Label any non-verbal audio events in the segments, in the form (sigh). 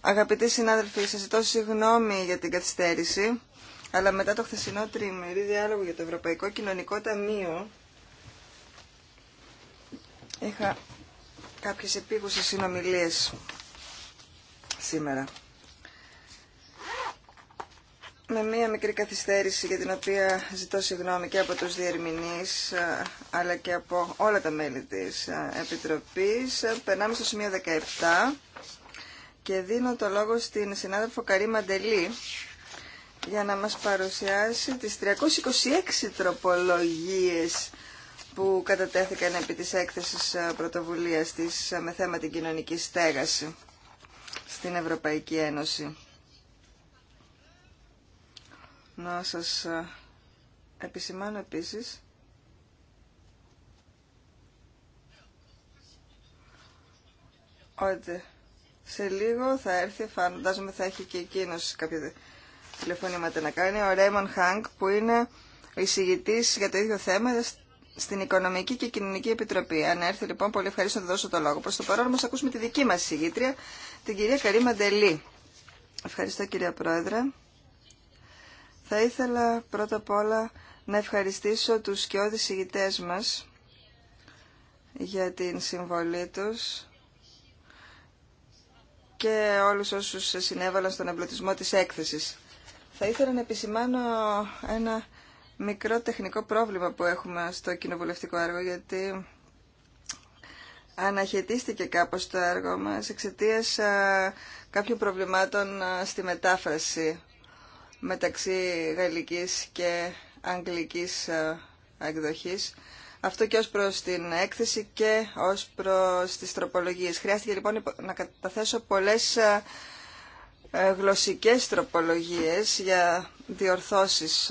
Αγαπητοί συνάδελφοι, σας ζητώ συγγνώμη για την καθυστέρηση, αλλά μετά το χθεσινό τριμερή διάλογο για το Ευρωπαϊκό Κοινωνικό Ταμείο είχα κάποιες επίγουσες συνομιλίες σήμερα με μία μικρή καθυστέρηση για την οποία ζητώ συγγνώμη και από τους διερμηνείς αλλά και από όλα τα μέλη της Επιτροπής. Περνάμε στο σημείο 17 και δίνω το λόγο στην συνάδελφο Καρή Μαντελή για να μας παρουσιάσει τις 326 τροπολογίες που κατατέθηκαν επί της έκθεσης πρωτοβουλίας της με θέμα την κοινωνική στέγαση στην Ευρωπαϊκή Ένωση να σας ε, επισημάνω επίσης ότι σε λίγο θα έρθει, φαντάζομαι θα έχει και εκείνος κάποια τηλεφωνήματα να κάνει, ο Ρέιμον Χάνκ που είναι εισηγητής για το ίδιο θέμα στην Οικονομική και Κοινωνική Επιτροπή. Αν έρθει λοιπόν, πολύ ευχαρίστω να δώσω το λόγο. Προς το παρόν όμως ακούσουμε τη δική μας εισηγήτρια, την κυρία Καρή Μαντελή. Ευχαριστώ κυρία Πρόεδρε. Θα ήθελα πρώτα απ' όλα να ευχαριστήσω τους σκιώδεις ηγητές μας για την συμβολή τους και όλους όσους συνέβαλαν στον εμπλουτισμό της έκθεσης. Θα ήθελα να επισημάνω ένα μικρό τεχνικό πρόβλημα που έχουμε στο κοινοβουλευτικό έργο, γιατί αναχαιτίστηκε κάπως το έργο μας εξαιτίας ε, κάποιων προβλημάτων ε, στη μετάφραση μεταξύ γαλλικής και αγγλικής ε, εκδοχής. Αυτό και ως προς την έκθεση και ως προς τις τροπολογίες. Χρειάστηκε λοιπόν να καταθέσω πολλές ε, ε, γλωσσικές τροπολογίες για διορθώσεις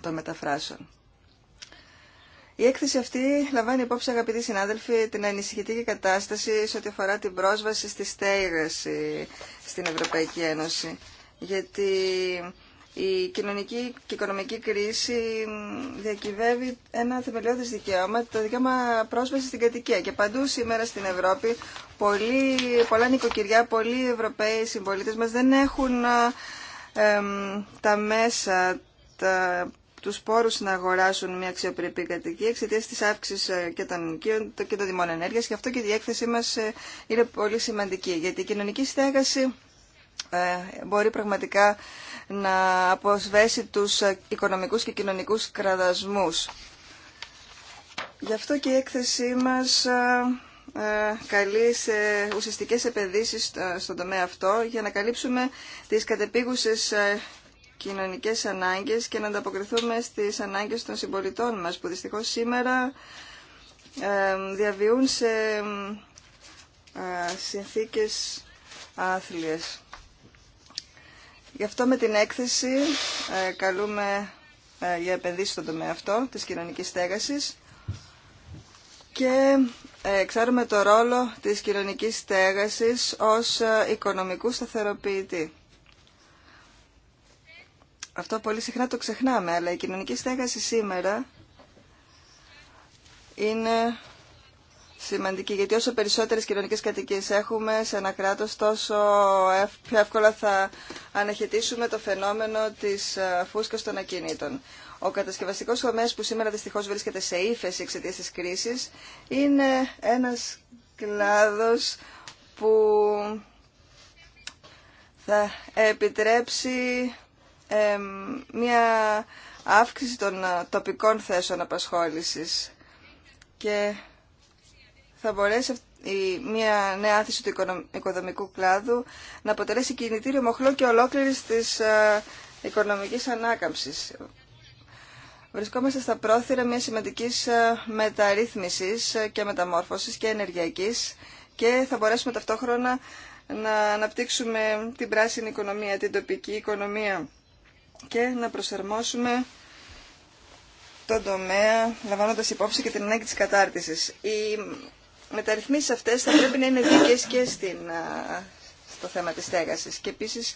των μεταφράσεων. Η έκθεση αυτή λαμβάνει υπόψη, αγαπητοί συνάδελφοι, την ανησυχητική κατάσταση σε ό,τι αφορά την πρόσβαση στη στέγαση στην Ευρωπαϊκή Ένωση γιατί η κοινωνική και οικονομική κρίση διακυβεύει ένα θεμελιώδης δικαίωμα, το δικαίωμα πρόσβαση στην κατοικία. Και παντού σήμερα στην Ευρώπη πολλοί, πολλά νοικοκυριά, πολλοί Ευρωπαίοι συμπολίτες μας δεν έχουν ε, τα μέσα, τα, τους πόρους να αγοράσουν μια αξιοπρεπή κατοικία εξαιτία της αύξησης ε, και των νοικίων και των δημών ενέργειας. Γι' αυτό και η διέκθεσή μας ε, είναι πολύ σημαντική, γιατί η κοινωνική στέγαση ε, μπορεί πραγματικά να αποσβέσει τους οικονομικούς και κοινωνικούς κραδασμούς. Γι' αυτό και η έκθεσή μας ε, ε, καλεί σε ουσιαστικές επενδύσεις στον τομέα αυτό για να καλύψουμε τις κατεπίγουσες κοινωνικές ανάγκες και να ανταποκριθούμε στις ανάγκες των συμπολιτών μας που δυστυχώς σήμερα διαβιούν σε συνθήκες άθλιες. Γι' αυτό με την έκθεση ε, καλούμε ε, για επενδύσεις στον τομέα αυτό της κοινωνικής στέγασης και εξάρουμε το ρόλο της κοινωνικής στέγασης ως ε, οικονομικού σταθεροποιητή. Αυτό πολύ συχνά το ξεχνάμε, αλλά η κοινωνική στέγαση σήμερα είναι σημαντική, γιατί όσο περισσότερες κοινωνικές κατοικίες έχουμε σε ένα κράτος, τόσο πιο εύκολα θα αναχαιτήσουμε το φαινόμενο της ε, φούσκας των ακινήτων. Ο κατασκευαστικός τομέας που σήμερα δυστυχώς βρίσκεται σε ύφεση εξαιτίας της κρίσης είναι ένας κλάδος που θα επιτρέψει μια αύξηση των ε, τοπικών θέσεων απασχόλησης και θα μπορέσει μια νέα άθηση του οικοδομικού κλάδου να αποτελέσει κινητήριο μοχλό και ολόκληρης της ε, οικονομικής ανάκαμψης. Βρισκόμαστε στα πρόθυρα μια σημαντικής ε, μεταρρύθμισης ε, και μεταμόρφωσης και ενεργειακής και θα μπορέσουμε ταυτόχρονα να αναπτύξουμε την πράσινη οικονομία, την τοπική οικονομία και να προσαρμόσουμε τον τομέα, λαμβάνοντας υπόψη και την ανάγκη της κατάρτισης. Η με μεταρρυθμίσει αυτέ θα πρέπει να είναι δικέ και στην, στο θέμα τη στέγασης. Και επίση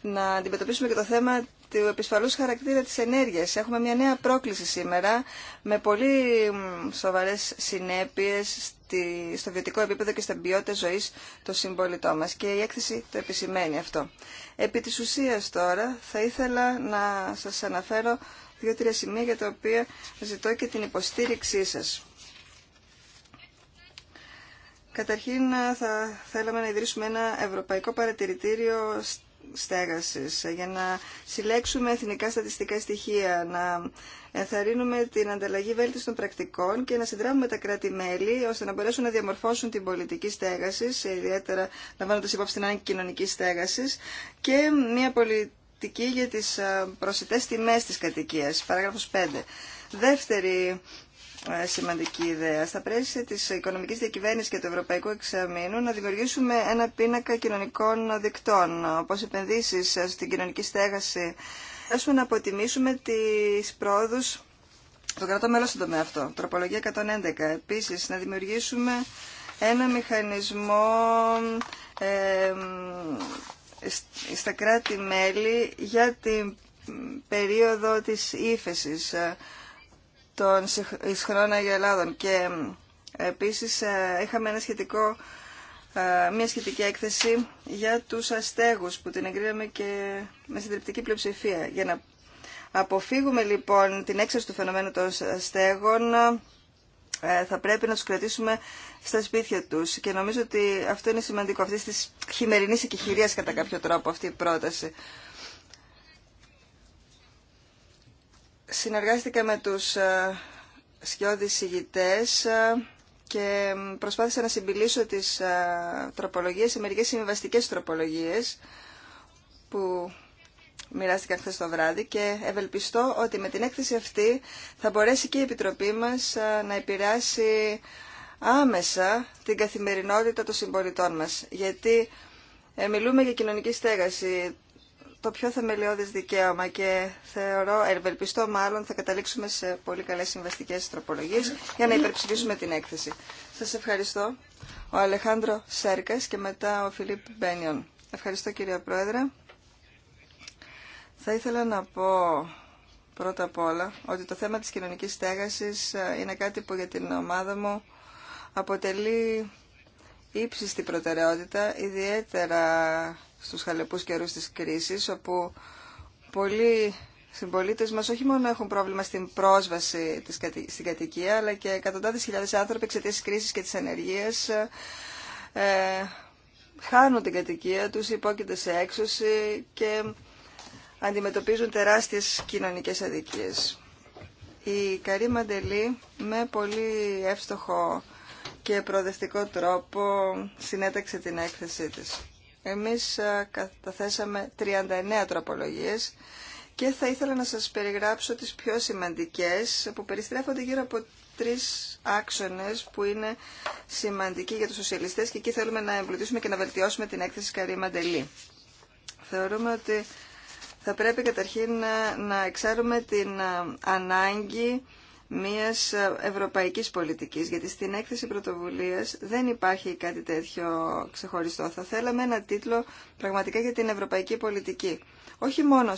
να αντιμετωπίσουμε και το θέμα του επισφαλού χαρακτήρα τη ενέργεια. Έχουμε μια νέα πρόκληση σήμερα με πολύ σοβαρέ συνέπειε στο βιωτικό επίπεδο και στα ποιότητα ζωή των συμπολιτών μα Και η έκθεση το επισημαίνει αυτό. Επί τη ουσία τώρα θα ήθελα να σα αναφέρω δύο-τρία σημεία για τα οποία ζητώ και την υποστήριξή σας. Καταρχήν ε, θα θέλαμε να ιδρύσουμε ένα ευρωπαϊκό παρατηρητήριο στέγασης ε, για να συλλέξουμε εθνικά στατιστικά στοιχεία, να ενθαρρύνουμε την ανταλλαγή βέλτιστων πρακτικών και να συνδράμουμε τα κράτη-μέλη ώστε να μπορέσουν να διαμορφώσουν την πολιτική στέγασης, ε, ιδιαίτερα λαμβάνοντα υπόψη την ανάγκη κοινωνική στέγαση και μια πολιτική για τι προσιτέ τιμέ τη κατοικία. παράγραφος 5. Δεύτερη ε, σημαντική ιδέα. Στα πλαίσια τη οικονομική διακυβέρνηση και του ευρωπαϊκού εξαμήνου να δημιουργήσουμε ένα πίνακα κοινωνικών δικτών, Όπω επενδύσει στην κοινωνική στέγαση. Θέλουμε να αποτιμήσουμε τις πρόοδου το κρατών στον τομέα αυτό. Τροπολογία 111. Επίση, να δημιουργήσουμε ένα μηχανισμό ε, στα κράτη-μέλη για την περίοδο της ύφεσης των ισχυρών Αγιολάδων και επίσης ε, είχαμε ένα σχετικό, ε, μια σχετική έκθεση για τους αστέγους που την εγκρίναμε και με συντριπτική πλειοψηφία. Για να αποφύγουμε λοιπόν την έξαρση του φαινομένου των αστέγων ε, θα πρέπει να τους κρατήσουμε στα σπίτια τους και νομίζω ότι αυτό είναι σημαντικό αυτή της χειμερινής εκεχηρίας κατά κάποιο τρόπο αυτή η πρόταση συνεργάστηκα με τους ε, σκιώδεις ηγητές ε, και προσπάθησα να συμπηλήσω τις ε, τροπολογίες σε μερικές συμβιβαστικές τροπολογίες που μοιράστηκαν χθε το βράδυ και ευελπιστώ ότι με την έκθεση αυτή θα μπορέσει και η Επιτροπή μας να επηρεάσει άμεσα την καθημερινότητα των συμπολιτών μας. Γιατί μιλούμε για κοινωνική στέγαση, το πιο θεμελιώδες δικαίωμα και θεωρώ, ευελπιστώ μάλλον, θα καταλήξουμε σε πολύ καλές συμβαστικές τροπολογίες για να υπερψηφίσουμε την έκθεση. Σας ευχαριστώ. Ο Αλεχάνδρο Σέρκας και μετά ο Φιλίπ Μπένιον. Ευχαριστώ κύριε Πρόεδρε. Θα ήθελα να πω πρώτα απ' όλα ότι το θέμα της κοινωνικής στέγασης ε, είναι κάτι που για την ομάδα μου αποτελεί ύψιστη προτεραιότητα, ιδιαίτερα στους χαλεπούς καιρούς της κρίσης, όπου πολλοί συμπολίτε μας όχι μόνο έχουν πρόβλημα στην πρόσβαση της, στην κατοικία, αλλά και εκατοντάδες χιλιάδες άνθρωποι εξαιτία της κρίσης και της ανεργίας ε, χάνουν την κατοικία τους, υπόκειται σε έξωση και αντιμετωπίζουν τεράστιες κοινωνικές αδικίες. Η Καρή Μαντελή με πολύ εύστοχο και προοδευτικό τρόπο συνέταξε την έκθεσή της. Εμείς ε, καταθέσαμε 39 τροπολογίες και θα ήθελα να σας περιγράψω τις πιο σημαντικές που περιστρέφονται γύρω από τρεις άξονες που είναι σημαντικοί για τους σοσιαλιστές και εκεί θέλουμε να εμπλουτίσουμε και να βελτιώσουμε την έκθεση Καρή Μαντελή. Θεωρούμε ότι θα πρέπει καταρχήν να, ε, να εξάρουμε την ε, ανάγκη μιας ευρωπαϊκής πολιτικής, γιατί στην έκθεση πρωτοβουλίας δεν υπάρχει κάτι τέτοιο ξεχωριστό. Θα θέλαμε ένα τίτλο πραγματικά για την ευρωπαϊκή πολιτική. Όχι μόνο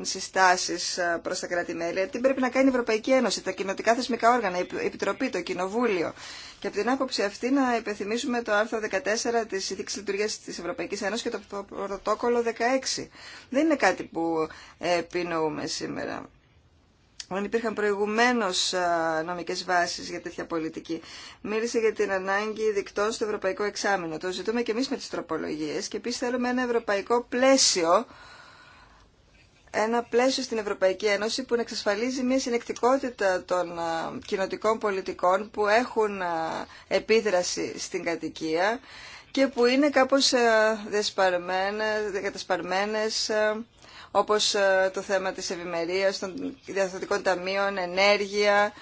συστάσεις ε, προς τα κράτη-μέλη, τι πρέπει να κάνει η Ευρωπαϊκή Ένωση, τα κοινοτικά θεσμικά όργανα, η Επιτροπή, το Κοινοβούλιο. Και από την άποψη αυτή να υπενθυμίσουμε το άρθρο 14 της Συνθήκης Λειτουργίας της Ευρωπαϊκής Ένωσης και το πρωτόκολλο 16. Δεν είναι κάτι που ε, επινοούμε σήμερα αν υπήρχαν προηγουμένω νομικέ βάσεις για τέτοια πολιτική. Μίλησε για την ανάγκη δικτών στο ευρωπαϊκό εξάμεινο. Το ζητούμε και εμείς με τις τροπολογίες και επίση θέλουμε ένα ευρωπαϊκό πλαίσιο ένα πλαίσιο στην Ευρωπαϊκή Ένωση που να εξασφαλίζει μια συνεκτικότητα των κοινοτικών πολιτικών που έχουν επίδραση στην κατοικία και που είναι κάπως δεσπαρμένες, κατασπαρμένες όπως ε, το θέμα της ευημερίας, των διαθετικών ταμείων, ενέργεια,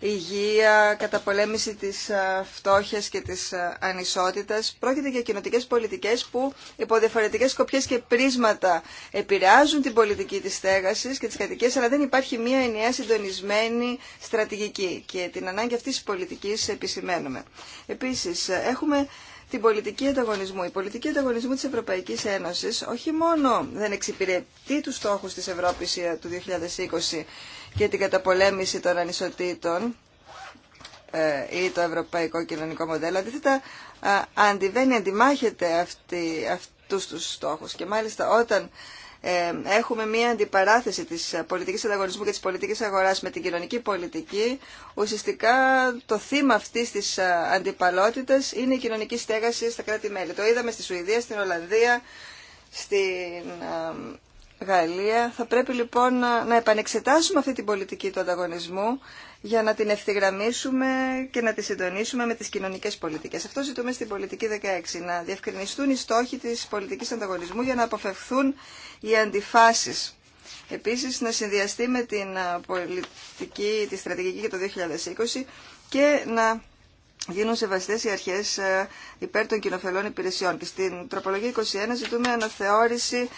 υγεία, καταπολέμηση της ε, φτώχειας και της ε, ανισότητας. Πρόκειται για κοινοτικές πολιτικές που υπό διαφορετικές σκοπιές και πρίσματα επηρεάζουν την πολιτική της στέγασης και της κατοικίας, αλλά δεν υπάρχει μία ενιαία συντονισμένη στρατηγική και την ανάγκη αυτής της πολιτικής επισημαίνουμε. Επίσης, έχουμε την πολιτική ανταγωνισμού. Η πολιτική ανταγωνισμού της Ευρωπαϊκής Ένωσης όχι μόνο δεν εξυπηρετεί τους στόχους της Ευρώπης ε, του 2020 και την καταπολέμηση των ανισοτήτων ε, ή το ευρωπαϊκό κοινωνικό μοντέλο, αντίθετα ε, αντιβαίνει, αντιμάχεται αυτή, αυτούς τους στόχους. Και μάλιστα όταν ε, έχουμε μία αντιπαράθεση της πολιτικής ανταγωνισμού και της πολιτικής αγοράς με την κοινωνική πολιτική, ουσιαστικά το θύμα αυτής της ε, αντιπαλότητας είναι η κοινωνική στέγαση στα κράτη-μέλη. Το είδαμε στη Σουηδία, στην Ολλανδία, στην ε, Γαλλία. Θα πρέπει λοιπόν να επανεξετάσουμε αυτή την πολιτική του ανταγωνισμού για να την ευθυγραμμίσουμε και να τη συντονίσουμε με τις κοινωνικές πολιτικές. Αυτό ζητούμε στην πολιτική 16, να διευκρινιστούν οι στόχοι της πολιτικής ανταγωνισμού για να αποφευθούν οι αντιφάσεις. Επίσης, να συνδυαστεί με την πολιτική, τη στρατηγική για το 2020 και να γίνουν σεβαστές οι αρχές υπέρ των κοινοφελών υπηρεσιών. Και στην τροπολογία 21 ζητούμε αναθεώρηση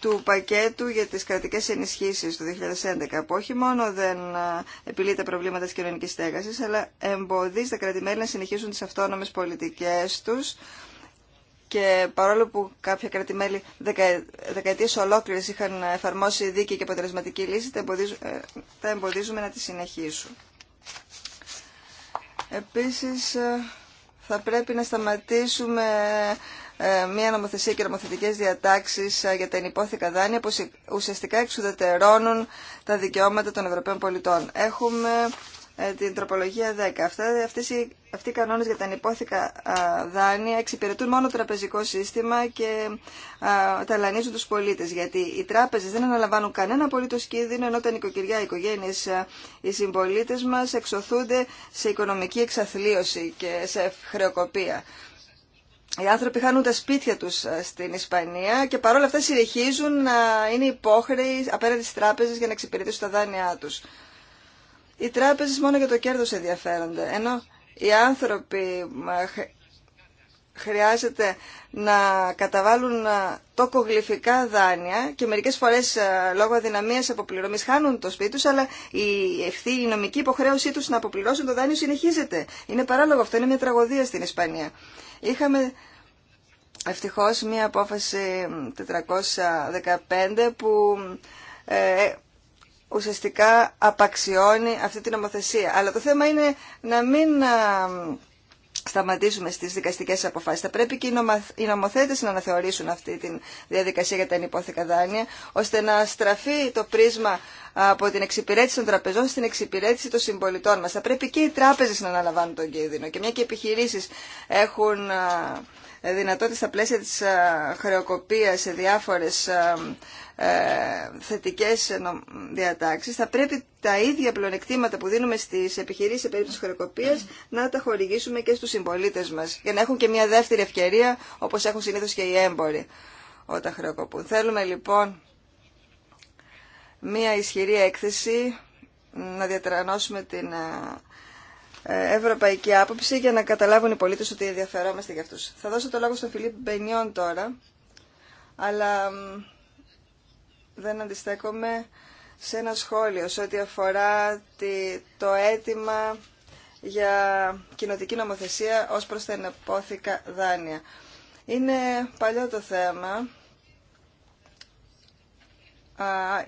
του πακέτου για τις κρατικές ενισχύσεις του 2011, που όχι μόνο δεν ε, επιλύει τα προβλήματα της κοινωνικής στέγασης, αλλά εμποδίζει τα κρατημέλη να συνεχίσουν τις αυτόνομες πολιτικές τους και παρόλο που κάποια κρατημέλη δεκαετίε δεκαετίες ολόκληρες είχαν εφαρμόσει δίκαιη και αποτελεσματική λύση, τα, εμποδίζουμε, εμποδίζουμε να τη συνεχίσουν. Επίσης, ε, θα πρέπει να σταματήσουμε ε, μια νομοθεσία και νομοθετικέ διατάξει ε, για τα ενυπόθηκα δάνεια που ουσιαστικά εξουδετερώνουν τα δικαιώματα των Ευρωπαίων πολιτών. Έχουμε ε, την τροπολογία 10. Αυτά, αυτές οι, αυτοί οι κανόνες για τα ανυπόθηκα δάνεια εξυπηρετούν μόνο το τραπεζικό σύστημα και α, ταλανίζουν τους πολίτες, γιατί οι τράπεζες δεν αναλαμβάνουν κανένα απολύτως κίνδυνο, ενώ τα νοικοκυριά, οι οικογένειες, οι συμπολίτες μας εξωθούνται σε οικονομική εξαθλίωση και σε χρεοκοπία οι άνθρωποι χάνουν τα σπίτια τους ε, στην Ισπανία και παρόλα αυτά συνεχίζουν να είναι υπόχρεοι απέναντι στις τράπεζες για να εξυπηρετήσουν τα δάνειά τους. Οι τράπεζες μόνο για το κέρδος ενδιαφέρονται, ενώ οι άνθρωποι χρειάζεται να καταβάλουν ε, τοκογλυφικά δάνεια και μερικές φορές ε, λόγω αδυναμίας αποπληρωμής χάνουν το σπίτι τους, αλλά η ευθύνη, η νομική υποχρέωσή τους να αποπληρώσουν το δάνειο συνεχίζεται. Είναι παράλογο αυτό, είναι μια τραγωδία στην Ισπανία. Είχαμε ευτυχώς μια απόφαση 415 που ε, ουσιαστικά απαξιώνει αυτή την νομοθεσία. Αλλά το θέμα είναι να μην σταματήσουμε στις δικαστικές αποφάσεις. Θα πρέπει και οι νομοθέτες να αναθεωρήσουν αυτή τη διαδικασία για τα ενυπόθηκα δάνεια, ώστε να στραφεί το πρίσμα από την εξυπηρέτηση των τραπεζών στην εξυπηρέτηση των συμπολιτών μας. Θα πρέπει και οι τράπεζες να αναλαμβάνουν τον κίνδυνο. Και μια και οι επιχειρήσεις έχουν δυνατότητα στα πλαίσια της ε, χρεοκοπίας σε διάφορες ε, ε, θετικές διατάξεις, θα πρέπει τα ίδια πλονεκτήματα που δίνουμε στις επιχειρήσεις σε περίπτωση χρεοκοπίας να τα χορηγήσουμε και στους συμπολίτε μας, για να έχουν και μια δεύτερη ευκαιρία, όπως έχουν συνήθως και οι έμποροι όταν χρεοκοπούν. Θέλουμε λοιπόν μια ισχυρή έκθεση να διατρανώσουμε την ευρωπαϊκή άποψη για να καταλάβουν οι πολίτες ότι ενδιαφερόμαστε για αυτούς. Θα δώσω το λόγο στον Φιλίπ Μπενιόν τώρα, αλλά δεν αντιστέκομαι σε ένα σχόλιο σε ό,τι αφορά το αίτημα για κοινοτική νομοθεσία ως προς τα ενεπόθηκα δάνεια. Είναι παλιό το θέμα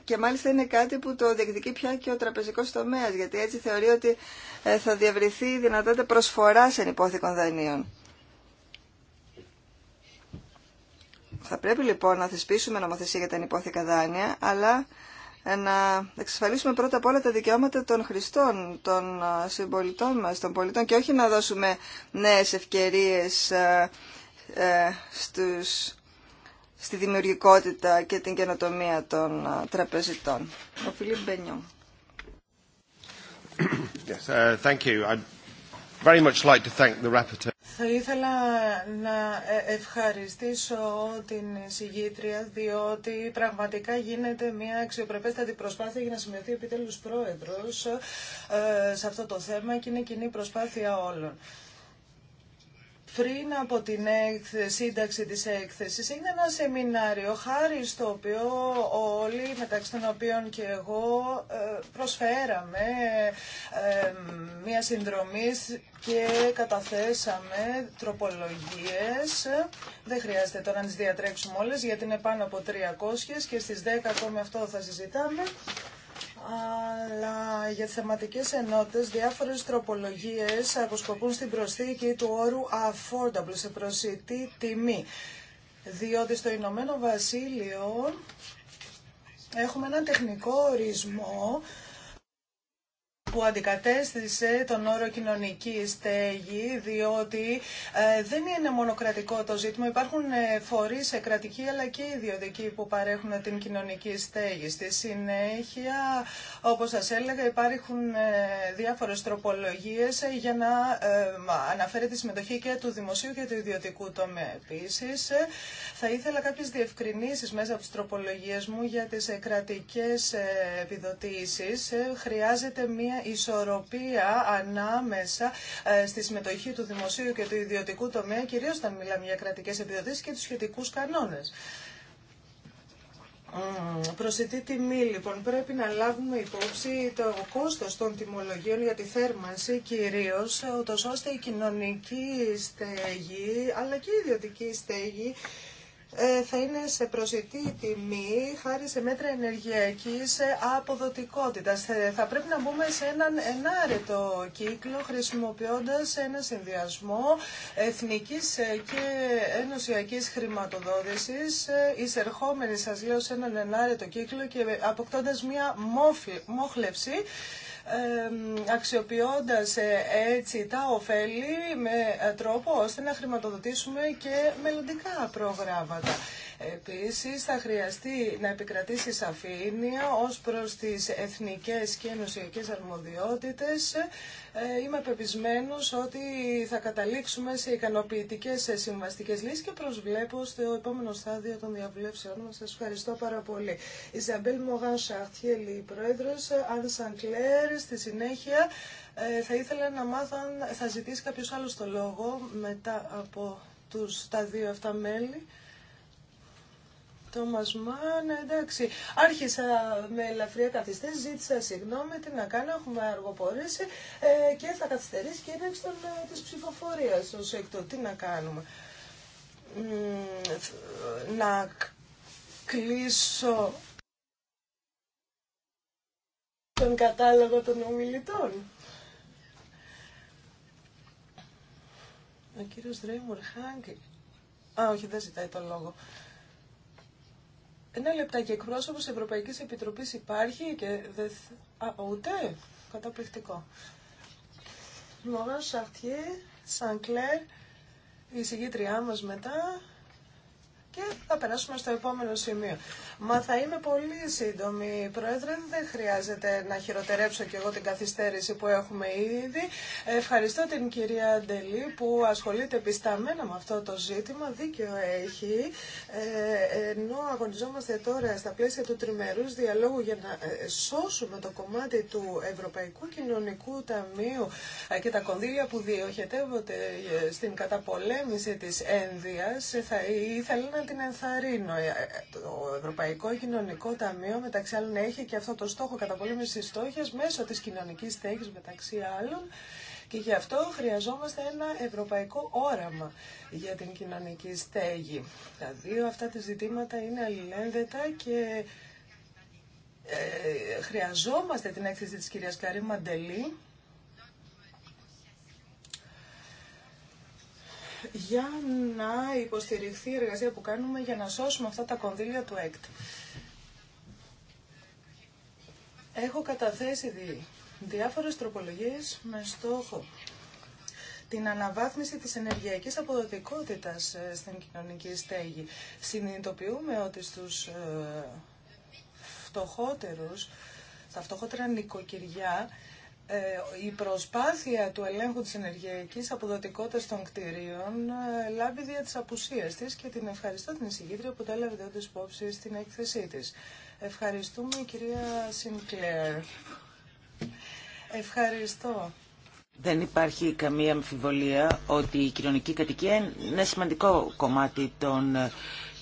και μάλιστα είναι κάτι που το διεκδικεί πια και ο τραπεζικό τομέα, γιατί έτσι θεωρεί ότι ε, θα διευρυνθεί η δυνατότητα προσφορά ενυπόθηκων δανείων. Θα πρέπει λοιπόν να θεσπίσουμε νομοθεσία για τα ενυπόθηκα δάνεια, αλλά ε, να εξασφαλίσουμε πρώτα απ' όλα τα δικαιώματα των χρηστών, των ε, συμπολιτών μας, των πολιτών και όχι να δώσουμε νέες ευκαιρίες στους στη δημιουργικότητα και την καινοτομία των τραπεζιτών. Ο Φιλίπ Μπενιό. Uh, thank you. very much like to thank the Θα ήθελα να ε, ευχαριστήσω την συγγήτρια, διότι πραγματικά γίνεται μια αξιοπρεπέστατη προσπάθεια για να σημειωθεί επιτέλους πρόεδρος ε, σε αυτό το θέμα και είναι κοινή προσπάθεια όλων πριν από την σύνταξη της έκθεσης είναι ένα σεμινάριο χάρη στο οποίο όλοι μεταξύ των οποίων και εγώ ε, προσφέραμε μια συνδρομή και καταθέσαμε τροπολογίες. Δεν χρειάζεται τώρα να τις διατρέξουμε όλες γιατί είναι πάνω από 300 και στις 10 ακόμη αυτό θα συζητάμε αλλά για θεματικές ενότητες διάφορες τροπολογίες αποσκοπούν στην προσθήκη του όρου affordable, σε προσιτή τιμή. Διότι στο Ηνωμένο Βασίλειο έχουμε έναν τεχνικό ορισμό που αντικατέστησε τον όρο κοινωνική στέγη, διότι ε, δεν είναι μονοκρατικό το ζήτημα. Υπάρχουν ε, φορεί κρατική, αλλά και ιδιωτικοί που παρέχουν την κοινωνική στέγη. Στη συνέχεια, όπω σα έλεγα, υπάρχουν ε, διάφορε τροπολογίε για να αναφέρεται τη συμμετοχή και του δημοσίου και του ιδιωτικού τομέα. Επίση, θα ήθελα κάποιε διευκρινήσει μέσα από τι τροπολογίε μου για τι κρατικέ επιδοτήσει. Χρειάζεται μία ισορροπία ανάμεσα ε, στη συμμετοχή του δημοσίου και του ιδιωτικού τομέα, κυρίως όταν μιλάμε για κρατικέ επιδοτήσεις και τους σχετικούς κανόνες. Mm. Προσιτή τιμή, λοιπόν, πρέπει να λάβουμε υπόψη το κόστος των τιμολογίων για τη θέρμανση κυρίως, ούτως ώστε η κοινωνική στέγη αλλά και η ιδιωτική στέγη ε, θα είναι σε προσιτή τιμή χάρη σε μέτρα ενεργειακής αποδοτικότητας. Ε, θα πρέπει να μπούμε σε έναν ενάρετο κύκλο χρησιμοποιώντας ένα συνδυασμό εθνικής ε, και ενωσιακής χρηματοδότησης εισερχόμενη σας λέω σε έναν ενάρετο κύκλο και αποκτώντας μια μόχλευση αξιοποιώντας ε, έτσι τα ωφέλη με ε, τρόπο ώστε να χρηματοδοτήσουμε και μελλοντικά προγράμματα. Επίσης θα χρειαστεί να επικρατήσει σαφήνεια ως προς τις εθνικές και ενωσιακές αρμοδιότητες. Ε, είμαι πεπισμένος ότι θα καταλήξουμε σε ικανοποιητικές συμβαστικές λύσεις και προσβλέπω στο επόμενο στάδιο των διαβουλεύσεων μας. Σας ευχαριστώ πάρα πολύ. Ιζαμπέλ Μογάν Σαχτιέλη, πρόεδρος, Αν Σανκλέρ, στη συνέχεια ε, θα ήθελα να μάθω αν ζητήσει κάποιος άλλος το λόγο μετά από τους, τα δύο αυτά μέλη εντάξει, άρχισα με ελαφρία καθυστέρηση, ζήτησα συγγνώμη, τι να κάνω, έχουμε αργοπορήσει ε, και θα καθυστερήσει και είναι των, ε, της ψηφοφορίας ως τι να κάνουμε. να κλείσω τον κατάλογο των ομιλητών. Ο κύριος Ρέιμουρ Χάγκη, Α, όχι, δεν ζητάει τον λόγο. Ένα λεπτά και εκπρόσωπο Ευρωπαϊκή Επιτροπή υπάρχει και δεν. Α, ούτε. Καταπληκτικό. Μωράν Σαρτιέ, Σανκλέρ, η συγγήτριά μα μετά. Και θα περάσουμε στο επόμενο σημείο. Μα θα είμαι πολύ σύντομη, Πρόεδρε. Δεν χρειάζεται να χειροτερέψω και εγώ την καθυστέρηση που έχουμε ήδη. Ευχαριστώ την κυρία Ντελή που ασχολείται πισταμένα με αυτό το ζήτημα. Δίκαιο έχει. Ε, ενώ αγωνιζόμαστε τώρα στα πλαίσια του τριμερούς διαλόγου για να ε, σώσουμε το κομμάτι του Ευρωπαϊκού Κοινωνικού Ταμείου ε, και τα κονδύλια που διοχετεύονται ε, στην καταπολέμηση της ένδυας, θα την ενθαρρύνω. Ε, ε, το Ευρωπαϊκό Κοινωνικό Ταμείο, μεταξύ άλλων, έχει και αυτό το στόχο καταπολέμηση στόχια μέσω τη κοινωνική στέγη, μεταξύ άλλων. Και γι' αυτό χρειαζόμαστε ένα ευρωπαϊκό όραμα για την κοινωνική στέγη. Τα δύο αυτά τα ζητήματα είναι αλληλένδετα και ε, χρειαζόμαστε την έκθεση της κυρίας Καρή Μαντελή για να υποστηριχθεί η εργασία που κάνουμε για να σώσουμε αυτά τα κονδύλια του ΕΚΤ. Έχω καταθέσει διάφορες τροπολογίες με στόχο την αναβάθμιση της ενεργειακής αποδοτικότητας ε, στην κοινωνική στέγη. Συνειδητοποιούμε ότι στους ε, φτωχότερους, στα φτωχότερα νοικοκυριά, ε, η προσπάθεια του ελέγχου της ενεργειακής αποδοτικότητας των κτηρίων ε, λάβει δια της απουσίας της και την ευχαριστώ την εισηγήτρια που τα έλαβε όντως υπόψη στην έκθεσή της. Ευχαριστούμε κυρία Σινκλέρ. Ευχαριστώ. Δεν υπάρχει καμία αμφιβολία ότι η κοινωνική κατοικία είναι σημαντικό κομμάτι των ε,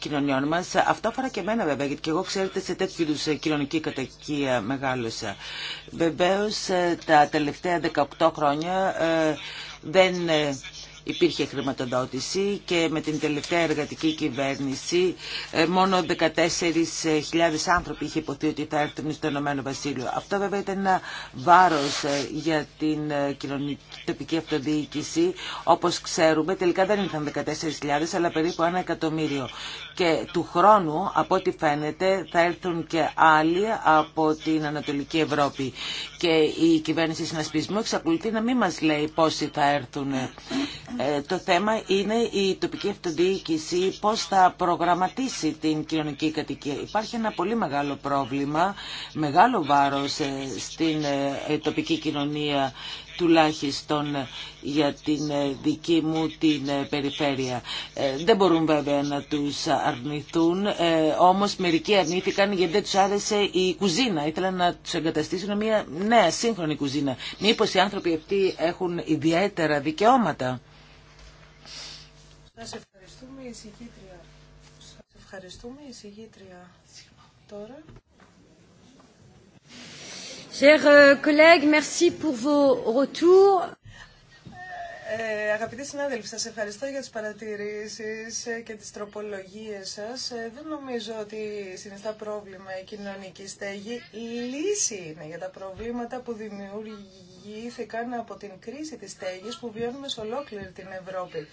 κοινωνιών μας. Αυτό αφορά και εμένα βέβαια, γιατί και εγώ ξέρετε σε τέτοιου είδου ε, κοινωνική κατοικία μεγάλωσα. Βεβαίως ε, τα τελευταία 18 χρόνια ε, δεν υπήρχε χρηματοδότηση και με την τελευταία εργατική κυβέρνηση ε, μόνο 14.000 άνθρωποι είχε υποθεί ότι θα έρθουν στο Ηνωμένο Βασίλειο. Αυτό βέβαια ήταν ένα βάρος ε, για την ε, κοινωνική τοπική αυτοδιοίκηση. Όπως ξέρουμε τελικά δεν ήταν 14.000 αλλά περίπου ένα εκατομμύριο. Και του χρόνου από ό,τι φαίνεται θα έρθουν και άλλοι από την Ανατολική Ευρώπη και η κυβέρνηση συνασπισμού εξακολουθεί να μην μας λέει πόσοι θα έρθουν. Ε, το θέμα είναι η τοπική αυτοδιοίκηση πώς θα προγραμματίσει την κοινωνική κατοικία. Υπάρχει ένα πολύ μεγάλο πρόβλημα, μεγάλο βάρος ε, στην ε, τοπική κοινωνία τουλάχιστον για την ε, δική μου την ε, περιφέρεια. Ε, δεν μπορούν βέβαια να τους αρνηθούν, όμως μερικοί αρνήθηκαν γιατί δεν τους άρεσε η κουζίνα. Ήθελαν να τους εγκαταστήσουν μια νέα σύγχρονη κουζίνα. Μήπως οι άνθρωποι αυτοί έχουν ιδιαίτερα δικαιώματα. Σας ευχαριστούμε η Σας ευχαριστούμε Τώρα. Chers euh, ε, αγαπητοί συνάδελφοι, σας ευχαριστώ για τις παρατηρήσεις και τις τροπολογίες σας. Ε, δεν νομίζω ότι συνιστά πρόβλημα η κοινωνική στέγη. Λύση είναι για τα προβλήματα που δημιουργήθηκαν από την κρίση της στέγης που βιώνουμε σε ολόκληρη την Ευρώπη.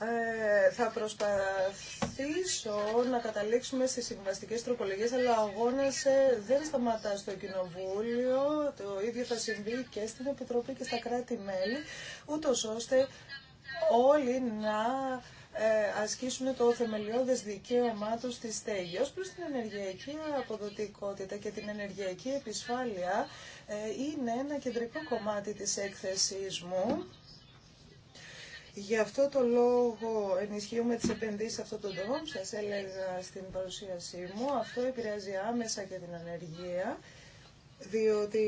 Ε, θα προσπαθήσω να καταλήξουμε στις συμβαστικές τροπολογίες, αλλά ο αγώνας ε, δεν σταματά στο Κοινοβούλιο, το ίδιο θα συμβεί και στην Επιτροπή και στα κράτη-μέλη, ούτως ώστε όλοι να ε, ασκήσουν το θεμελιώδες δικαίωμά τους στη στέγη. Ως προς την ενεργειακή αποδοτικότητα και την ενεργειακή επισφάλεια είναι ένα κεντρικό κομμάτι της έκθεσής μου Γι' αυτό το λόγο ενισχύουμε τις επενδύσεις σε αυτόν τον τρόπο. σας έλεγα στην παρουσίασή μου. Αυτό επηρεάζει άμεσα και την ανεργία, διότι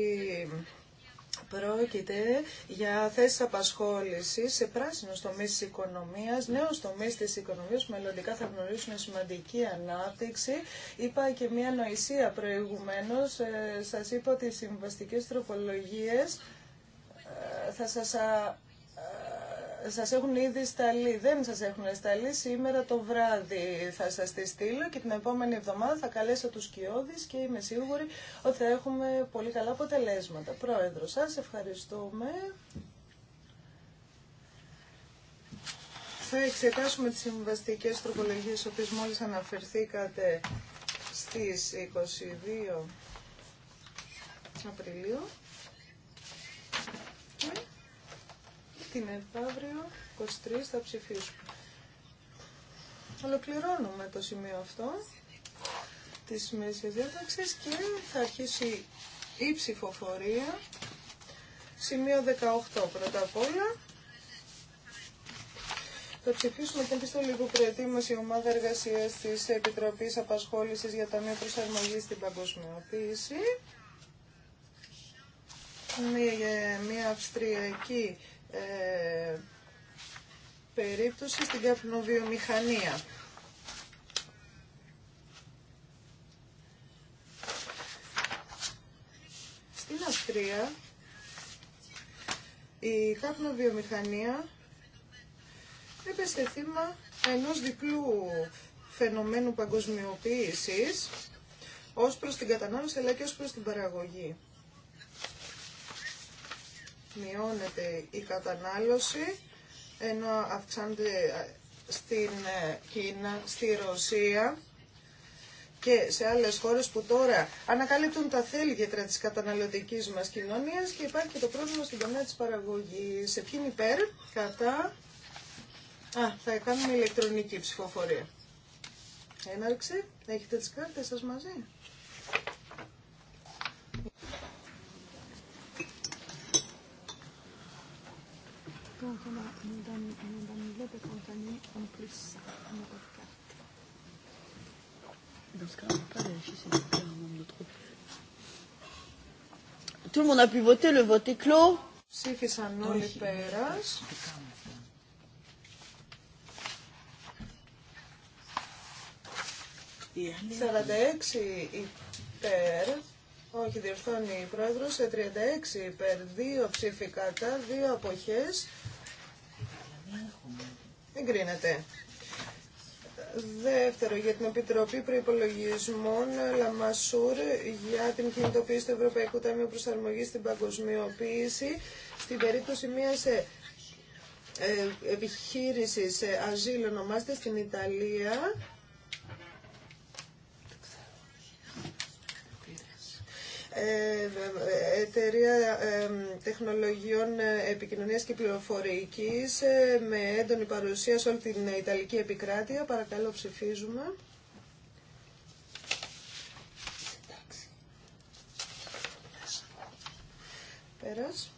Πρόκειται για θέσεις απασχόληση σε πράσινου τομεί τη οικονομία, νέου τομεί της οικονομίας που μελλοντικά θα γνωρίσουν σημαντική ανάπτυξη. Είπα και μία νοησία προηγουμένω. Ε, σα είπα ότι οι συμβαστικέ τροπολογίε ε, θα σα σας έχουν ήδη σταλεί. Δεν σας έχουν σταλεί σήμερα το βράδυ. Θα σας τη στείλω και την επόμενη εβδομάδα θα καλέσω τους Κιώδης και είμαι σίγουρη ότι θα έχουμε πολύ καλά αποτελέσματα. Πρόεδρο, σας ευχαριστούμε. Θα εξετάσουμε τις συμβαστικές τροπολογίες, οποίες μόλις αναφερθήκατε στις 22 Απριλίου. Ε, την ΕΠΑΒΡΙΟ 23 θα ψηφίσουμε. Ολοκληρώνουμε το σημείο αυτό της μέσης διάταξης και θα αρχίσει η ψηφοφορία. Σημείο 18 πρώτα απ' όλα. Θα ψηφίσουμε την επιστολή που προετοίμασε η ομάδα εργασία τη Επιτροπή Απασχόληση για Ταμείο Προσαρμογή στην Παγκοσμιοποίηση. Μια, ε, μια Αυστριακή ε, περίπτωση στην καπνοβιομηχανία. Στην Αυστρία η καπνοβιομηχανία έπεσε θύμα ενός διπλού φαινομένου παγκοσμιοποίησης ως προς την κατανάλωση αλλά και ως προς την παραγωγή μειώνεται η κατανάλωση, ενώ αυξάνεται ε, στην ε, Κίνα, στη Ρωσία και σε άλλες χώρες που τώρα ανακαλύπτουν τα θέλη της καταναλωτικής μας κοινωνίας και υπάρχει και το πρόβλημα στην τομέα της παραγωγής. Σε ποιήν υπέρ, κατά... Α, θα κάνουμε ηλεκτρονική ψηφοφορία. Έναρξη, έχετε τις κάρτες σας μαζί. Donc on a une dame, une dame en plus, numéro 4. Dans ce cas, on ne peut pas vérifier si c'est un nombre de trop. Tout le monde a pu voter, le vote est clos. Ψήφισαν όλοι πέρας. Yeah. 46 υπέρ, όχι διορθώνει η πρόεδρος, 36 υπέρ, 2 ψήφοι κατά, 2 αποχές. Εγκρίνεται. Δεύτερο, για την Επιτροπή Προπολογισμών Λαμασούρ για την κινητοποίηση του Ευρωπαϊκού Ταμείου Προσαρμογή στην Παγκοσμιοποίηση στην περίπτωση μια ε, ε, επιχείρηση ε, αζίλ ονομάζεται στην Ιταλία Ε, εταιρεία ε, τεχνολογιών ε, επικοινωνίας και πληροφορικής με έντονη παρουσία σε όλη την Ιταλική επικράτεια. Παρακαλώ ψηφίζουμε. Πέρας.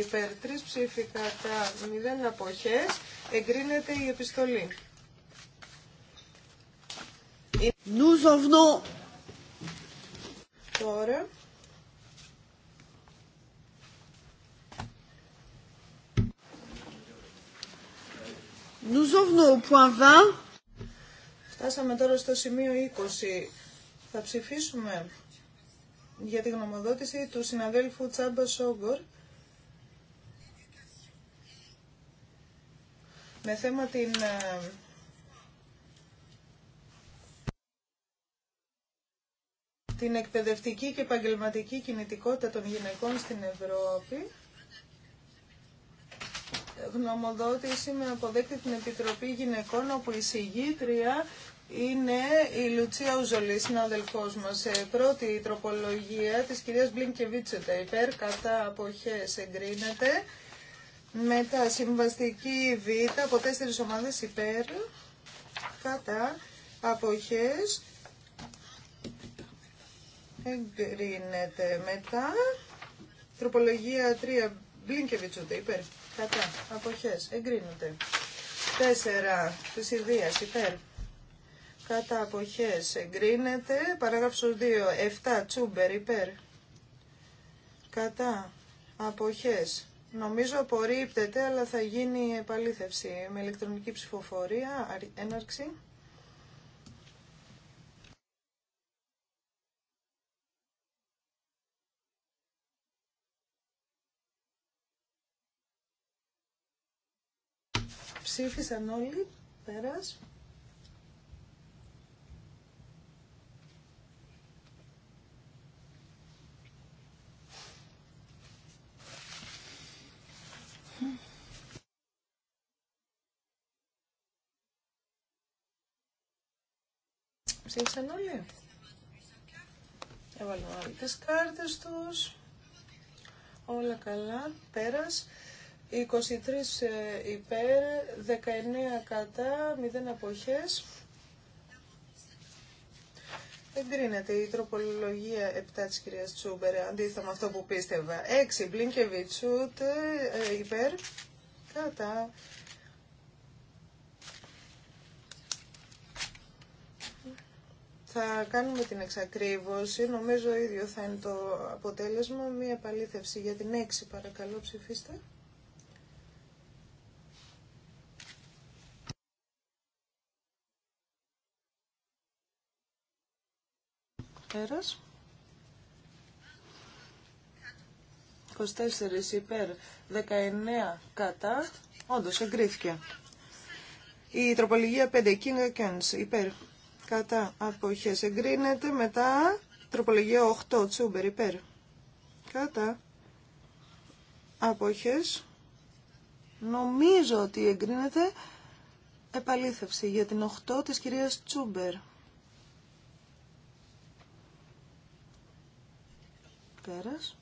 υπέρ, 3 ψήφικα κατά, μηδέν αποχές, εγκρίνεται η επιστολή. Nous en venons τώρα 20. Φτάσαμε τώρα στο σημείο 20. Θα ψηφίσουμε για τη γνωμοδότηση του συναδέλφου Τσάμπα Σόγκορ με θέμα την ε, την εκπαιδευτική και επαγγελματική κινητικότητα των γυναικών στην Ευρώπη. Γνωμοδότηση με αποδέκτη την Επιτροπή Γυναικών, όπου η συγγήτρια είναι η Λουτσία Ουζολή, συνάδελφό μα. Ε, πρώτη τροπολογία τη κυρία Μπλίνκεβίτσετα. Υπέρ, κατά αποχέ εγκρίνεται. τα συμβαστική Β από τέσσερι ομάδε υπέρ, κατά αποχές εγκρίνεται. Μετά, τροπολογία 3, Μπλίνκεβιτς ούτε υπέρ, κατά, αποχές, εγκρίνεται. 4, της υπέρ, κατά, αποχές, εγκρίνεται. Παράγραφος 2, 7, Τσούμπερ, υπέρ, κατά, αποχές, Νομίζω απορρίπτεται, αλλά θα γίνει επαλήθευση με ηλεκτρονική ψηφοφορία, έναρξη. Ψήφισαν όλοι. Πέρας. Ψήφισαν όλοι. Έβαλαν όλοι τις κάρτες τους. Όλα καλά. Πέρας. 23 ε, υπέρ, 19 κατά, 0 αποχές. Εγκρίνεται η τροπολογία 7 της κυρίας Τσούμπερ, αντίθετα με αυτό που πίστευα. 6 Μπλίνκεβιτσούτ ε, υπέρ, κατά. Θα κάνουμε την εξακρίβωση. Νομίζω ίδιο θα είναι το αποτέλεσμα. Μία επαλήθευση για την 6 παρακαλώ ψηφίστε. Πέρας. 24 υπέρ, 19 κατά. Όντως, εγκρίθηκε. Η τροπολογία 5, King Kings, υπέρ, κατά, αποχές, εγκρίνεται. Μετά, τροπολογία 8, Τσούμπερ, υπέρ, κατά, αποχές. Νομίζω ότι εγκρίνεται επαλήθευση για την 8 της κυρίας Τσούμπερ. Πέρας.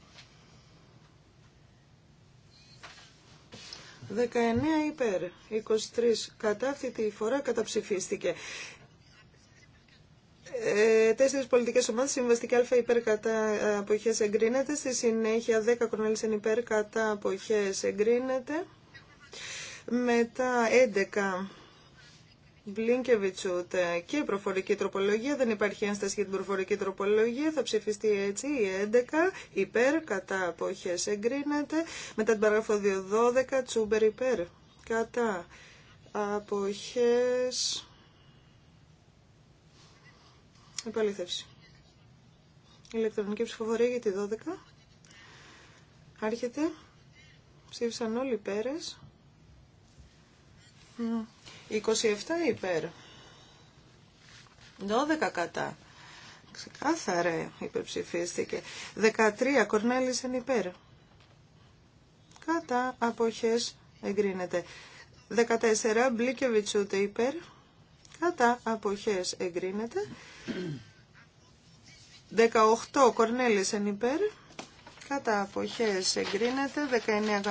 19 υπέρ, 23 κατά αυτή τη φορά καταψηφίστηκε. Ε, τέσσερις πολιτικές ομάδες, συμβαστική α υπέρ κατά ε, αποχές εγκρίνεται. Στη συνέχεια 10 κορνέλισεν υπέρ κατά αποχές εγκρίνεται. Μετά 11 Μπλίνκεβιτσούτε και προφορική τροπολογία. Δεν υπάρχει ένσταση για την προφορική τροπολογία. Θα ψηφιστεί έτσι η 11 υπέρ, κατά αποχές εγκρίνεται. Μετά την παράγραφο 2.12 12 τσούμπερ υπέρ, κατά αποχές επαλήθευση. Ηλεκτρονική ψηφοφορία για τη 12. Άρχεται. Ψήφισαν όλοι πέρες. 27 υπέρ. 12 κατά. Ξεκάθαρε υπερψηφίστηκε. 13 εν υπέρ. Κατά αποχές εγκρίνεται. 14 Μπλίκεβιτσούτε υπέρ. Κατά αποχές εγκρίνεται. 18 εν υπέρ. Κατά αποχές εγκρίνεται.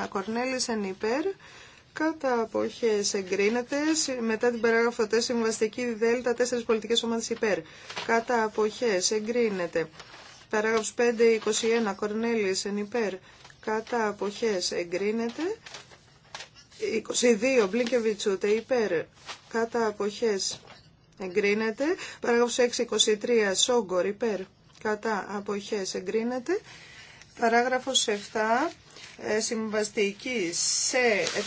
19 εν υπέρ. Κατά αποχές εγκρίνεται. Μετά την παράγραφο 4, συμβαστική δέλτα, 4 πολιτικές ομάδες υπέρ. Κατά αποχές εγκρίνεται. Παράγραφος 5, 21, Κορνέλης, εν υπέρ. Κατά αποχές εγκρίνεται. 22, Μπλίνκεβιτσούτε, υπέρ. Κατά αποχές εγκρίνεται. Παράγραφος 6, 23, Σόγκορ, υπέρ. Κατά αποχές εγκρίνεται. Παράγραφος 7, ε, συμβαστική σε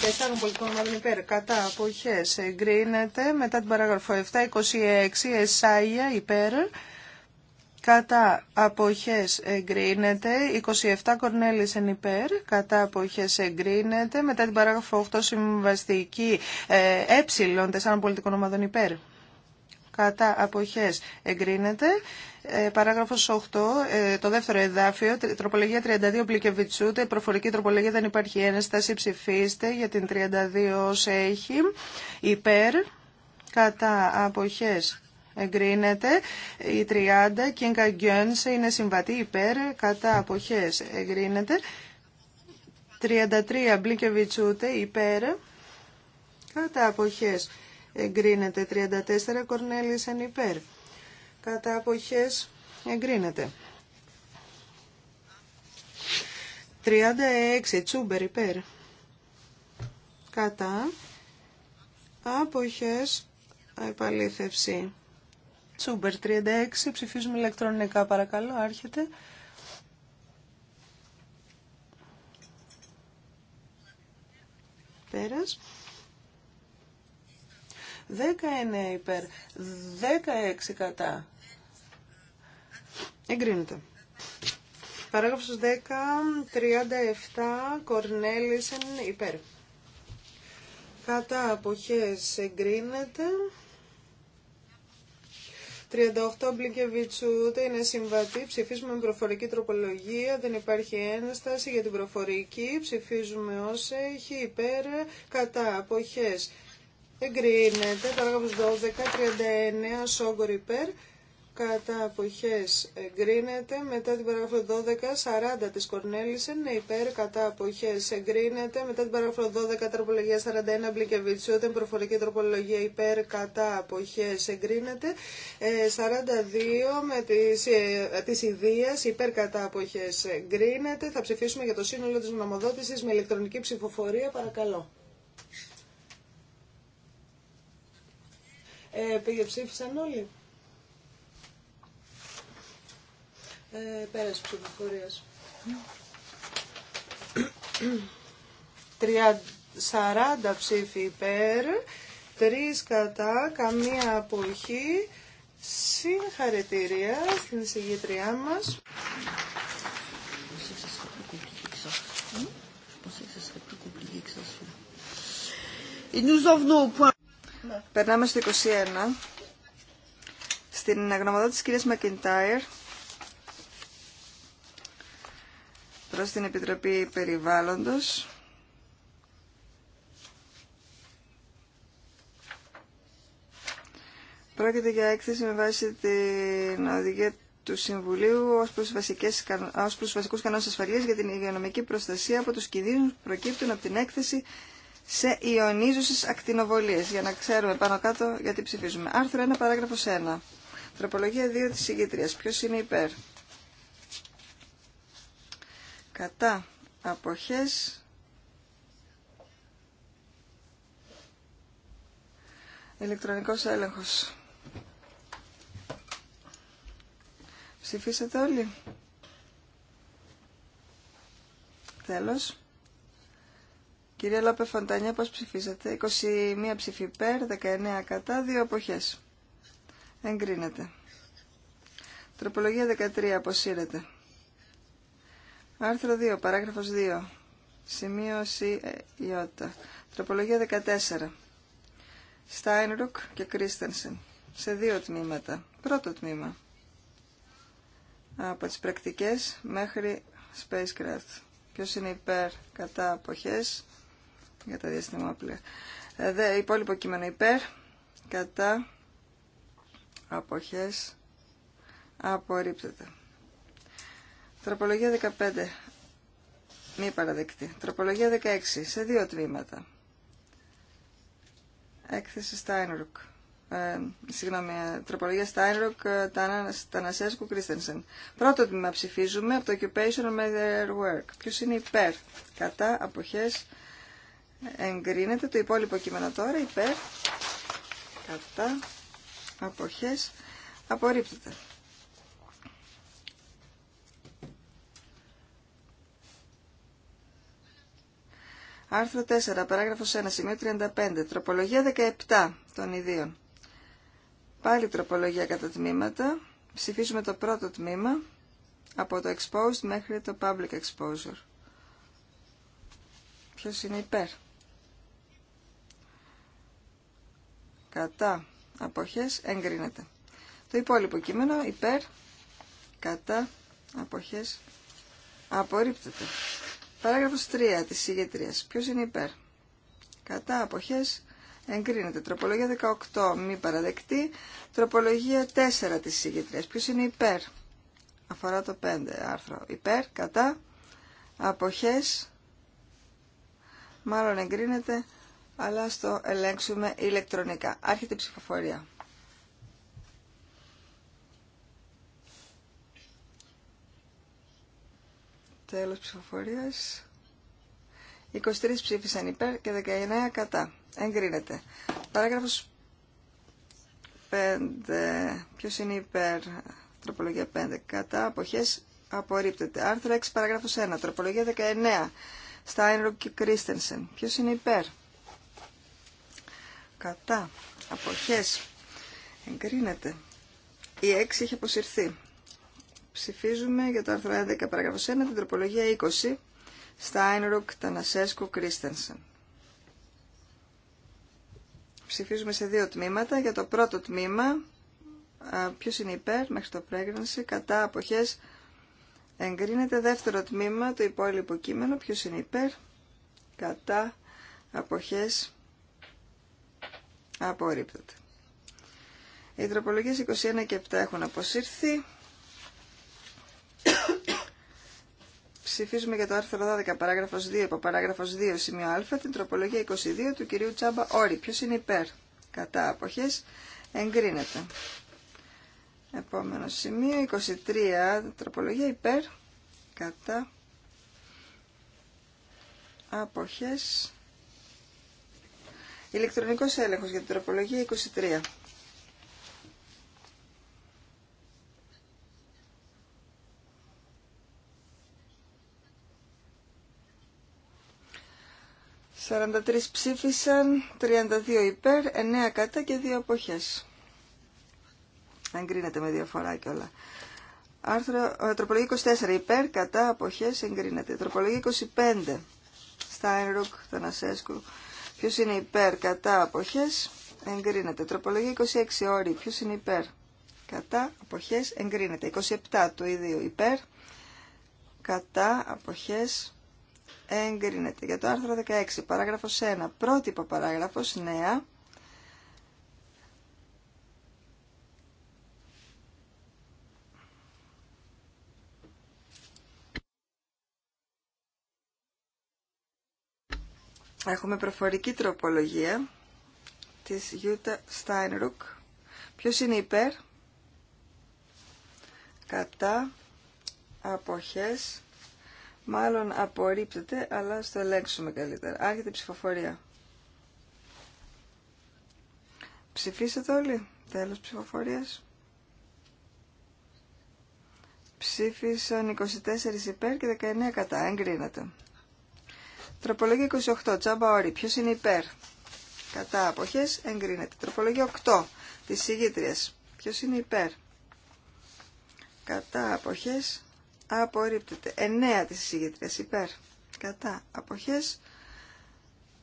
τεσσάρων πολιτικών ομάδων υπέρ κατά αποχές εγκρίνεται μετά την παράγραφο 7, 26 εσάια υπέρ κατά αποχές εγκρίνεται 27 κορνέλης εν υπέρ κατά αποχές εγκρίνεται μετά την παράγραφο 8 συμβαστική ε, ε 4 πολιτικών ομάδων υπέρ κατά αποχές εγκρίνεται. Ε, παράγραφος 8, ε, το δεύτερο εδάφιο, τροπολογία 32 Πλικεβιτσούτε, προφορική τροπολογία δεν υπάρχει ένσταση, ψηφίστε για την 32 όσο έχει, υπέρ, κατά αποχές εγκρίνεται, η 30 Κίνκα Γκιόνσε είναι συμβατή, υπέρ, κατά αποχές εγκρίνεται, 33 Μπλικεβιτσούτε, υπέρ, κατά αποχές εγκρίνεται. 34 εν υπέρ. Κατά αποχές εγκρίνεται. 36 Τσούμπερ υπέρ. Κατά αποχές επαλήθευση. Τσούμπερ 36 ψηφίζουμε ηλεκτρονικά παρακαλώ. Άρχεται. Πέρας. 19 υπέρ, 16 κατά. Εγκρίνεται. Παράγραφος 10, 37, Κορνέλησεν υπέρ. Κατά αποχές εγκρίνεται. 38 Μπλικεβίτσου είναι συμβατή. Ψηφίζουμε με προφορική τροπολογία. Δεν υπάρχει ένσταση για την προφορική. Ψηφίζουμε ως έχει υπέρ κατά αποχές εγκρίνεται. Παράγραφος 12, 39, σόγκορ υπέρ, κατά αποχές εγκρίνεται. Μετά την παράγραφο 12, 40 της Κορνέλησεν, ναι, υπέρ, κατά αποχές εγκρίνεται. Μετά την παράγραφο 12, τροπολογία 41, Μπλικεβιτσιούτεν, προφορική τροπολογία υπέρ, κατά αποχές εγκρίνεται. 42 ε, με τις, ε, της ιδίας, υπέρ, κατά αποχές εγκρίνεται. Θα ψηφίσουμε για το σύνολο της γνωμοδότησης με ηλεκτρονική ψηφοφορία, παρακαλώ. Ε, Πήγε ψήφισαν όλοι. Ε, πέρασε ψηφοφορίας. 40 ψήφοι υπέρ, 3 κατά, καμία αποχή. Συγχαρητήρια στην εισηγήτριά μας. Et nous en venons au point. Περνάμε στο 21. Στην αγνομαδότηση της κυρίας Μακιντάιρ προς την Επιτροπή Περιβάλλοντος. Πρόκειται για έκθεση με βάση την οδηγία του Συμβουλίου ως προς, βασικές, ως προς βασικούς κανόνες ασφαλείας για την υγειονομική προστασία από τους κινδύνους που προκύπτουν από την έκθεση σε ιονίζουσες ακτινοβολίες, για να ξέρουμε πάνω κάτω γιατί ψηφίζουμε. Άρθρο 1, παράγραφος 1. Τροπολογία 2 της συγκήτριας. Ποιος είναι υπέρ. Κατά αποχές ηλεκτρονικός έλεγχος. Ψηφίσατε όλοι. Τέλος. Κυρία Λόπε Φοντανιά, πώς ψηφίσατε. 21 ψήφι υπέρ, 19 κατά, 2 αποχές. Εγκρίνεται. Τροπολογία 13 αποσύρεται. Άρθρο 2, παράγραφος 2. Σημείωση ιότα. Ε, Ι. Τροπολογία 14. Στάινρουκ και Κρίστενσεν. Σε δύο τμήματα. Πρώτο τμήμα. Από τις πρακτικές μέχρι spacecraft. Ποιος είναι υπέρ κατά αποχές για τα διαστημόπλαια. Ε, δε, υπόλοιπο κείμενο υπέρ, κατά, αποχές, απορρίπτεται. Τροπολογία 15, μη παραδεκτή. Τροπολογία 16, σε δύο τμήματα. Έκθεση Στάινρουκ. Ε, συγγνώμη, ε, τροπολογία Στάινρουκ, ε, Τανασέσκου, Κρίστενσεν. Πρώτο τμήμα ψηφίζουμε από το Occupation Media Work. Ποιος είναι υπέρ, κατά, αποχές, εγκρίνεται το υπόλοιπο κείμενο τώρα υπέρ κατά αποχές απορρίπτεται. Άρθρο 4, παράγραφος 1, σημείο 35, τροπολογία 17 των ιδίων. Πάλι τροπολογία κατά τμήματα. Ψηφίζουμε το πρώτο τμήμα από το exposed μέχρι το public exposure. Ποιος είναι υπέρ. κατά, αποχές, εγκρίνεται. Το υπόλοιπο κείμενο υπέρ, κατά, αποχές, απορρίπτεται. Παράγραφος 3 της ηγετρίας. Ποιος είναι υπέρ. Κατά, αποχές, εγκρίνεται. Τροπολογία 18, μη παραδεκτή. Τροπολογία 4 της ηγετρίας. Ποιος είναι υπέρ. Αφορά το 5 άρθρο. Υπέρ, κατά, αποχές, μάλλον εγκρίνεται αλλά ας το ελέγξουμε ηλεκτρονικά. Άρχεται η ψηφοφορία. Τέλος ψηφοφορίας. 23 ψήφισαν υπέρ και 19 κατά. Εγκρίνεται. Παράγραφος 5. Ποιος είναι υπέρ. Τροπολογία 5. Κατά. Αποχές. Απορρίπτεται. Άρθρο 6. Παράγραφος 1. Τροπολογία 19. Στάινρουκ και Κρίστενσεν. Ποιος είναι υπέρ κατά αποχές εγκρίνεται η έξι έχει αποσυρθεί ψηφίζουμε για το άρθρο 11 παραγραφος 1 την τροπολογία 20 Στάινρουκ Τανασέσκο Κρίστενσεν ψηφίζουμε σε δύο τμήματα για το πρώτο τμήμα Ποιο είναι υπέρ μέχρι το πρέγνανση κατά αποχές εγκρίνεται δεύτερο τμήμα το υπόλοιπο κείμενο Ποιο είναι υπέρ κατά αποχές Απορρίπτεται. Οι τροπολογίες 21 και 7 έχουν αποσύρθει. Ψηφίζουμε για το άρθρο 12, παράγραφος 2, από παράγραφος 2, σημείο α, την τροπολογία 22 του κυρίου Τσάμπα Όρη. Ποιος είναι υπέρ. Κατά αποχές εγκρίνεται. Επόμενο σημείο, 23, τροπολογία υπέρ, κατά, αποχές, Ηλεκτρονικό έλεγχος για την τροπολογία 23. «43 ψήφισαν, 32 υπέρ, 9 κατά και 2 αποχές». Εγκρίνεται με διαφορά κιόλα. Άρθρο, ε, τροπολογία 24 υπέρ, κατά, αποχές, εγκρίνεται. Τροπολογία 25, Στάινρουκ, Θανασέσκου, Ποιο είναι υπέρ, κατά, αποχέ. εγκρίνεται. Τροπολογία 26 όρη. Ποιο είναι υπέρ, κατά, αποχές, εγκρίνεται. 27 το ίδιο υπέρ, κατά, αποχές, εγκρίνεται. Για το άρθρο 16, παράγραφος 1, πρότυπο παράγραφος, νέα, Έχουμε προφορική τροπολογία της Γιούτα Στάινρουκ. Ποιος είναι υπέρ? Κατά αποχές. Μάλλον απορρίπτεται, αλλά στο ελέγξουμε καλύτερα. Άρχεται η ψηφοφορία. Ψηφίσατε όλοι. Τέλος ψηφοφορίας. Ψήφισαν 24 υπέρ και 19 κατά. Εγκρίνεται. Τροπολογία 28, Τσάμπα Όρη. Ποιο είναι υπέρ. Κατά αποχέ εγκρίνεται. Τροπολογία 8 τη ηγήτρια. Ποιο είναι υπέρ. Κατά αποχέ απορρίπτεται. 9 τη ηγήτρια υπέρ. Κατά αποχέ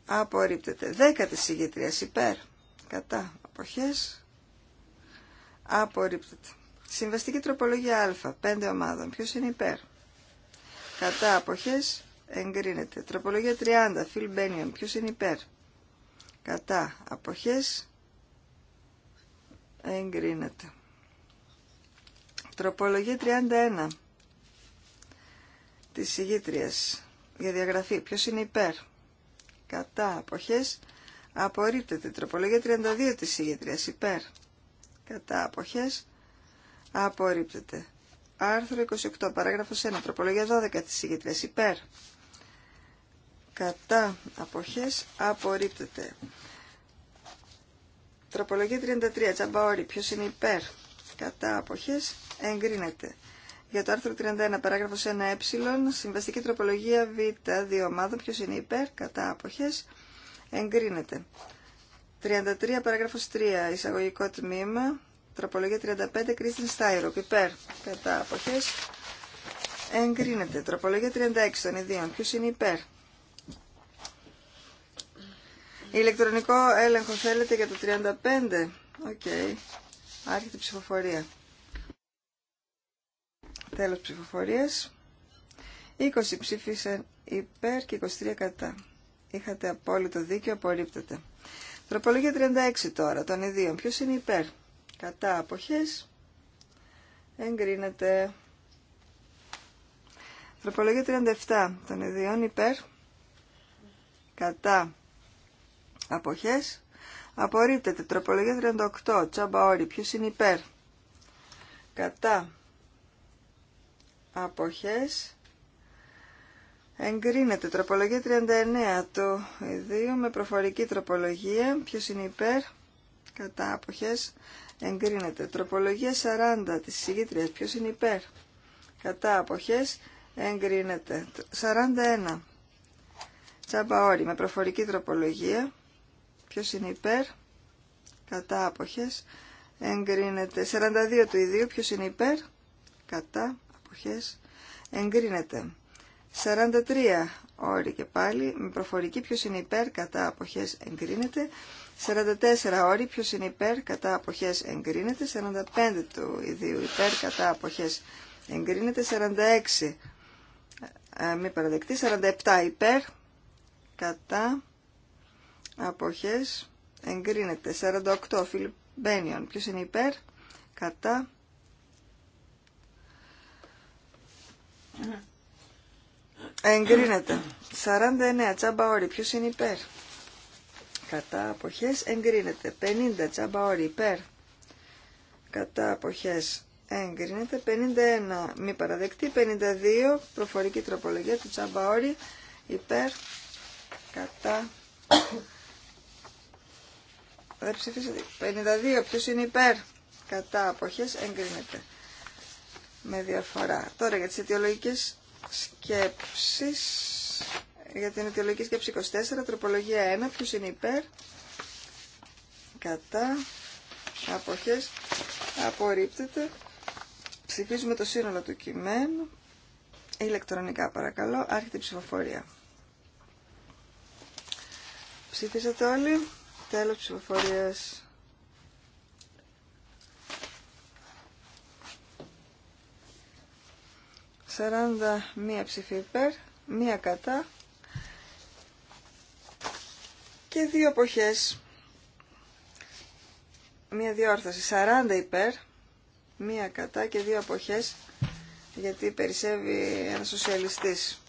απορρίπτεται. 10 τη ηγήτρια υπέρ. Κατά αποχέ απορρίπτεται. Συμβαστική τροπολογία Α. 5 ομάδων. Ποιο είναι υπέρ. Κατά αποχές εγκρίνεται. Τροπολογία 30, Φιλ Μπένιον, ποιος είναι υπέρ. Κατά, αποχές, εγκρίνεται. Τροπολογία 31, της ηγήτριας, για διαγραφή, ποιος είναι υπέρ. Κατά, αποχές, απορρίπτεται. Τροπολογία 32 της ηγήτριας, υπέρ. Κατά, αποχές, απορρίπτεται. Άρθρο 28, παράγραφος 1, τροπολογία 12 της ηγήτριας, υπέρ κατά αποχές απορρίπτεται. Τροπολογία 33, τσαμπαόρι, ποιος είναι υπέρ, κατά αποχές εγκρίνεται. Για το άρθρο 31, παράγραφος 1 ε, συμβαστική τροπολογία β, δύο ομάδων, ποιος είναι υπέρ, κατά αποχές εγκρίνεται. 33, παράγραφος 3, εισαγωγικό τμήμα, τροπολογία 35, Κρίστιν Στάιρο. υπέρ, κατά αποχές εγκρίνεται. Τροπολογία 36 των ιδίων, Ποιο είναι υπέρ, Ηλεκτρονικό έλεγχο θέλετε για το 35. Οκ. Άρχεται η ψηφοφορία. Τέλος ψηφοφορίας. 20 ψήφισαν υπέρ και 23 κατά. Είχατε απόλυτο δίκιο, απορρίπτεται. Τροπολογία 36 τώρα, των ιδίων. Ποιος είναι υπέρ. Κατά αποχές. Εγκρίνεται. Τροπολογία 37 των ιδίων υπέρ. Κατά Αποχές. Απορρίπτεται. Τροπολογία 38. Τσάμπα όρη. Ποιος είναι υπέρ. Κατά. Αποχές. Εγκρίνεται. Τροπολογία 39. Το 2 με προφορική τροπολογία. Ποιο είναι υπέρ. Κατά. Αποχές. Εγκρίνεται. Τροπολογία 40 της συγκήτριας. Ποιος είναι υπέρ. Κατά. Αποχές. Εγκρίνεται. 41. Τσάμπα Με προφορική τροπολογία. Ποιος είναι υπέρ. Κατά αποχές. Εγκρίνεται. 42 του ιδίου. Ποιος είναι υπέρ. Κατά αποχές. Εγκρίνεται. 43 όροι και πάλι. Με προφορική ποιος είναι υπέρ. Κατά αποχές. Εγκρίνεται. 44 όροι. Ποιος είναι υπέρ. Κατά αποχές. Εγκρίνεται. 45 του ιδίου. Υπέρ. Κατά αποχές. Εγκρίνεται. 46 ε, μη παραδεκτή, 47 υπέρ, κατά, αποχές εγκρίνεται 48 φιλμπένιον ποιος είναι υπέρ κατά εγκρίνεται 49 τσάμπα Ποιο ποιος είναι υπέρ κατά αποχές εγκρίνεται 50 τσάμπα υπέρ κατά αποχές εγκρίνεται 51 μη παραδεκτή 52 προφορική τροπολογία του τσάμπα υπέρ κατά δεν ψηφίσατε. 52. Ποιο είναι υπέρ. Κατά αποχέ εγκρίνεται. Με διαφορά. Τώρα για τις αιτιολογικές σκέψει. Για την αιτιολογική σκέψη 24. Τροπολογία 1. Ποιο είναι υπέρ. Κατά αποχέ. απορρίπτεται. Ψηφίζουμε το σύνολο του κειμένου. Ηλεκτρονικά παρακαλώ. Άρχεται η ψηφοφορία. Ψηφίσατε όλοι. Τέλος ψηφοφορίας. Σαράντα μία ψηφί υπέρ, μία κατά και δύο εποχές. Μία διόρθωση. 40 υπέρ, μία κατά και δύο εποχές γιατί περισσεύει ένας σοσιαλιστής.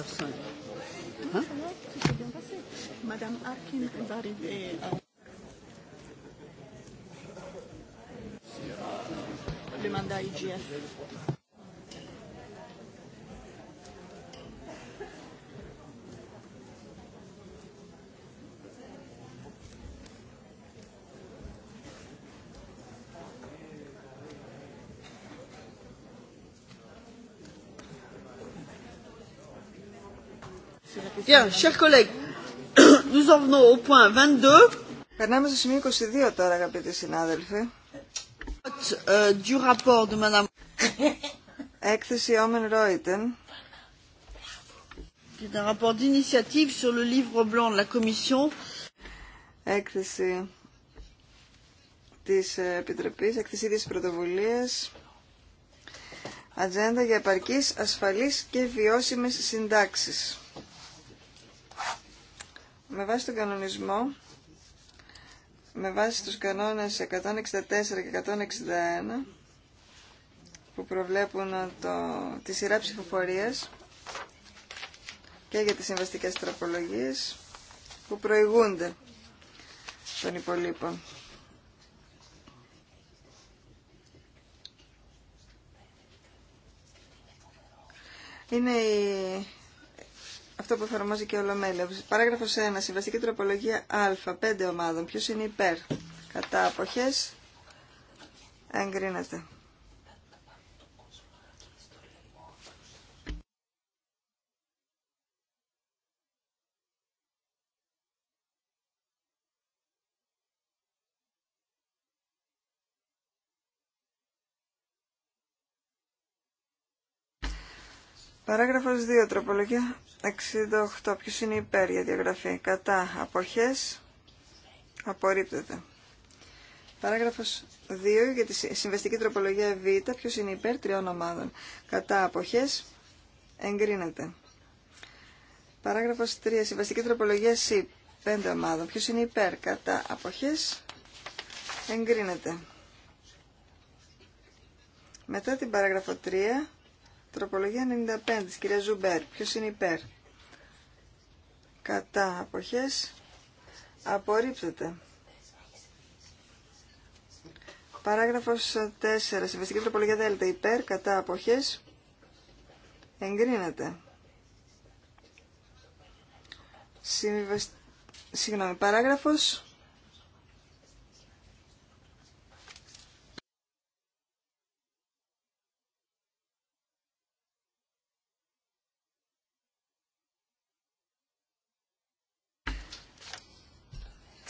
h Madame Harkin est arrivée IGF. Bien, chers collègues, 22. (coughs) Περνάμε στο σημείο 22 τώρα, αγαπητοί συνάδελφοι. Euh, du rapport de Madame. Έκθεση Όμεν Ρόιτεν. rapport d'initiative sur Έκθεση της Επιτροπής, έκθεση της πρωτοβουλίας. Ατζέντα για επαρκής, ασφαλής και βιώσιμες συντάξεις. Με βάση τον κανονισμό, με βάση τους κανόνες 164 και 161 που προβλέπουν το, τη σειρά ψηφοφορίας και για τις συμβαστικές τροπολογίες που προηγούνται των υπολείπων. Είναι η αυτό που εφαρμόζει και Λομέλεο. Παράγραφο 1. Συμβαστική τροπολογία Α. 5 ομάδων. Ποιο είναι υπέρ. Κατά αποχές εγκρίνεται. Παράγραφος 2, τροπολογία 68. Ποιος είναι υπέρ για διαγραφή. Κατά αποχές απορρίπτεται. Παράγραφος 2 για τη συμβεστική τροπολογία Β. Ποιος είναι υπέρ τριών ομάδων. Κατά αποχές εγκρίνεται. Παράγραφος 3. Συμβαστική τροπολογία Σ. 5 ομάδων. Ποιος είναι υπέρ. Κατά αποχές εγκρίνεται. Μετά την παράγραφο 3 Τροπολογία 95 της κυρία Ζουμπέρ. Ποιος είναι υπέρ. Κατά αποχές απορρίπτεται. Παράγραφος 4. Συμβεστική τροπολογία δέλτα υπέρ. Κατά αποχές εγκρίνεται. Συγγνώμη. Παράγραφος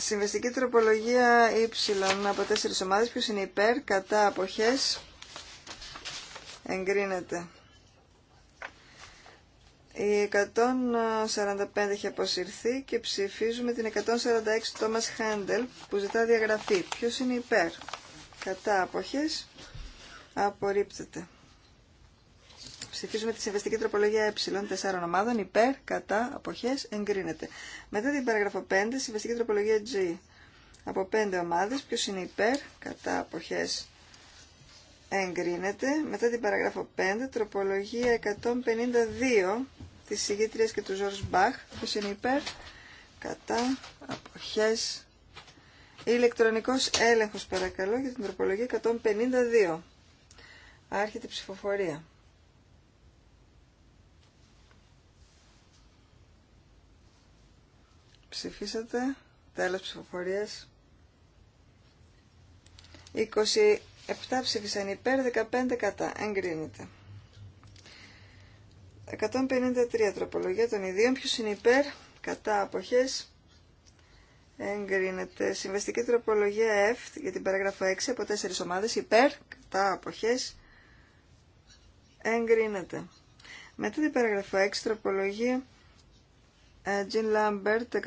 Συμβεστική τροπολογία Y ε από τέσσερις ομάδες. Ποιος είναι υπέρ, κατά, αποχές. Εγκρίνεται. Η 145 έχει αποσυρθεί και ψηφίζουμε την 146 Thomas Handel, που ζητά διαγραφή. Ποιος είναι υπέρ. Κατά αποχές απορρίπτεται. Ψηφίζουμε τη συμβαστική τροπολογία ε Ε4 ομάδων υπέρ, κατά, αποχές, εγκρίνεται. Μετά την παραγραφό 5, συμβεστική τροπολογία G από 5 ομάδες, Ποιο είναι υπέρ, κατά, αποχές, εγκρίνεται. Μετά την παραγράφο 5, τροπολογία 152 τη συγγήτριας και του Ζορς Μπαχ, Ποιο είναι υπέρ, κατά, αποχές, ηλεκτρονικός έλεγχος παρακαλώ για την τροπολογία 152. Άρχεται η ψηφοφορία. Ψηφίσατε. Τέλος ψηφοφορίας. 27 ψήφισαν υπέρ, 15 κατά. Εγκρίνεται. 153 τροπολογία των ιδίων. Ποιος είναι υπέρ, κατά αποχές. Εγκρίνεται. Συμβαστική τροπολογία F για την παράγραφο 6 από 4 ομάδες. Υπέρ, κατά αποχές. Εγκρίνεται. Μετά την παράγραφο 6 τροπολογία Τζιν Λάμπερτ 161.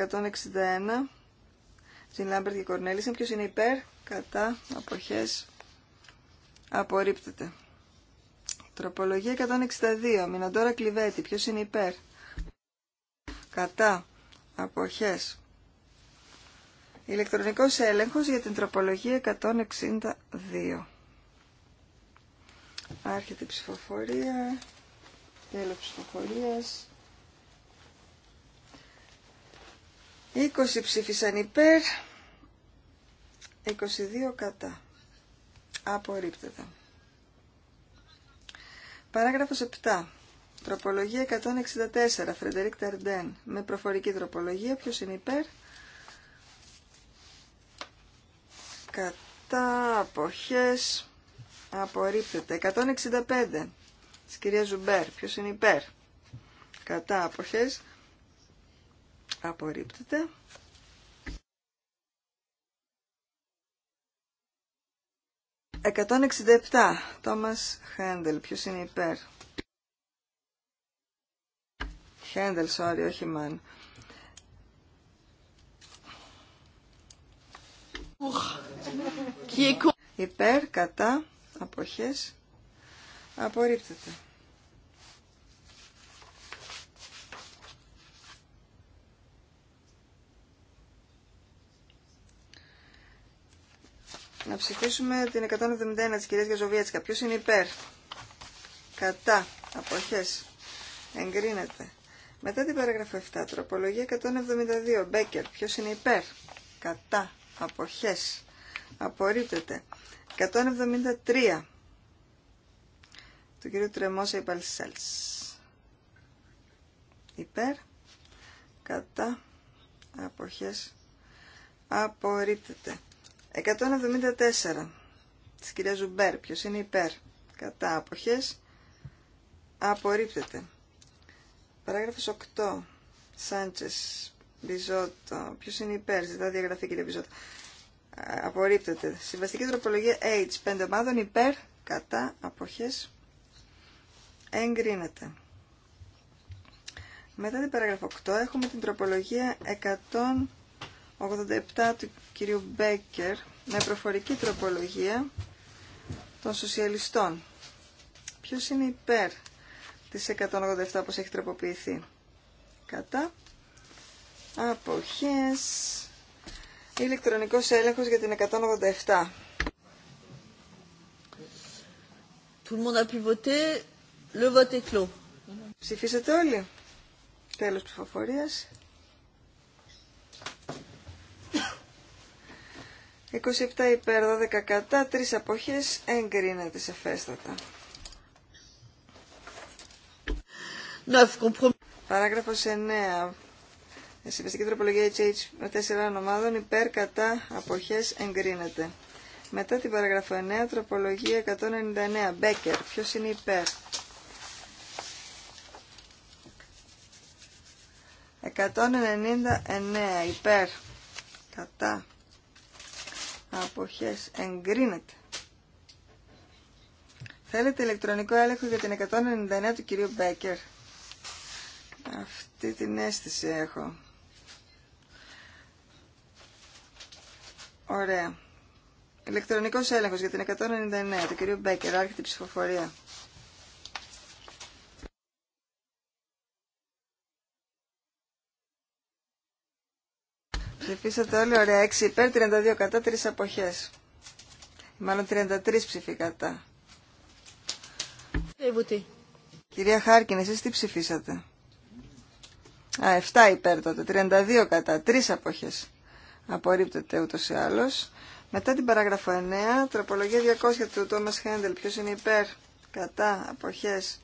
Τζιν Λάμπερτ και Κορνέλισεν. Ποιος είναι υπέρ, κατά, αποχές, απορρίπτεται. Τροπολογία 162. Μιναντόρα Κλειβέτη. Ποιος είναι υπέρ. Κατά. Αποχές. Ηλεκτρονικός έλεγχος για την τροπολογία 162. Άρχεται η ψηφοφορία. Τέλος ψηφοφορίας. 20 ψήφισαν υπέρ, 22 κατά. Απορρίπτεται. Παράγραφος 7. Τροπολογία 164. Φρεντερίκ Ταρντέν. Με προφορική τροπολογία. Ποιος είναι υπέρ. Κατά αποχές. Απορρίπτεται. 165. Της κυρία Ζουμπέρ. Ποιος είναι υπέρ. Κατά αποχές απορρίπτεται. 167. Thomas Τόμας Χέντελ, ποιος είναι υπέρ. Χέντελ, sorry, όχι μαν. Υπέρ, κατά, αποχές, απορρίπτεται. Να ψηφίσουμε την 171 της κυρίας Γιαζοβίατσικα. Ποιος είναι υπέρ. Κατά. Αποχές. Εγκρίνεται. Μετά την παράγραφο 7, τροπολογία 172, Μπέκερ. Ποιος είναι υπέρ. Κατά. Αποχές. Απορρίπτεται. 173 του κυρίου Τρεμόσα Υπαλσέλς. Υπέρ. Κατά. Αποχές. Απορρίπτεται. 174 της κυρία Ζουμπέρ. Ποιος είναι υπέρ. Κατά αποχές απορρίπτεται. Παράγραφος 8. Σάντσες. Βιζότο Ποιος είναι υπέρ. Ζητά διαγραφή κύριε Βιζότο. Απορρίπτεται. Συμβαστική τροπολογία H. 5 ομάδων υπέρ. Κατά αποχές εγκρίνεται. Μετά την παράγραφο 8 έχουμε την τροπολογία 100 87 του κυρίου Μπέκερ με προφορική τροπολογία των σοσιαλιστών. Ποιος είναι υπέρ της 187 όπως έχει τροποποιηθεί. Κατά. Αποχές. Ηλεκτρονικός έλεγχος για την 187. Tout le monde a pu voter. Le vote est clos. Ψηφίσατε όλοι. Τέλος ψηφοφορίας. 27 υπέρ 12 κατά, 3 αποχές, εγκρίνεται σαφέστατα. Παράγραφος 9. Συμβαστική τροπολογία HH με 4 ομάδων υπέρ κατά αποχές εγκρίνεται. Μετά την παραγραφό 9, τροπολογία 199. Μπέκερ. Ποιος είναι υπέρ. 199 υπέρ. Κατά αποχές εγκρίνεται. Θέλετε ηλεκτρονικό έλεγχο για την 199 του κυρίου Μπέκερ. Αυτή την αίσθηση έχω. Ωραία. Ηλεκτρονικός έλεγχος για την 199 του κυρίου Μπέκερ. Άρχεται η ψηφοφορία. Ψηφίσατε όλοι ωραία. 6 υπέρ, 32 κατά, 3 αποχές. Μάλλον 33 ψηφί κατά. Hey, Κυρία Χάρκιν, εσεί τι ψηφίσατε. Α, 7 υπέρ τότε, 32 κατά, 3 αποχές. Απορρίπτεται ούτως ή άλλως. Μετά την παράγραφο 9, τροπολογία 200 του Τόμας Χέντελ, Ποιο είναι υπέρ, κατά, αποχές,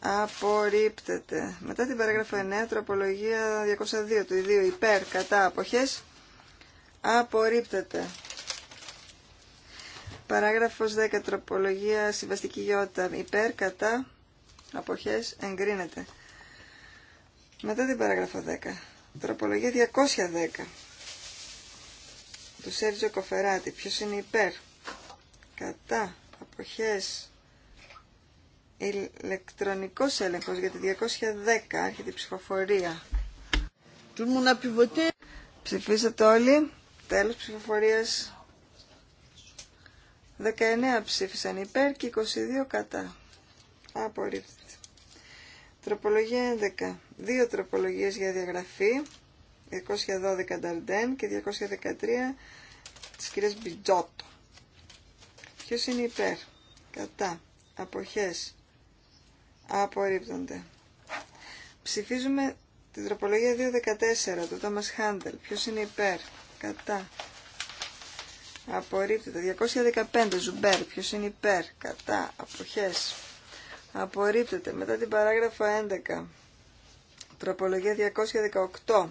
απορρίπτεται. Μετά την παράγραφο 9, τροπολογία 202 του ιδίου υπέρ κατά αποχές απορρίπτεται. Παράγραφος 10, τροπολογία συμβαστική γιώτα υπέρ κατά αποχές εγκρίνεται. Μετά την παράγραφο 10, τροπολογία 210 του Σέρτζο Κοφεράτη. Ποιος είναι υπέρ κατά αποχές Ηλεκτρονικός έλεγχος για τη 210. Άρχεται η ψηφοφορία. Ψηφίσατε όλοι. Τέλος ψηφοφορίας. 19 ψήφισαν υπέρ και 22 κατά. Απορρίπτεται. Τροπολογία 11. Δύο τροπολογίες για διαγραφή. 212 Νταρντέν και 213 της κυρίας Μπιτζότο. Ποιος είναι υπέρ. Κατά. Αποχές απορρίπτονται. Ψηφίζουμε την τροπολογία 2.14 του Thomas Handel. Ποιος είναι υπέρ, κατά, απορρίπτεται. 215 Ζουμπέρ, ποιος είναι υπέρ, κατά, αποχές, απορρίπτεται. Μετά την παράγραφο 11, τροπολογία 218.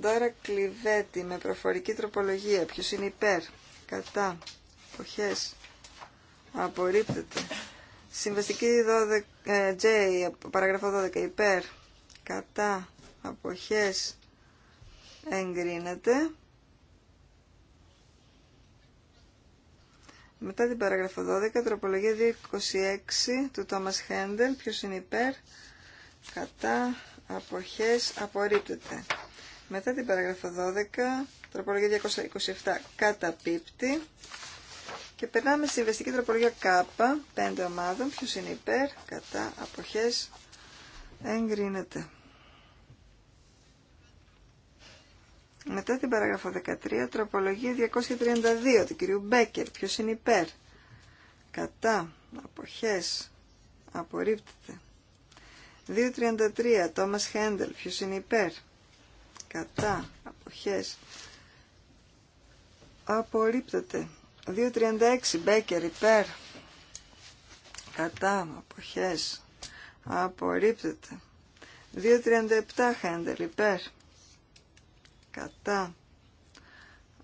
τώρα κλειβέτη με προφορική τροπολογία. Ποιος είναι υπέρ, κατά, αποχές, Απορρίπτεται. Συμβαστική 12, ε, J, παραγραφό 12, υπέρ, κατά, αποχές, εγκρίνεται. Μετά την παραγραφό 12, τροπολογία 226 του Τόμας Χέντελ, ποιος είναι υπέρ, κατά, αποχές, απορρίπτεται. Μετά την παραγραφό 12, τροπολογία 227, καταπίπτει. Και περνάμε στη βεστική τροπολογία K, 5 ομάδων. Ποιο είναι υπέρ, κατά, αποχές, εγκρίνεται. Μετά την παράγραφο 13, τροπολογία 232 του κυρίου Μπέκερ. Ποιο είναι υπέρ, κατά, αποχές, απορρίπτεται. 233, Τόμας Χέντελ. Ποιο είναι υπέρ, κατά, αποχές, απορρίπτεται. 2.36 Μπέκερ υπέρ κατά αποχές απορρίπτεται 2.37 Χέντερ υπέρ κατά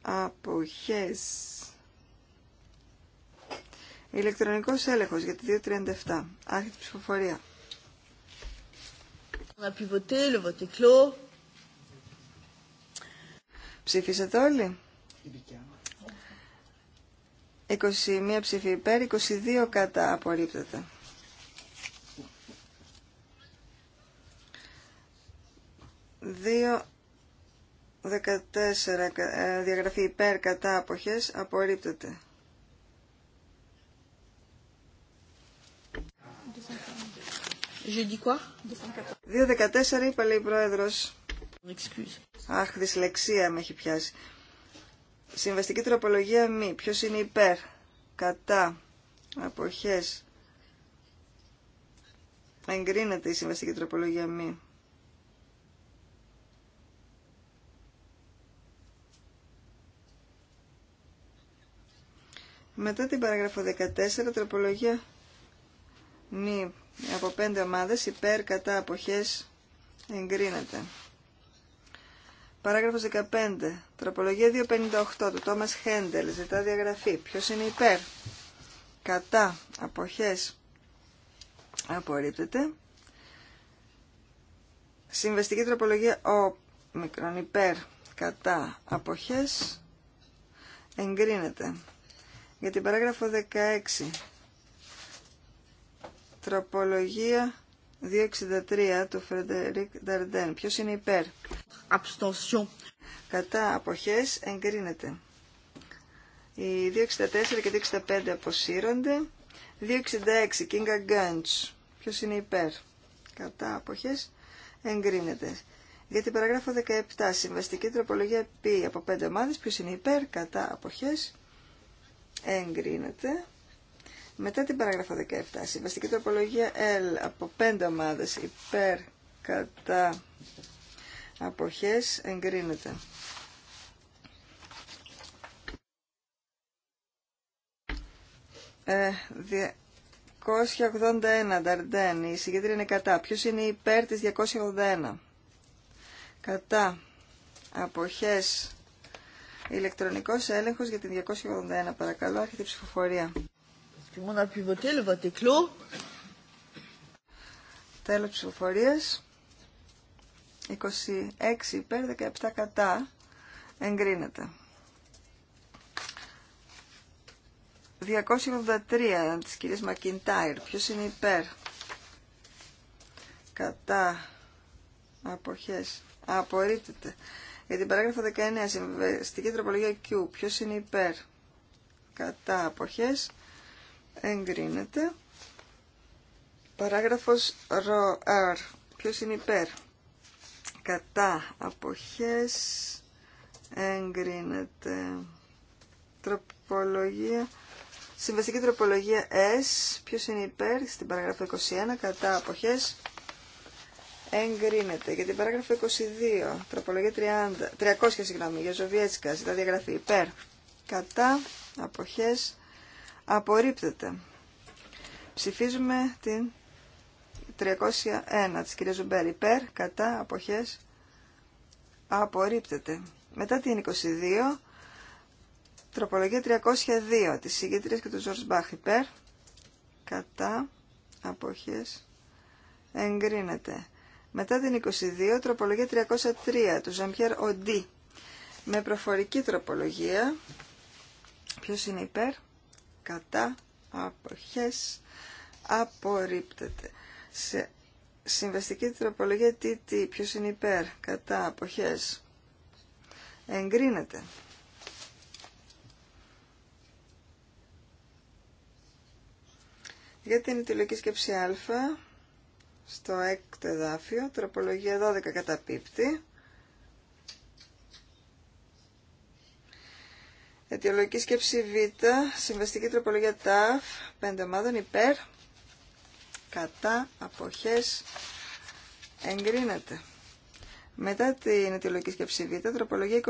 αποχές ηλεκτρονικός έλεγχος για τη 2.37 άρχεται ψηφοφορία Ψήφισατε όλοι. 21 ψηφί υπέρ, 22 κατά απορρίπτεται. Δύο 14 ε, διαγραφή υπέρ κατά αποχές απορρίπτεται. Δύο 14 είπα λέει πρόεδρος. Αχ, δυσλεξία με έχει πιάσει. Συμβαστική τροπολογία μη. Ποιο είναι υπέρ, κατά, αποχές. Εγκρίνεται η συμβαστική τροπολογία μη. Μετά την παράγραφο 14, τροπολογία μη από πέντε ομάδες υπέρ κατά αποχές εγκρίνεται. Παράγραφος 15. Τροπολογία 258 του Τόμας Χέντελ. Ζητά διαγραφή. Ποιος είναι υπέρ. Κατά. Αποχές. Απορρίπτεται. Συμβεστική τροπολογία ο μικρόν υπέρ. Κατά. Αποχές. Εγκρίνεται. Για την παράγραφο 16. Τροπολογία 263 του Φρεντερικ Νταρντέν. Ποιος είναι υπέρ. Κατά αποχές εγκρίνεται. Οι 264 και 265 αποσύρονται. 266 Kinga Gunts Ποιος είναι υπέρ. Κατά αποχές εγκρίνεται. Για την παραγράφο 17, συμβαστική τροπολογία P από 5 ομάδες, ποιος είναι υπέρ, κατά, αποχές, εγκρίνεται. Μετά την παράγραφο 17, συμβαστική τροπολογία L από 5 ομάδες, υπέρ, κατά, αποχές εγκρίνεται. Ε, 281 Νταρντέν, η συγκεντρία είναι κατά. Ποιος είναι υπέρ της 281. Κατά αποχές ηλεκτρονικός έλεγχος για την 281. Παρακαλώ, άρχεται η ψηφοφορία. Τέλος ψηφοφορίας. 26 υπέρ 17 κατά εγκρίνεται. 283 της κυρίας Μακιντάιρ. Ποιος είναι υπέρ. Κατά. Αποχές. Απορρίπτεται. Για την παράγραφο 19 συμβεστική τροπολογία Q. Ποιος είναι υπέρ. Κατά. Αποχές. Εγκρίνεται. Παράγραφος R. Ποιος είναι υπέρ κατά αποχές εγκρίνεται τροπολογία συμβαστική τροπολογία S ποιος είναι υπέρ στην παράγραφο 21 κατά αποχές εγκρίνεται για την παράγραφο 22 τροπολογία 30, 300 συγγνώμη για Ζωβιέτσικα ζητά διαγραφή υπέρ κατά αποχές απορρίπτεται ψηφίζουμε την 301 της κυρίας Ζουμπέρ υπέρ, κατά, αποχές, απορρίπτεται. Μετά την 22, τροπολογία 302 της συγκέντριας και του Ζορς Μπάχ υπέρ, κατά, αποχές, εγκρίνεται. Μετά την 22, τροπολογία 303 του Ζαμπιέρ Οντί, με προφορική τροπολογία, ποιος είναι υπέρ, κατά, αποχές, απορρίπτεται. Σε συμβαστική τροπολογία τι, ποιος είναι υπέρ, κατά, αποχές. Εγκρίνεται. Για την αιτιολογική σκέψη α, στο έκτο εδάφιο, τροπολογία 12 καταπίπτει. Αιτιολογική σκέψη Β, συμβαστική τροπολογία ΤΑΦ, 5 ομάδων υπέρ, κατά αποχές εγκρίνεται. Μετά την αιτιολογική σκέψη Β, τροπολογία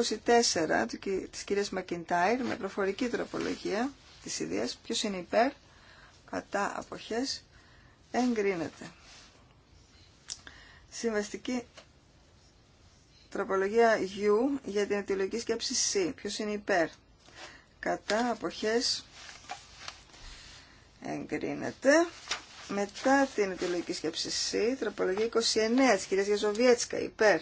24 της κυρίας Μακιντάιρ με προφορική τροπολογία της ιδίας. Ποιο είναι υπέρ, κατά αποχές, εγκρίνεται. Συμβαστική τροπολογία U για την αιτιολογική σκέψη C. Ποιος είναι υπέρ, κατά αποχές, εγκρίνεται. Μετά την αιτιολογική σκέψη C, τροπολογία 29 της κυρίας Γεζοβιέτσκα, υπέρ,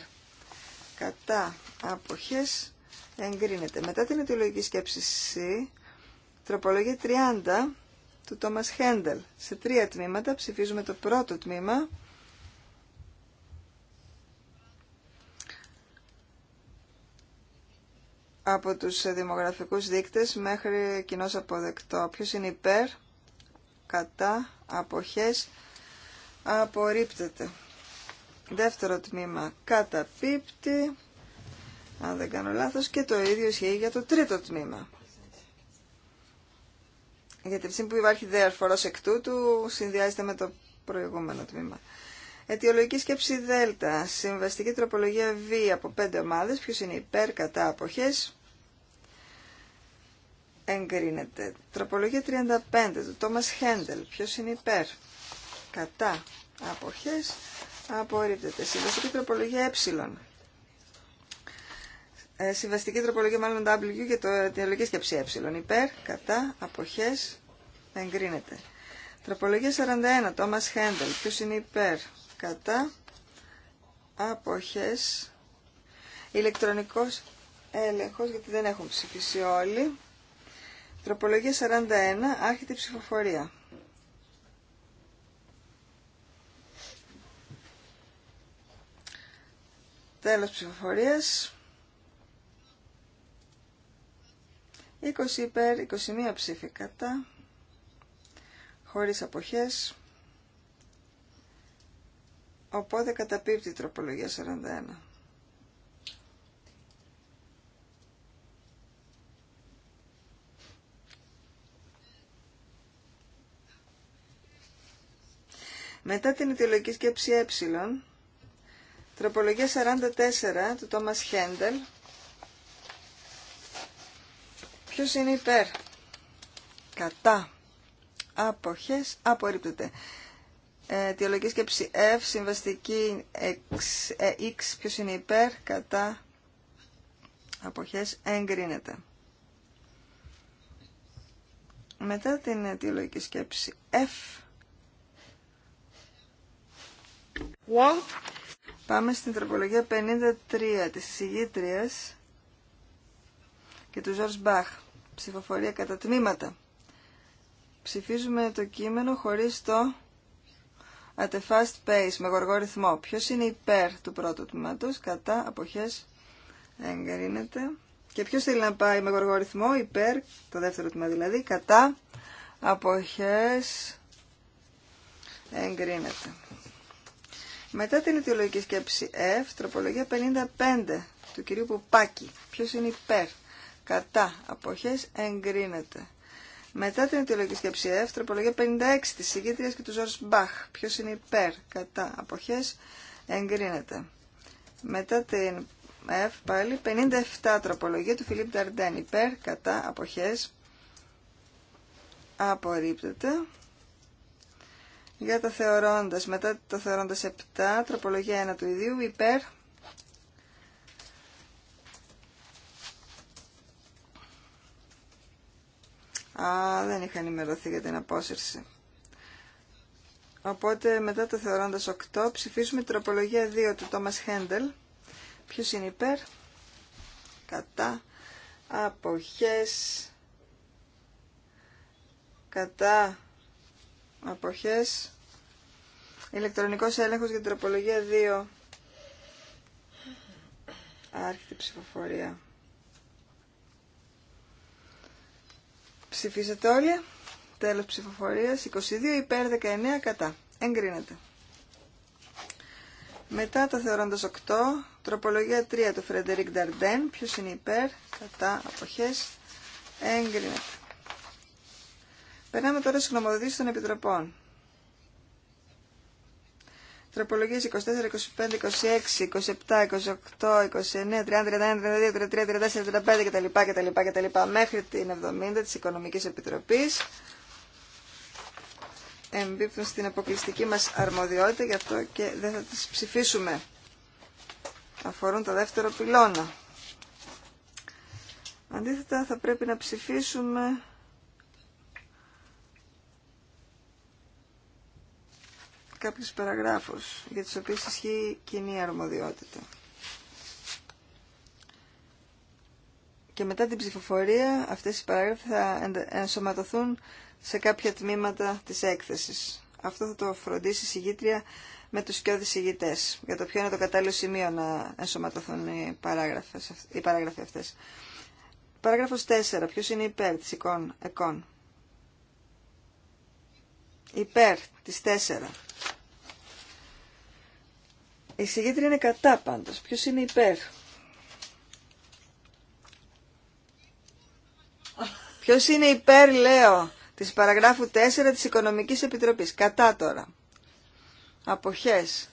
κατά, αποχές, εγκρίνεται. Μετά την αιτιολογική σκέψη C, τροπολογία 30 του Τόμας Χέντελ. Σε τρία τμήματα ψηφίζουμε το πρώτο τμήμα. από τους δημογραφικούς δείκτες μέχρι κοινώς αποδεκτό. Ποιος είναι υπέρ, κατά αποχές απορρίπτεται. Δεύτερο τμήμα καταπίπτει, αν δεν κάνω λάθος, και το ίδιο ισχύει για το τρίτο τμήμα. Γιατί ψήν που υπάρχει δεαρφορός εκ τούτου συνδυάζεται με το προηγούμενο τμήμα. Αιτιολογική σκέψη Δ. Συμβαστική τροπολογία Β από πέντε ομάδες. Ποιος είναι υπέρ κατά αποχές εγκρίνεται. Τροπολογία 35 το Τόμας Χέντελ. Ποιος είναι υπέρ. Κατά. Αποχές. Απορρίπτεται. Συμβαστική τροπολογία ε. ε συμβαστική τροπολογία μάλλον W για το διαλογική σκέψη ε. Υπέρ. Κατά. Αποχές. Εγκρίνεται. Τροπολογία 41. Τόμας Χέντελ. Ποιος είναι υπέρ. Κατά. Αποχές. Ηλεκτρονικός έλεγχος γιατί δεν έχουν ψηφίσει όλοι. Τροπολογία 41, άρχεται η ψηφοφορία. Τέλος ψηφοφορίας. 20 υπέρ, 21 ψήφι κατά, χωρίς αποχές. Οπότε καταπίπτει η τροπολογία 41. Μετά την αιτιολογική σκέψη ε, τροπολογία 44 του Τόμας Χέντελ. Ποιος είναι υπέρ. Κατά. Αποχές. Απορρίπτεται. Ε, αιτιολογική σκέψη F, συμβαστική X, ε, X, ποιος είναι υπέρ, κατά, αποχές, εγκρίνεται. Μετά την αιτιολογική σκέψη F, Πάμε στην τροπολογία 53 της συγγήτριας και του Ζορς Μπαχ. Ψηφοφορία κατά τμήματα. Ψηφίζουμε το κείμενο χωρίς το at a fast pace, με γοργό ρυθμό. Ποιος είναι υπέρ του πρώτου τμήματος, κατά, αποχές, εγκρίνεται. Και ποιος θέλει να πάει με γοργό ρυθμό, υπέρ, το δεύτερο τμήμα δηλαδή, κατά, αποχές, εγκρίνεται. Μετά την αιτιολογική σκέψη F, τροπολογία 55 του κυρίου Πουπάκη. Ποιο είναι υπέρ, κατά, απόχέ εγκρίνεται. Μετά την αιτιολογική σκέψη F, τροπολογία 56 της συγκίτριας και του Ζόρς Μπαχ. Ποιο είναι υπέρ, κατά, Αποχέ εγκρίνεται. Μετά την F πάλι 57 τροπολογία του Φιλίπ Νταρντέν υπέρ κατά απόχέ. απορρίπτεται για το θεωρώντας. Μετά το θεωρώντας 7, τροπολογία 1 του ιδίου, υπέρ. Α, δεν είχα ενημερωθεί για την απόσυρση. Οπότε μετά το θεωρώντας 8 ψηφίσουμε τροπολογία 2 του Τόμας Χέντελ. Ποιος είναι υπέρ, κατά, αποχές, κατά, αποχές ηλεκτρονικός έλεγχος για την τροπολογία 2 άρχιτη ψηφοφορία ψηφίσατε όλοι τέλος ψηφοφορίας 22 υπέρ 19 κατά εγκρίνεται μετά το θεωρώντας 8 τροπολογία 3 του Φρεντερικ Νταρντέν ποιος είναι υπέρ κατά αποχές εγκρίνεται Περνάμε τώρα στις γνωμοδοτήσεις των επιτροπών. Τροπολογίες 24, 25, 26, 27, 28, 29, 30, 31, 32, 33, 34, 35 κτλ. κτλ, μέχρι την 70 της Οικονομικής Επιτροπής εμπίπτουν στην αποκλειστική μας αρμοδιότητα, γι' αυτό και δεν θα τις ψηφίσουμε. Αφορούν το δεύτερο πυλώνα. Αντίθετα θα πρέπει να ψηφίσουμε κάποιους παραγράφους για τους οποίους ισχύει κοινή αρμοδιότητα. Και μετά την ψηφοφορία αυτές οι παράγραφοι θα ενσωματωθούν σε κάποια τμήματα της έκθεσης. Αυτό θα το φροντίσει η συγγήτρια με τους πιο δισηγητές για το ποιο είναι το κατάλληλο σημείο να ενσωματωθούν οι, οι παράγραφοι αυτές. Παράγραφος 4. Ποιος είναι υπέρ της εικόν, εκών. Υπέρ της 4. Η εισηγήτρια είναι κατά πάντως. Ποιος είναι υπέρ. Ποιος είναι υπέρ, λέω, της παραγράφου 4 της Οικονομικής Επιτροπής. Κατά τώρα. Αποχές.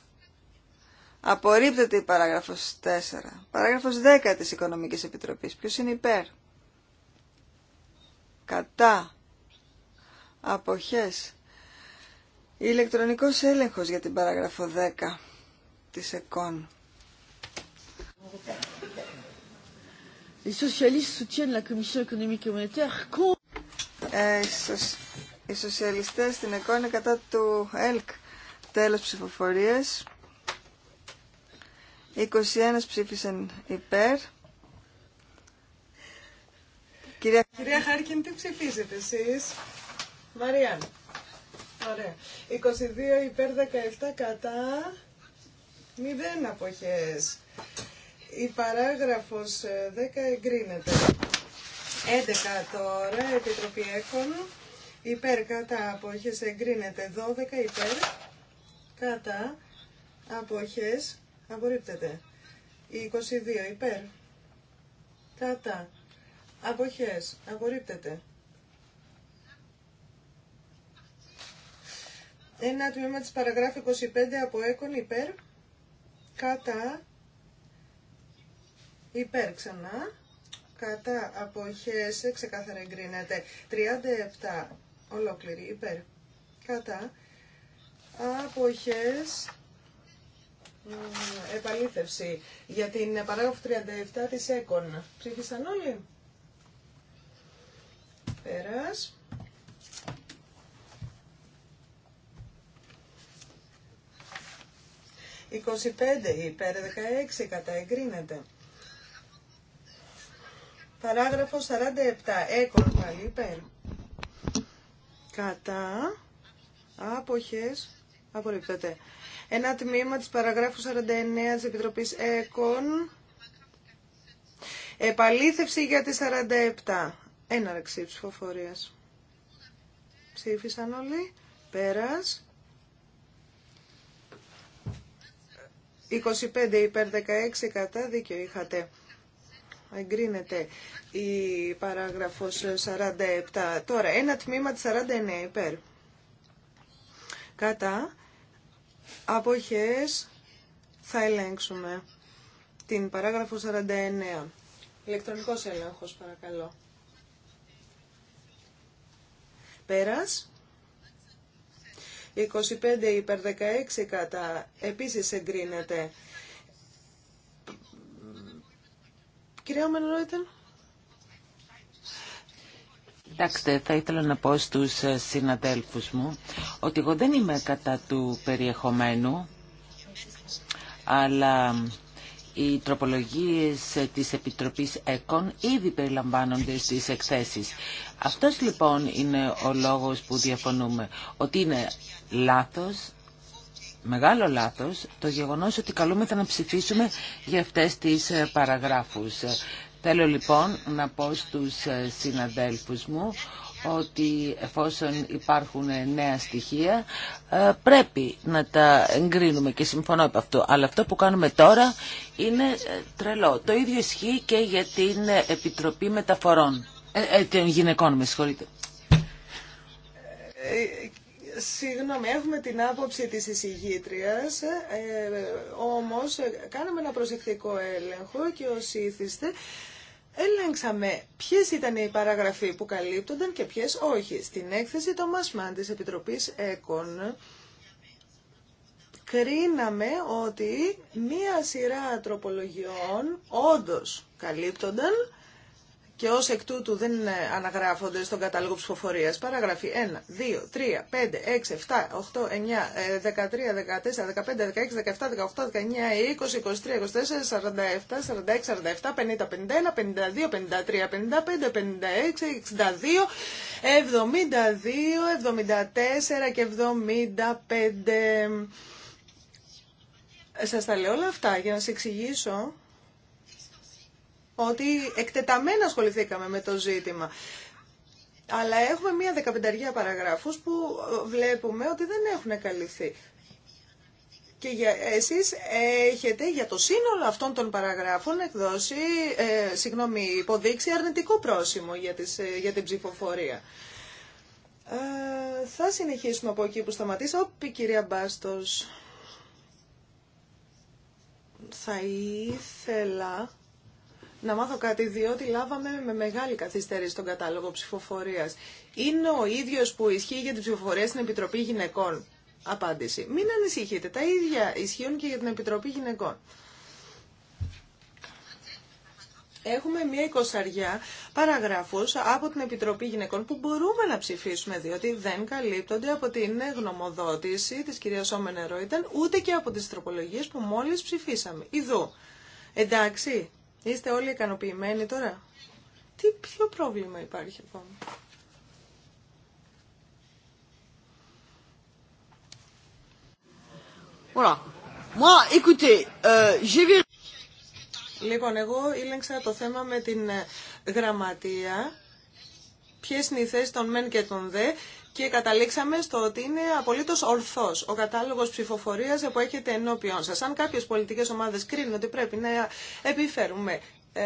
Απορρίπτεται η παράγραφος 4. Παράγραφος 10 της Οικονομικής Επιτροπής. Ποιος είναι υπέρ. Κατά. Αποχές. Ηλεκτρονικός έλεγχος για την παράγραφο 10 της ΕΚΟΝ. Οι σοσιαλιστέ στην ΕΚΟΝ είναι κατά του ΕΛΚ. Τέλος ψηφοφορίας. 21 ψήφισαν υπέρ. Κυρία, Κυρία Χάρκιν, τι ψηφίζετε εσεί. Μαριάν. Ωραία. 22 υπέρ 17 κατά. Μηδέν αποχές. Η παράγραφος 10 ε, εγκρίνεται. 11 τώρα, Επιτροπή Έκων. Υπέρ κατά αποχές εγκρίνεται. 12 υπέρ κατά αποχές απορρίπτεται. 22 υπέρ κατά αποχές απορρίπτεται. Ένα τμήμα της παραγράφη 25 από έκον υπέρ κατά υπέρ ξανά, κατά αποχές ξεκάθαρα εγκρίνεται 37 ολόκληρη υπέρ κατά αποχές επαλήθευση για την παράγραφο 37 της ΕΚΟΝ. Ψήφισαν όλοι. Πέρας. 25 υπέρ 16 κατά εγκρίνεται. Παράγραφο 47. Έκον πάλι υπέρ. Κατά. Άποχες. Απορρίπτεται. Ένα τμήμα της παραγράφου 49 της Επιτροπής ΕΚΟΝ. Επαλήθευση για τη 47. Έναρξη ψηφοφορίας. Ψήφισαν όλοι. Πέρας. 25 υπέρ 16 κατά δίκιο είχατε. Εγκρίνεται η παράγραφος 47. Τώρα, ένα τμήμα της 49 υπέρ. Κατά αποχές θα ελέγξουμε την παράγραφο 49. Ηλεκτρονικός έλεγχος παρακαλώ. Πέρας. 25 υπέρ 16 κατά. Επίσης εγκρίνεται. Κυρία Μενρόιτερ. Κοιτάξτε, θα ήθελα να πω στους ε, συναδέλφους μου ότι εγώ δεν είμαι κατά του περιεχομένου, αλλά οι τροπολογίες της Επιτροπής ΕΚΟΝ ήδη περιλαμβάνονται στις εκθέσεις. Αυτός λοιπόν είναι ο λόγος που διαφωνούμε, ότι είναι λάθος, μεγάλο λάθος, το γεγονός ότι καλούμεθα να ψηφίσουμε για αυτές τις ε, παραγράφους. Θέλω λοιπόν να πω στους ε, συναδέλφους μου ότι εφόσον υπάρχουν νέα στοιχεία ε, πρέπει να τα εγκρίνουμε και συμφωνώ από αυτό. Αλλά αυτό που κάνουμε τώρα είναι ε, τρελό. Το ίδιο ισχύει και για την ε, Επιτροπή Μεταφορών. Ε, των γυναικών, με συγχωρείτε. Συγγνώμη, έχουμε την άποψη της εισηγήτριας, ε, όμως κάναμε ένα προσεκτικό έλεγχο και ως ήθιστε Έλεγξαμε ποιε ήταν οι παραγραφοί που καλύπτονταν και ποιε όχι. Στην έκθεση το Μασμάν τη Επιτροπής ΕΚΟΝ κρίναμε ότι μία σειρά τροπολογιών όντως καλύπτονταν και ω εκ τούτου δεν ε, αναγράφονται στον κατάλογο ψηφοφορίας. Παραγραφή 1, 2, 3, 5, 6, 7, 8, 9, 13, 14, 15, 16, 17, 18, 19, 20, 23, 24, 47, 46, 47, 50, 51, 52, 53, 55, 56, 62, 72, 74 και 75. Ε, σας τα λέω όλα αυτά για να σας εξηγήσω ότι εκτεταμένα ασχοληθήκαμε με το ζήτημα. Αλλά έχουμε μία δεκαπενταριά παραγράφους που βλέπουμε ότι δεν έχουν καλυφθεί. Και για, εσείς έχετε για το σύνολο αυτών των παραγράφων εκδώσει, ε, συγγνώμη, υποδείξει αρνητικό πρόσημο για, τις, ε, για την ψηφοφορία. Ε, θα συνεχίσουμε από εκεί που σταματήσα. Όπι, κυρία Μπάστος, θα ήθελα να μάθω κάτι, διότι λάβαμε με μεγάλη καθυστέρηση τον κατάλογο ψηφοφορία. Είναι ο ίδιο που ισχύει για την ψηφοφορία στην Επιτροπή Γυναικών. Απάντηση. Μην ανησυχείτε. Τα ίδια ισχύουν και για την Επιτροπή Γυναικών. Έχουμε μία εικοσαριά παραγράφους από την Επιτροπή Γυναικών που μπορούμε να ψηφίσουμε διότι δεν καλύπτονται από την γνωμοδότηση της κυρίας Όμενε Ρόιτεν ούτε και από τις τροπολογίες που μόλις ψηφίσαμε. Ιδού. Εντάξει. Είστε όλοι ικανοποιημένοι τώρα. Τι ποιο πρόβλημα υπάρχει ακόμα. Voilà. Moi, écoutez, euh, Λοιπόν, εγώ ήλεγξα το θέμα με την ε, γραμματεία. Ποιε είναι οι θέσει των μεν και των δε και καταλήξαμε στο ότι είναι απολύτω ορθός ο κατάλογος ψηφοφορία που έχετε ενώπιον σα. Αν κάποιε πολιτικέ ομάδε κρίνουν ότι πρέπει να επιφέρουμε ε,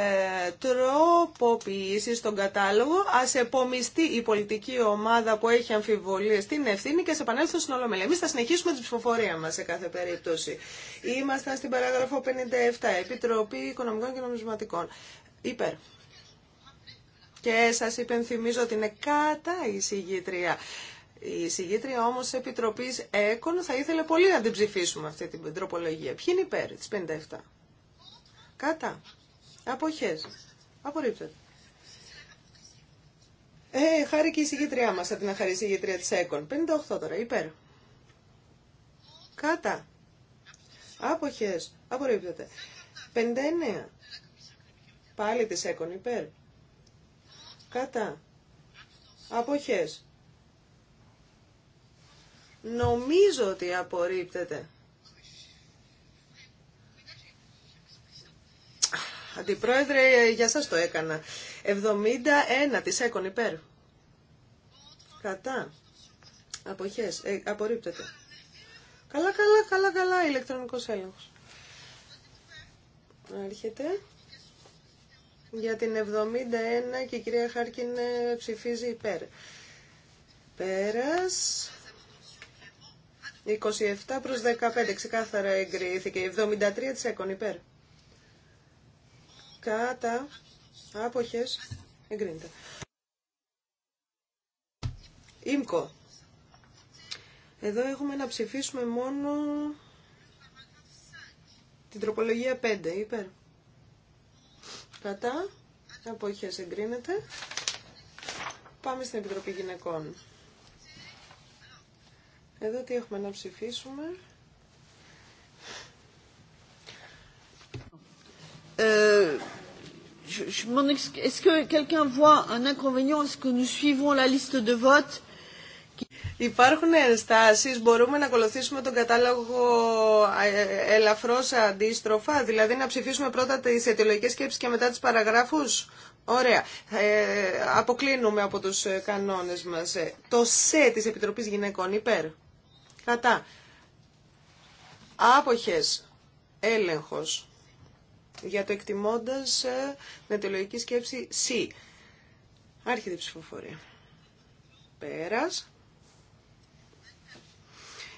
τροποποιήσει στον κατάλογο, α επομιστεί η πολιτική ομάδα που έχει αμφιβολίε την ευθύνη και σε επανέλθουν στην Ολομέλεια. Εμεί θα συνεχίσουμε την ψηφοφορία μα σε κάθε περίπτωση. Ήμασταν στην παράγραφο 57, Επιτροπή Οικονομικών και Νομισματικών. Υπέρ και σας υπενθυμίζω ότι είναι κατά η συγγήτρια. Η συγγήτρια όμως της Επιτροπής ΕΚΟΝ θα ήθελε πολύ να την ψηφίσουμε αυτή την τροπολογία. Ποιοι είναι υπέρ της 57. Κατά. Αποχές. Απορρίπτεται. Ε, χάρη και η συγγήτριά μας, θα την αχαρεί η συγγήτρια της ΕΚΟΝ. 58 τώρα, υπέρ. Κάτα. Άποχες. Απορρίπτεται. 59. Πάλι της ΕΚΟΝ, υπέρ κατά αποχές. Νομίζω ότι απορρίπτεται. Αντιπρόεδρε, για σας το έκανα. 71 της έκον υπέρ. Κατά. Αποχές. Ε, απορρίπτεται. Καλά, καλά, καλά, καλά. Ηλεκτρονικός έλεγχος. Έρχεται για την 71 και η κυρία Χάρκιν ε, ψηφίζει υπέρ. Πέρας. 27 προς 15, ξεκάθαρα εγκρίθηκε. 73 της έκον υπέρ. Κάτα. Άποχες. Εγκρίνεται. Ήμκο. Εδώ έχουμε να ψηφίσουμε μόνο την τροπολογία 5, υπέρ. Κατά. Αποχές εγκρίνεται. Πάμε στην Επιτροπή Γυναικών. Εδώ τι έχουμε να ψηφίσουμε. Euh, je, je est-ce que quelqu'un voit un inconvénient est-ce que nous suivons la liste de vote Υπάρχουν ενστάσεις, μπορούμε να ακολουθήσουμε τον κατάλογο ε, ελαφρώ αντίστροφα, δηλαδή να ψηφίσουμε πρώτα τις αιτιολογικές σκέψεις και μετά τις παραγράφους. Ωραία. Ε, αποκλίνουμε από τους κανόνες μας. Ε, το ΣΕ της Επιτροπής Γυναικών υπέρ. Κατά. Άποχες. Έλεγχο. Για το εκτιμώντα ε, την αιτιολογική σκέψη C. Άρχεται η ψηφοφορία. Πέρας.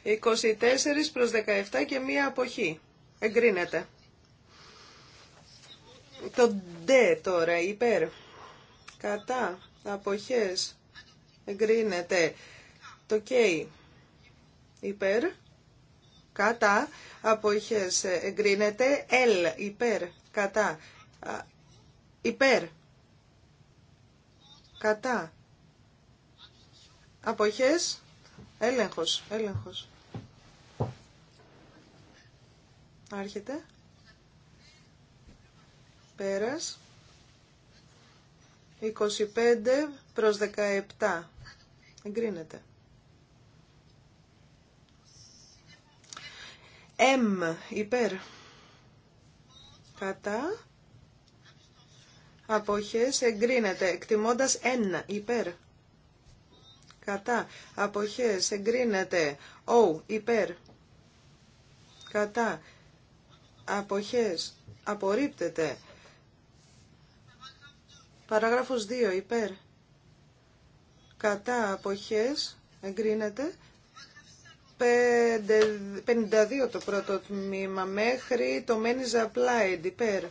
24 προς 17 και μία αποχή. Εγκρίνεται. Το D τώρα, υπέρ. Κατά. Αποχές. Εγκρίνεται. Το K. Υπέρ. Κατά. Αποχές. Εγκρίνεται. L. Υπέρ. Κατά. Υπέρ. Κατά. Αποχές. Έλεγχος. Έλεγχος. Άρχεται. Πέρας. 25 προς 17. Εγκρίνεται. M υπέρ. Κατά. Αποχές εγκρίνεται. Εκτιμώντας N υπέρ. Κατά. Αποχές εγκρίνεται. O υπέρ. Κατά αποχές, απορρίπτεται. Παράγραφος 2, υπέρ, κατά, αποχές, εγκρίνεται. 52 το πρώτο τμήμα μέχρι το μένεις Applied, υπέρ,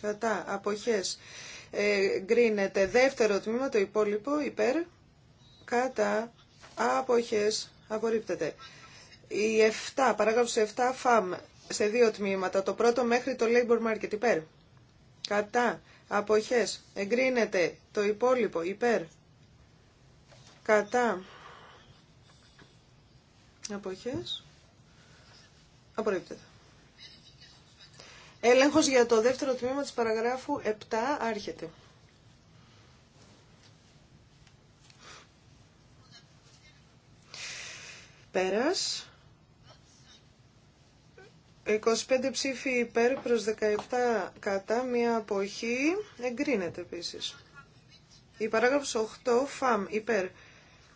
κατά, αποχές, εγκρίνεται. Δεύτερο τμήμα, το υπόλοιπο, υπέρ, κατά, αποχές, απορρίπτεται. Η 7, παράγραφος 7, φαμ, σε δύο τμήματα. Το πρώτο μέχρι το labor market υπέρ. Κατά. Αποχές. Εγκρίνεται το υπόλοιπο υπέρ. Κατά. Αποχές. Απορρίπτεται. Έλεγχος για το δεύτερο τμήμα της παραγράφου 7 άρχεται. Πέρας. 25 ψήφοι υπέρ προς 17 κατά, μία αποχή, εγκρίνεται επίσης. Η παράγραφος 8, φαμ, υπέρ,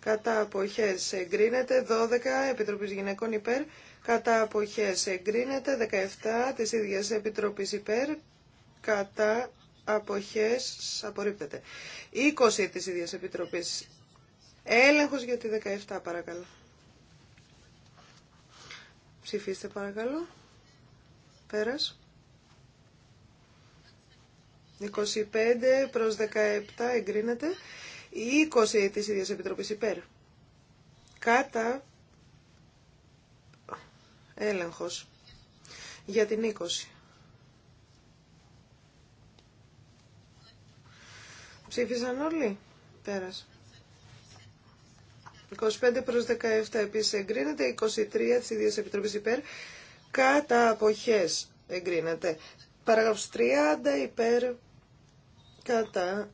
κατά αποχές, εγκρίνεται. 12, Επιτροπής Γυναικών υπέρ, κατά αποχές, εγκρίνεται. 17, της ίδιας Επιτροπής υπέρ, κατά αποχές, απορρίπτεται. 20 της ίδιας Επιτροπής, έλεγχος για τη 17 παρακαλώ. Ψηφίστε παρακαλώ. Πέρας. 25 προς 17 εγκρίνεται. 20 της ίδιας Επιτροπής υπέρ. Κάτα έλεγχος για την 20. Ψήφισαν όλοι. πέρας. 25 προς 17 επίσης εγκρίνεται. 23 της ίδιας Επιτροπής υπέρ κατά αποχές εγκρίνεται. Παράγραφος 30 υπέρ κατά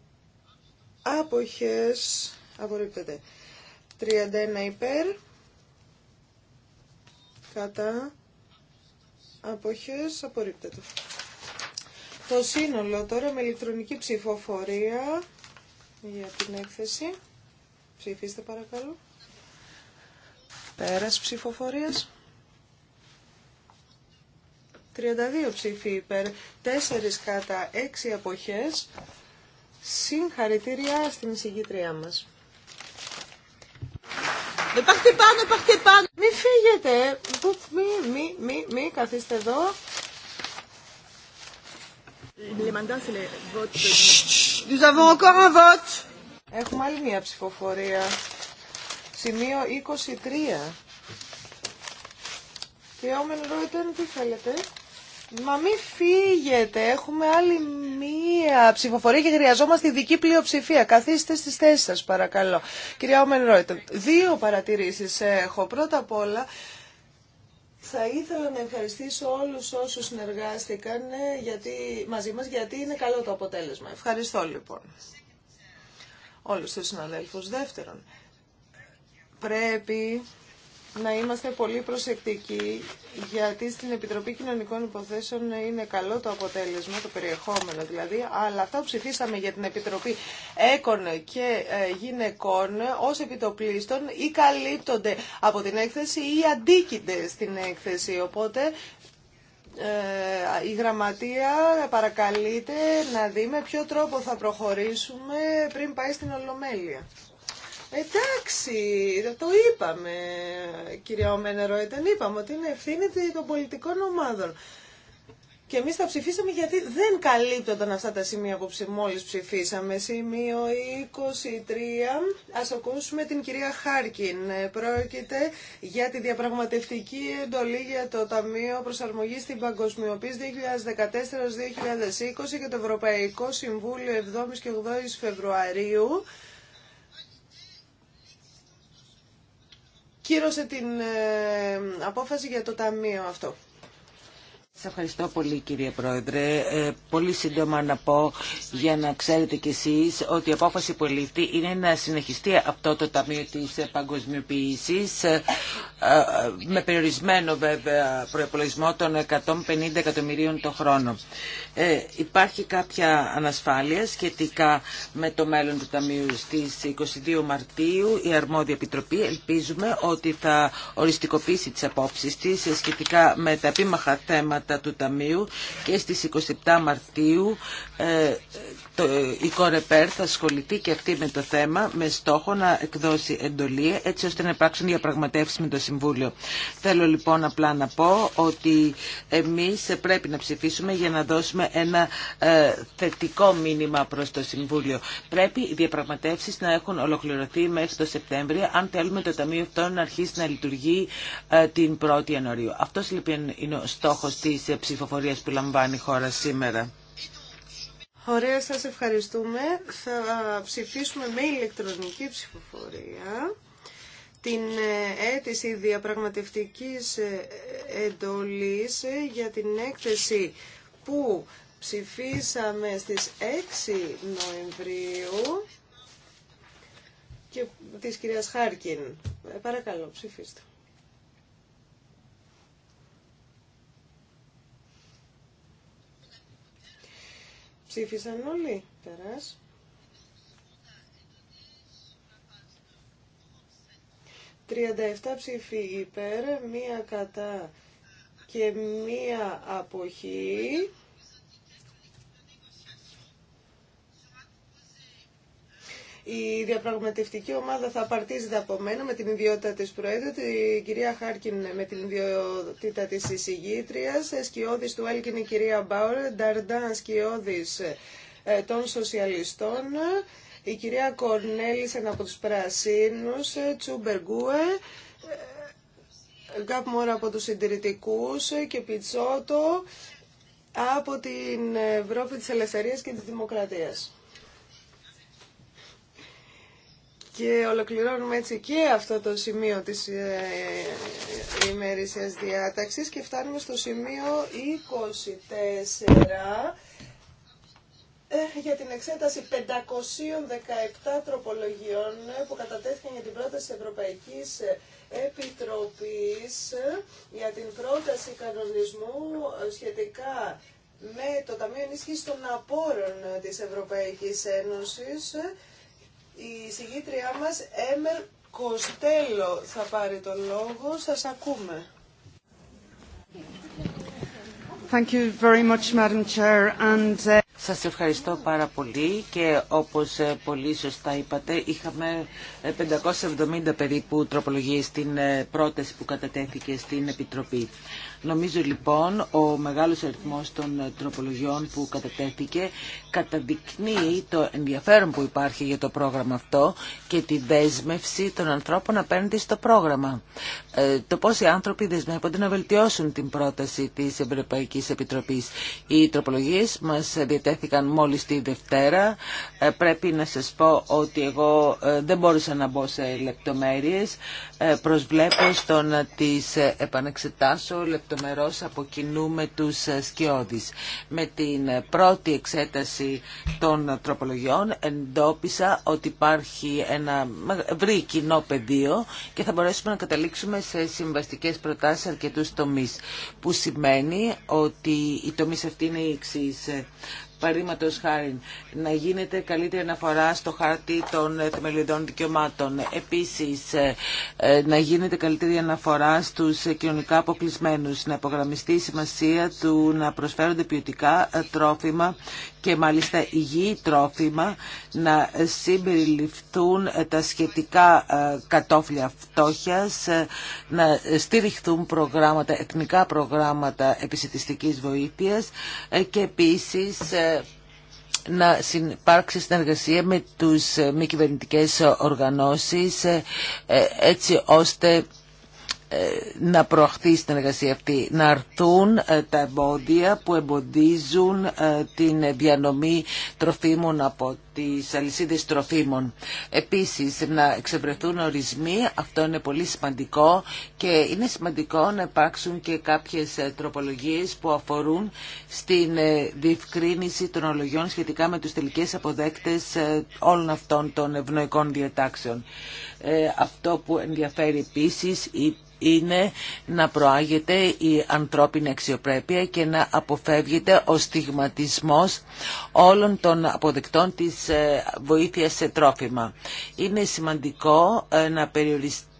αποχές απορρίπτεται. 31 υπέρ κατά αποχές απορρίπτεται. Το σύνολο τώρα με ηλεκτρονική ψηφοφορία για την έκθεση. Ψηφίστε παρακαλώ. Πέρας ψηφοφορίας. 32 ψήφοι υπέρ, 4 κατά 6 αποχές. Συγχαρητήρια στην εισηγήτριά μας. Μην ναι, πάνω, πάνω. Μη φύγετε. Μη, μη, μη, μη, καθίστε εδώ. Nous avons encore un vote. Έχουμε άλλη μια ψηφοφορία. Σημείο 23. Και όμως Ρόιτεν, τι θέλετε. Μα μη φύγετε, έχουμε άλλη μία ψηφοφορία και χρειαζόμαστε ειδική πλειοψηφία. Καθίστε στις θέσεις σας παρακαλώ. Κυρία Όμεν δύο παρατηρήσεις έχω. Πρώτα απ' όλα, θα ήθελα να ευχαριστήσω όλους όσους συνεργάστηκαν ε, γιατί, μαζί μας γιατί είναι καλό το αποτέλεσμα. Ευχαριστώ λοιπόν όλους του συναδέλφους. Δεύτερον, πρέπει να είμαστε πολύ προσεκτικοί γιατί στην Επιτροπή Κοινωνικών Υποθέσεων είναι καλό το αποτέλεσμα, το περιεχόμενο δηλαδή, αλλά αυτά που ψηφίσαμε για την Επιτροπή Έκων και ε, Γυναικών ως επιτοπλίστων ή καλύπτονται από την έκθεση ή αντίκειται στην έκθεση. Οπότε ε, η Γραμματεία παρακαλείται να δει με ποιο τρόπο θα προχωρήσουμε πριν πάει στην Ολομέλεια. Εντάξει, το είπαμε, κυρία Ομένερο, ήταν είπαμε ότι είναι ευθύνη των πολιτικών ομάδων. Και εμεί τα ψηφίσαμε γιατί δεν καλύπτονταν αυτά τα σημεία που μόλι ψηφίσαμε. Σημείο 23. Α ακούσουμε την κυρία Χάρκιν. Ε, πρόκειται για τη διαπραγματευτική εντολή για το Ταμείο Προσαρμογή στην Παγκοσμιοποίηση 2014-2020 και το Ευρωπαϊκό Συμβούλιο 7η και 8η Φεβρουαρίου. κύρωσε την ε, απόφαση για το ταμείο αυτό. Σας ευχαριστώ πολύ κύριε Πρόεδρε. Ε, πολύ σύντομα να πω για να ξέρετε κι εσείς ότι η απόφαση που ελήφθη είναι να συνεχιστεί αυτό το Ταμείο της Παγκοσμιοποίησης ε, ε, με περιορισμένο βέβαια προεπολογισμό των 150 εκατομμυρίων το χρόνο. Ε, υπάρχει κάποια ανασφάλεια σχετικά με το μέλλον του Ταμείου στις 22 Μαρτίου. Η Αρμόδια Επιτροπή ελπίζουμε ότι θα οριστικοποιήσει τις απόψεις της σχετικά με τα επίμαχα θέματα του Ταμείου και στις 27 Μαρτίου ε, το, η Κορεπέρ θα ασχοληθεί και αυτή με το θέμα με στόχο να εκδώσει εντολή έτσι ώστε να υπάρξουν διαπραγματεύσεις με το Συμβούλιο. Θέλω λοιπόν απλά να πω ότι εμείς πρέπει να ψηφίσουμε για να δώσουμε ένα ε, θετικό μήνυμα προς το Συμβούλιο. Πρέπει οι διαπραγματεύσεις να έχουν ολοκληρωθεί μέχρι το Σεπτέμβριο αν θέλουμε το Ταμείο αυτό να αρχίσει να λειτουργεί ε, την 1η Ιανουαρίου. Αυτός λοιπόν είναι ο στόχος της ε, ψηφοφορίας που λαμβάνει η χώρα σήμερα. Ωραία, σας ευχαριστούμε. Θα ψηφίσουμε με ηλεκτρονική ψηφοφορία την ε, αίτηση διαπραγματευτικής ε, εντολής ε, για την έκθεση που ψηφίσαμε στις 6 Νοεμβρίου και της κυρίας Χάρκιν. Παρακαλώ, ψηφίστε. Ψήφισαν όλοι. Περάς. 37 ψήφοι υπέρ, μία κατά και μία αποχή. Η διαπραγματευτική ομάδα θα απαρτίζεται από μένα με την ιδιότητα της Προέδρου, την κυρία Χάρκιν με την ιδιότητα της εισηγήτριας, σκιώδης του Έλκιν η κυρία Μπάουρ, Νταρντάν σκιώδης ε, των Σοσιαλιστών, η κυρία ένα από τους Πρασίνους, ε, Τσούμπερ Γκούε, ε, Γκάπ Μόρα από τους Συντηρητικούς και Πιτσότο από την Ευρώπη της Ελευθερίας και της Δημοκρατίας. Και ολοκληρώνουμε έτσι και αυτό το σημείο της ε, ε ημερήσιας διάταξης και φτάνουμε στο σημείο 24 ε, για την εξέταση 517 τροπολογιών που κατατέθηκαν για την πρόταση Ευρωπαϊκής Επιτροπής για την πρόταση κανονισμού σχετικά με το Ταμείο Ενίσχυσης των Απόρων της Ευρωπαϊκής Ένωσης η συγγήτριά μας, Έμερ Κοστέλο, θα πάρει τον λόγο. Σας ακούμε. Thank you very uh, Σας ευχαριστώ πάρα πολύ και όπως ε, πολύ σωστά είπατε είχαμε 570 ε, περίπου τροπολογίες στην ε, πρόταση που κατατέθηκε στην Επιτροπή. Νομίζω λοιπόν ο μεγάλος αριθμός των ε, τροπολογιών που κατατέθηκε καταδεικνύει το ενδιαφέρον που υπάρχει για το πρόγραμμα αυτό και τη δέσμευση των ανθρώπων απέναντι στο πρόγραμμα. Ε, το πώς οι άνθρωποι δεσμεύονται να βελτιώσουν την πρόταση της Ευρωπαϊκής Επιτροπής. Οι τροπολογίες μας διατέθηκαν μόλις τη Δευτέρα. Ε, πρέπει να σας πω ότι εγώ δεν μπόρεσα να μπω σε λεπτομέρειες. Ε, προσβλέπω στο να τις ε, επανεξετάσω λεπτομερώς από κοινού με τους ε, σκιώδεις. Με την πρώτη εξέταση των τροπολογιών εντόπισα ότι υπάρχει ένα ευρύ κοινό πεδίο και θα μπορέσουμε να καταλήξουμε σε συμβαστικές προτάσεις αρκετούς τομείς που σημαίνει ότι οι τομείς αυτοί είναι οι εξής παραδείγματο χάρη να γίνεται καλύτερη αναφορά στο χάρτη των θεμελιωδών δικαιωμάτων. Επίσης, ε, ε, να γίνεται καλύτερη αναφορά στου ε, κοινωνικά αποκλεισμένου, να υπογραμμιστεί η σημασία του να προσφέρονται ποιοτικά τρόφιμα και μάλιστα υγιή τρόφιμα να συμπεριληφθούν τα σχετικά κατόφλια φτώχεια, να στηριχθούν προγράμματα, εθνικά προγράμματα επισητιστικής βοήθειας και επίσης να υπάρξει συνεργασία με τους μη κυβερνητικές οργανώσεις ε, ε, έτσι ώστε ε, να προαχθεί στην εργασία αυτή, να αρθούν ε, τα εμπόδια που εμποδίζουν ε, την διανομή τροφίμων από τις αλυσίδες τροφίμων. Επίσης, να εξευρεθούν ορισμοί, αυτό είναι πολύ σημαντικό και είναι σημαντικό να υπάρξουν και κάποιες τροπολογίες που αφορούν στην διευκρίνηση των ολογιών σχετικά με τους τελικές αποδέκτες όλων αυτών των ευνοϊκών διατάξεων. Αυτό που ενδιαφέρει επίσης είναι να προάγεται η ανθρώπινη αξιοπρέπεια και να αποφεύγεται ο στιγματισμός όλων των αποδεκτών της ε, βοήθειας σε τρόφιμα. Είναι σημαντικό ε, να περιοριστεί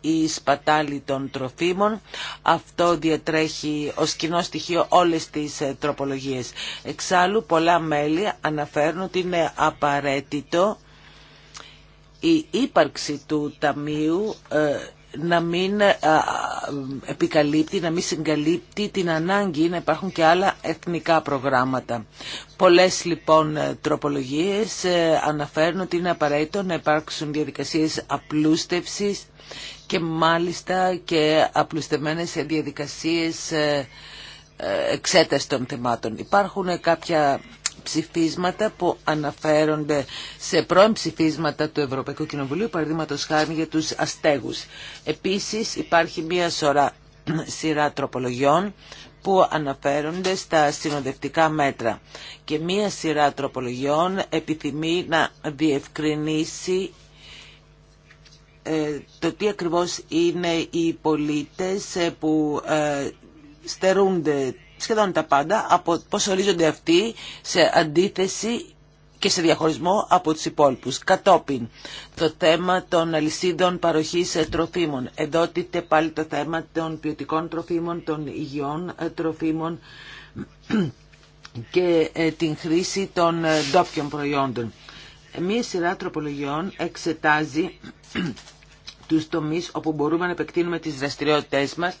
η σπατάλη των τροφίμων. Αυτό διατρέχει ως κοινό στοιχείο όλες τις ε, τροπολογίες. Εξάλλου πολλά μέλη αναφέρουν ότι είναι απαραίτητο η ύπαρξη του Ταμείου να μην ε, επικαλύπτει, να μην συγκαλύπτει την ανάγκη να υπάρχουν και άλλα εθνικά προγράμματα. Πολλές λοιπόν ε, τροπολογίες ε, αναφέρουν ότι είναι απαραίτητο να υπάρξουν διαδικασίες απλούστευσης και μάλιστα και απλουστευμένες διαδικασίες εξέταση των θεμάτων. Υπάρχουν κάποια ψηφίσματα που αναφέρονται σε πρώην ψηφίσματα του Ευρωπαϊκού Κοινοβουλίου, παραδείγματος χάρη για τους αστέγους. Επίσης υπάρχει μία σωρά, (clears throat) σειρά τροπολογιών που αναφέρονται στα συνοδευτικά μέτρα και μία σειρά τροπολογιών επιθυμεί να διευκρινίσει ε, το τι ακριβώς είναι οι πολίτες ε, που ε, στερούνται σχεδόν τα πάντα από πώς ορίζονται αυτοί σε αντίθεση και σε διαχωρισμό από τους υπόλοιπους. Κατόπιν, το θέμα των αλυσίδων παροχής ε, τροφίμων. Εδώ πάλι το θέμα των ποιοτικών τροφίμων, των υγιών ε, τροφίμων και ε, την χρήση των ντόπιων προϊόντων. Μία σειρά τροπολογιών εξετάζει (clears throat) τους τομείς όπου μπορούμε να επεκτείνουμε τις δραστηριότητές μας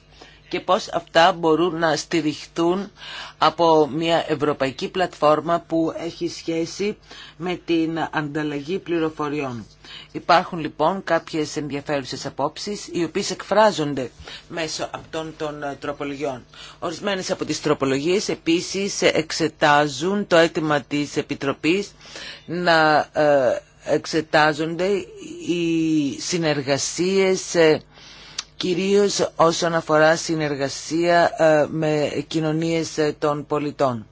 και πώς αυτά μπορούν να στηριχτούν από μια ευρωπαϊκή πλατφόρμα που έχει σχέση με την ανταλλαγή πληροφοριών. Υπάρχουν λοιπόν κάποιες ενδιαφέρουσες απόψεις οι οποίες εκφράζονται μέσω αυτών των τροπολογιών. Ορισμένες από τις τροπολογίες επίσης εξετάζουν το αίτημα της Επιτροπής να ε, εξετάζονται οι συνεργασίες ε, κυρίως όσον αφορά συνεργασία ε, με κοινωνίες ε, των πολιτών.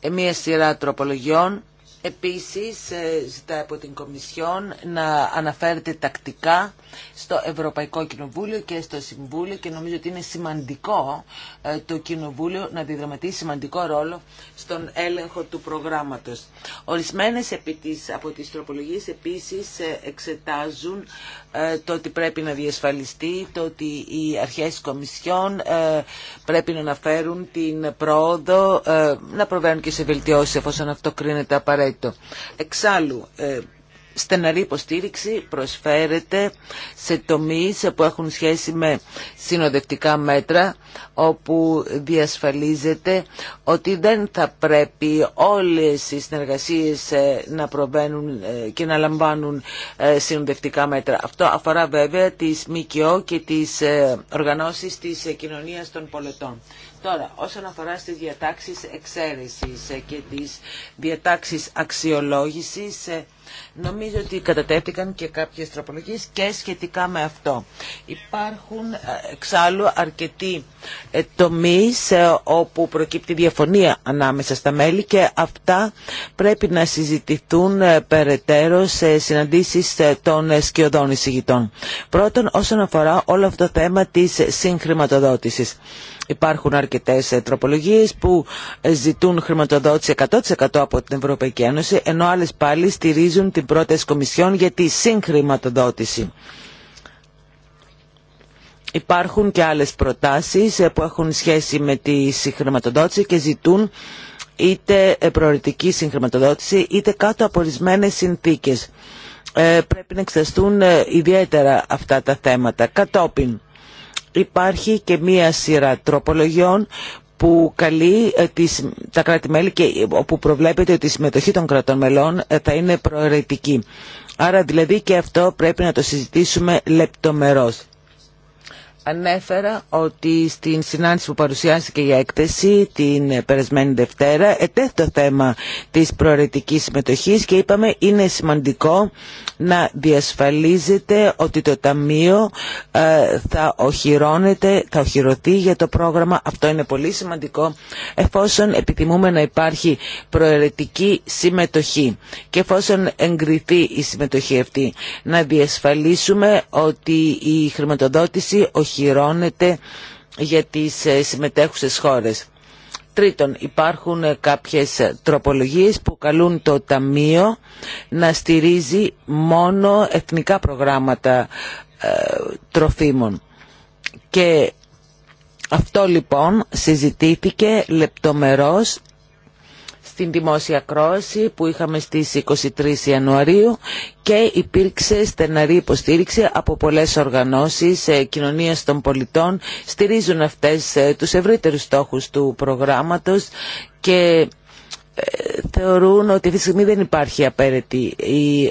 Ε, μία σειρά τροπολογιών. Επίσης, ζητά από την Κομισιόν να αναφέρεται τακτικά στο Ευρωπαϊκό Κοινοβούλιο και στο Συμβούλιο και νομίζω ότι είναι σημαντικό το Κοινοβούλιο να διδραματίσει σημαντικό ρόλο στον έλεγχο του προγράμματος. Ορισμένες από τις τροπολογίες επίσης εξετάζουν ε, το ότι πρέπει να διασφαλιστεί, το ότι οι αρχές κομισιών ε, πρέπει να αναφέρουν την πρόοδο, ε, να προβαίνουν και σε βελτιώσεις εφόσον αυτό κρίνεται απαραίτητο. Εξάλλου, στεναρή υποστήριξη προσφέρεται σε τομείς που έχουν σχέση με συνοδευτικά μέτρα όπου διασφαλίζεται ότι δεν θα πρέπει όλες οι συνεργασίες ε, να προβαίνουν ε, και να λαμβάνουν ε, συνοδευτικά μέτρα. Αυτό αφορά βέβαια τις ΜΚΟ και τις οργανώσεις της κοινωνίας των πολιτών. Τώρα, όσον αφορά στις διατάξεις εξαίρεσης και τις διατάξεις αξιολόγησης, Νομίζω ότι κατατέθηκαν και κάποιες τροπολογίες και σχετικά με αυτό. Υπάρχουν ε, εξάλλου αρκετοί ε, τομείς ε, όπου προκύπτει διαφωνία ανάμεσα στα μέλη και αυτά πρέπει να συζητηθούν περαιτέρω σε συναντήσεις των σκιωδών εισηγητών. Πρώτον, όσον αφορά όλο αυτό το θέμα της συγχρηματοδότησης. Υπάρχουν αρκετές τροπολογίες που ζητούν χρηματοδότηση 100% από την Ευρωπαϊκή Ένωση, ενώ άλλες πάλι στηρίζουν την πρόταση Κομισιόν για τη συγχρηματοδότηση. Υπάρχουν και άλλες προτάσεις ε, που έχουν σχέση με τη συγχρηματοδότηση και ζητούν είτε ε, προοριτική συγχρηματοδότηση είτε κάτω από ορισμένε συνθήκες. Ε, πρέπει να εξεταστούν ε, ιδιαίτερα αυτά τα θέματα. Κατόπιν υπάρχει και μία σειρά τροπολογιών που καλεί ε, τα κράτη-μέλη και ε, όπου προβλέπεται ότι η συμμετοχή των κρατών μελών ε, θα είναι προαιρετική. Άρα δηλαδή και αυτό πρέπει να το συζητήσουμε λεπτομερώς. Ανέφερα ότι στην συνάντηση που παρουσιάστηκε για έκθεση την περασμένη Δευτέρα ετέθη το θέμα της προαιρετικής συμμετοχής και είπαμε είναι σημαντικό να διασφαλίζεται ότι το Ταμείο ε, θα οχυρώνεται, θα οχυρωθεί για το πρόγραμμα. Αυτό είναι πολύ σημαντικό εφόσον επιθυμούμε να υπάρχει προαιρετική συμμετοχή και εφόσον εγκριθεί η συμμετοχή αυτή να διασφαλίσουμε ότι η χρηματοδότηση για τις ε, συμμετέχουσες χώρες. Τρίτον, υπάρχουν ε, κάποιες ε, τροπολογίες που καλούν το Ταμείο να στηρίζει μόνο εθνικά προγράμματα τροφίμων. Και αυτό λοιπόν συζητήθηκε λεπτομερώς στην δημόσια κρόση που είχαμε στις 23 Ιανουαρίου και υπήρξε στεναρή υποστήριξη από πολλές οργανώσεις ε, κοινωνίας των πολιτών. Στηρίζουν αυτές ε, τους ευρύτερους στόχους του προγράμματος και ε, θεωρούν ότι αυτή τη στιγμή δεν υπάρχει η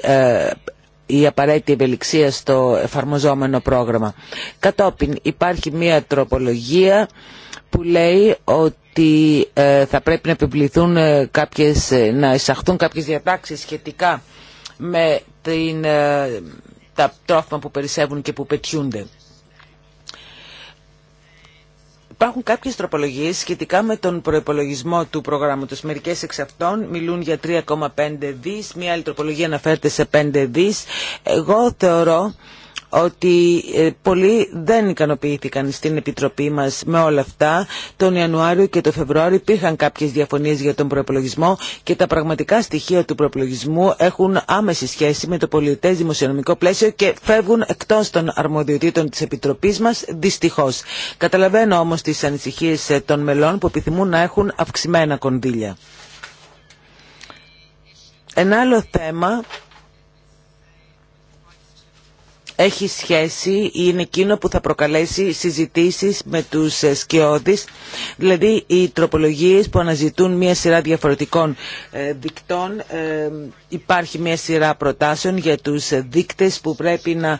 η απαραίτητη ευελιξία στο εφαρμοζόμενο πρόγραμμα. Κατόπιν υπάρχει μια τροπολογία που λέει ότι ε, θα πρέπει να επιβληθούν ε, κάποιες, ε, να εισαχθούν κάποιες διατάξεις σχετικά με την, τα τρόφιμα που περισσεύουν και που πετιούνται. Υπάρχουν κάποιες τροπολογίες σχετικά με τον προϋπολογισμό του προγράμματος. Μερικές εξ αυτών μιλούν για 3,5 δις, μια άλλη τροπολογία αναφέρεται σε 5 δις. Εγώ θεωρώ ότι ε, πολλοί δεν ικανοποιήθηκαν στην Επιτροπή μας με όλα αυτά. Τον Ιανουάριο και τον Φεβρουάριο υπήρχαν κάποιες διαφωνίες για τον προπολογισμό και τα πραγματικά στοιχεία του προπολογισμού έχουν άμεση σχέση με το πολιτές δημοσιονομικό πλαίσιο και φεύγουν εκτός των αρμοδιοτήτων της Επιτροπής μας, δυστυχώς. Καταλαβαίνω όμως τις ανησυχίες ε, των μελών που επιθυμούν να έχουν αυξημένα κονδύλια. Ένα άλλο θέμα έχει σχέση ή είναι εκείνο που θα προκαλέσει συζητήσεις με τους ε, σκιώδεις, δηλαδή οι τροπολογίες που αναζητούν μια σειρά διαφορετικών ε, δικτών. Ε, υπάρχει μια σειρά προτάσεων για τους δίκτες που πρέπει να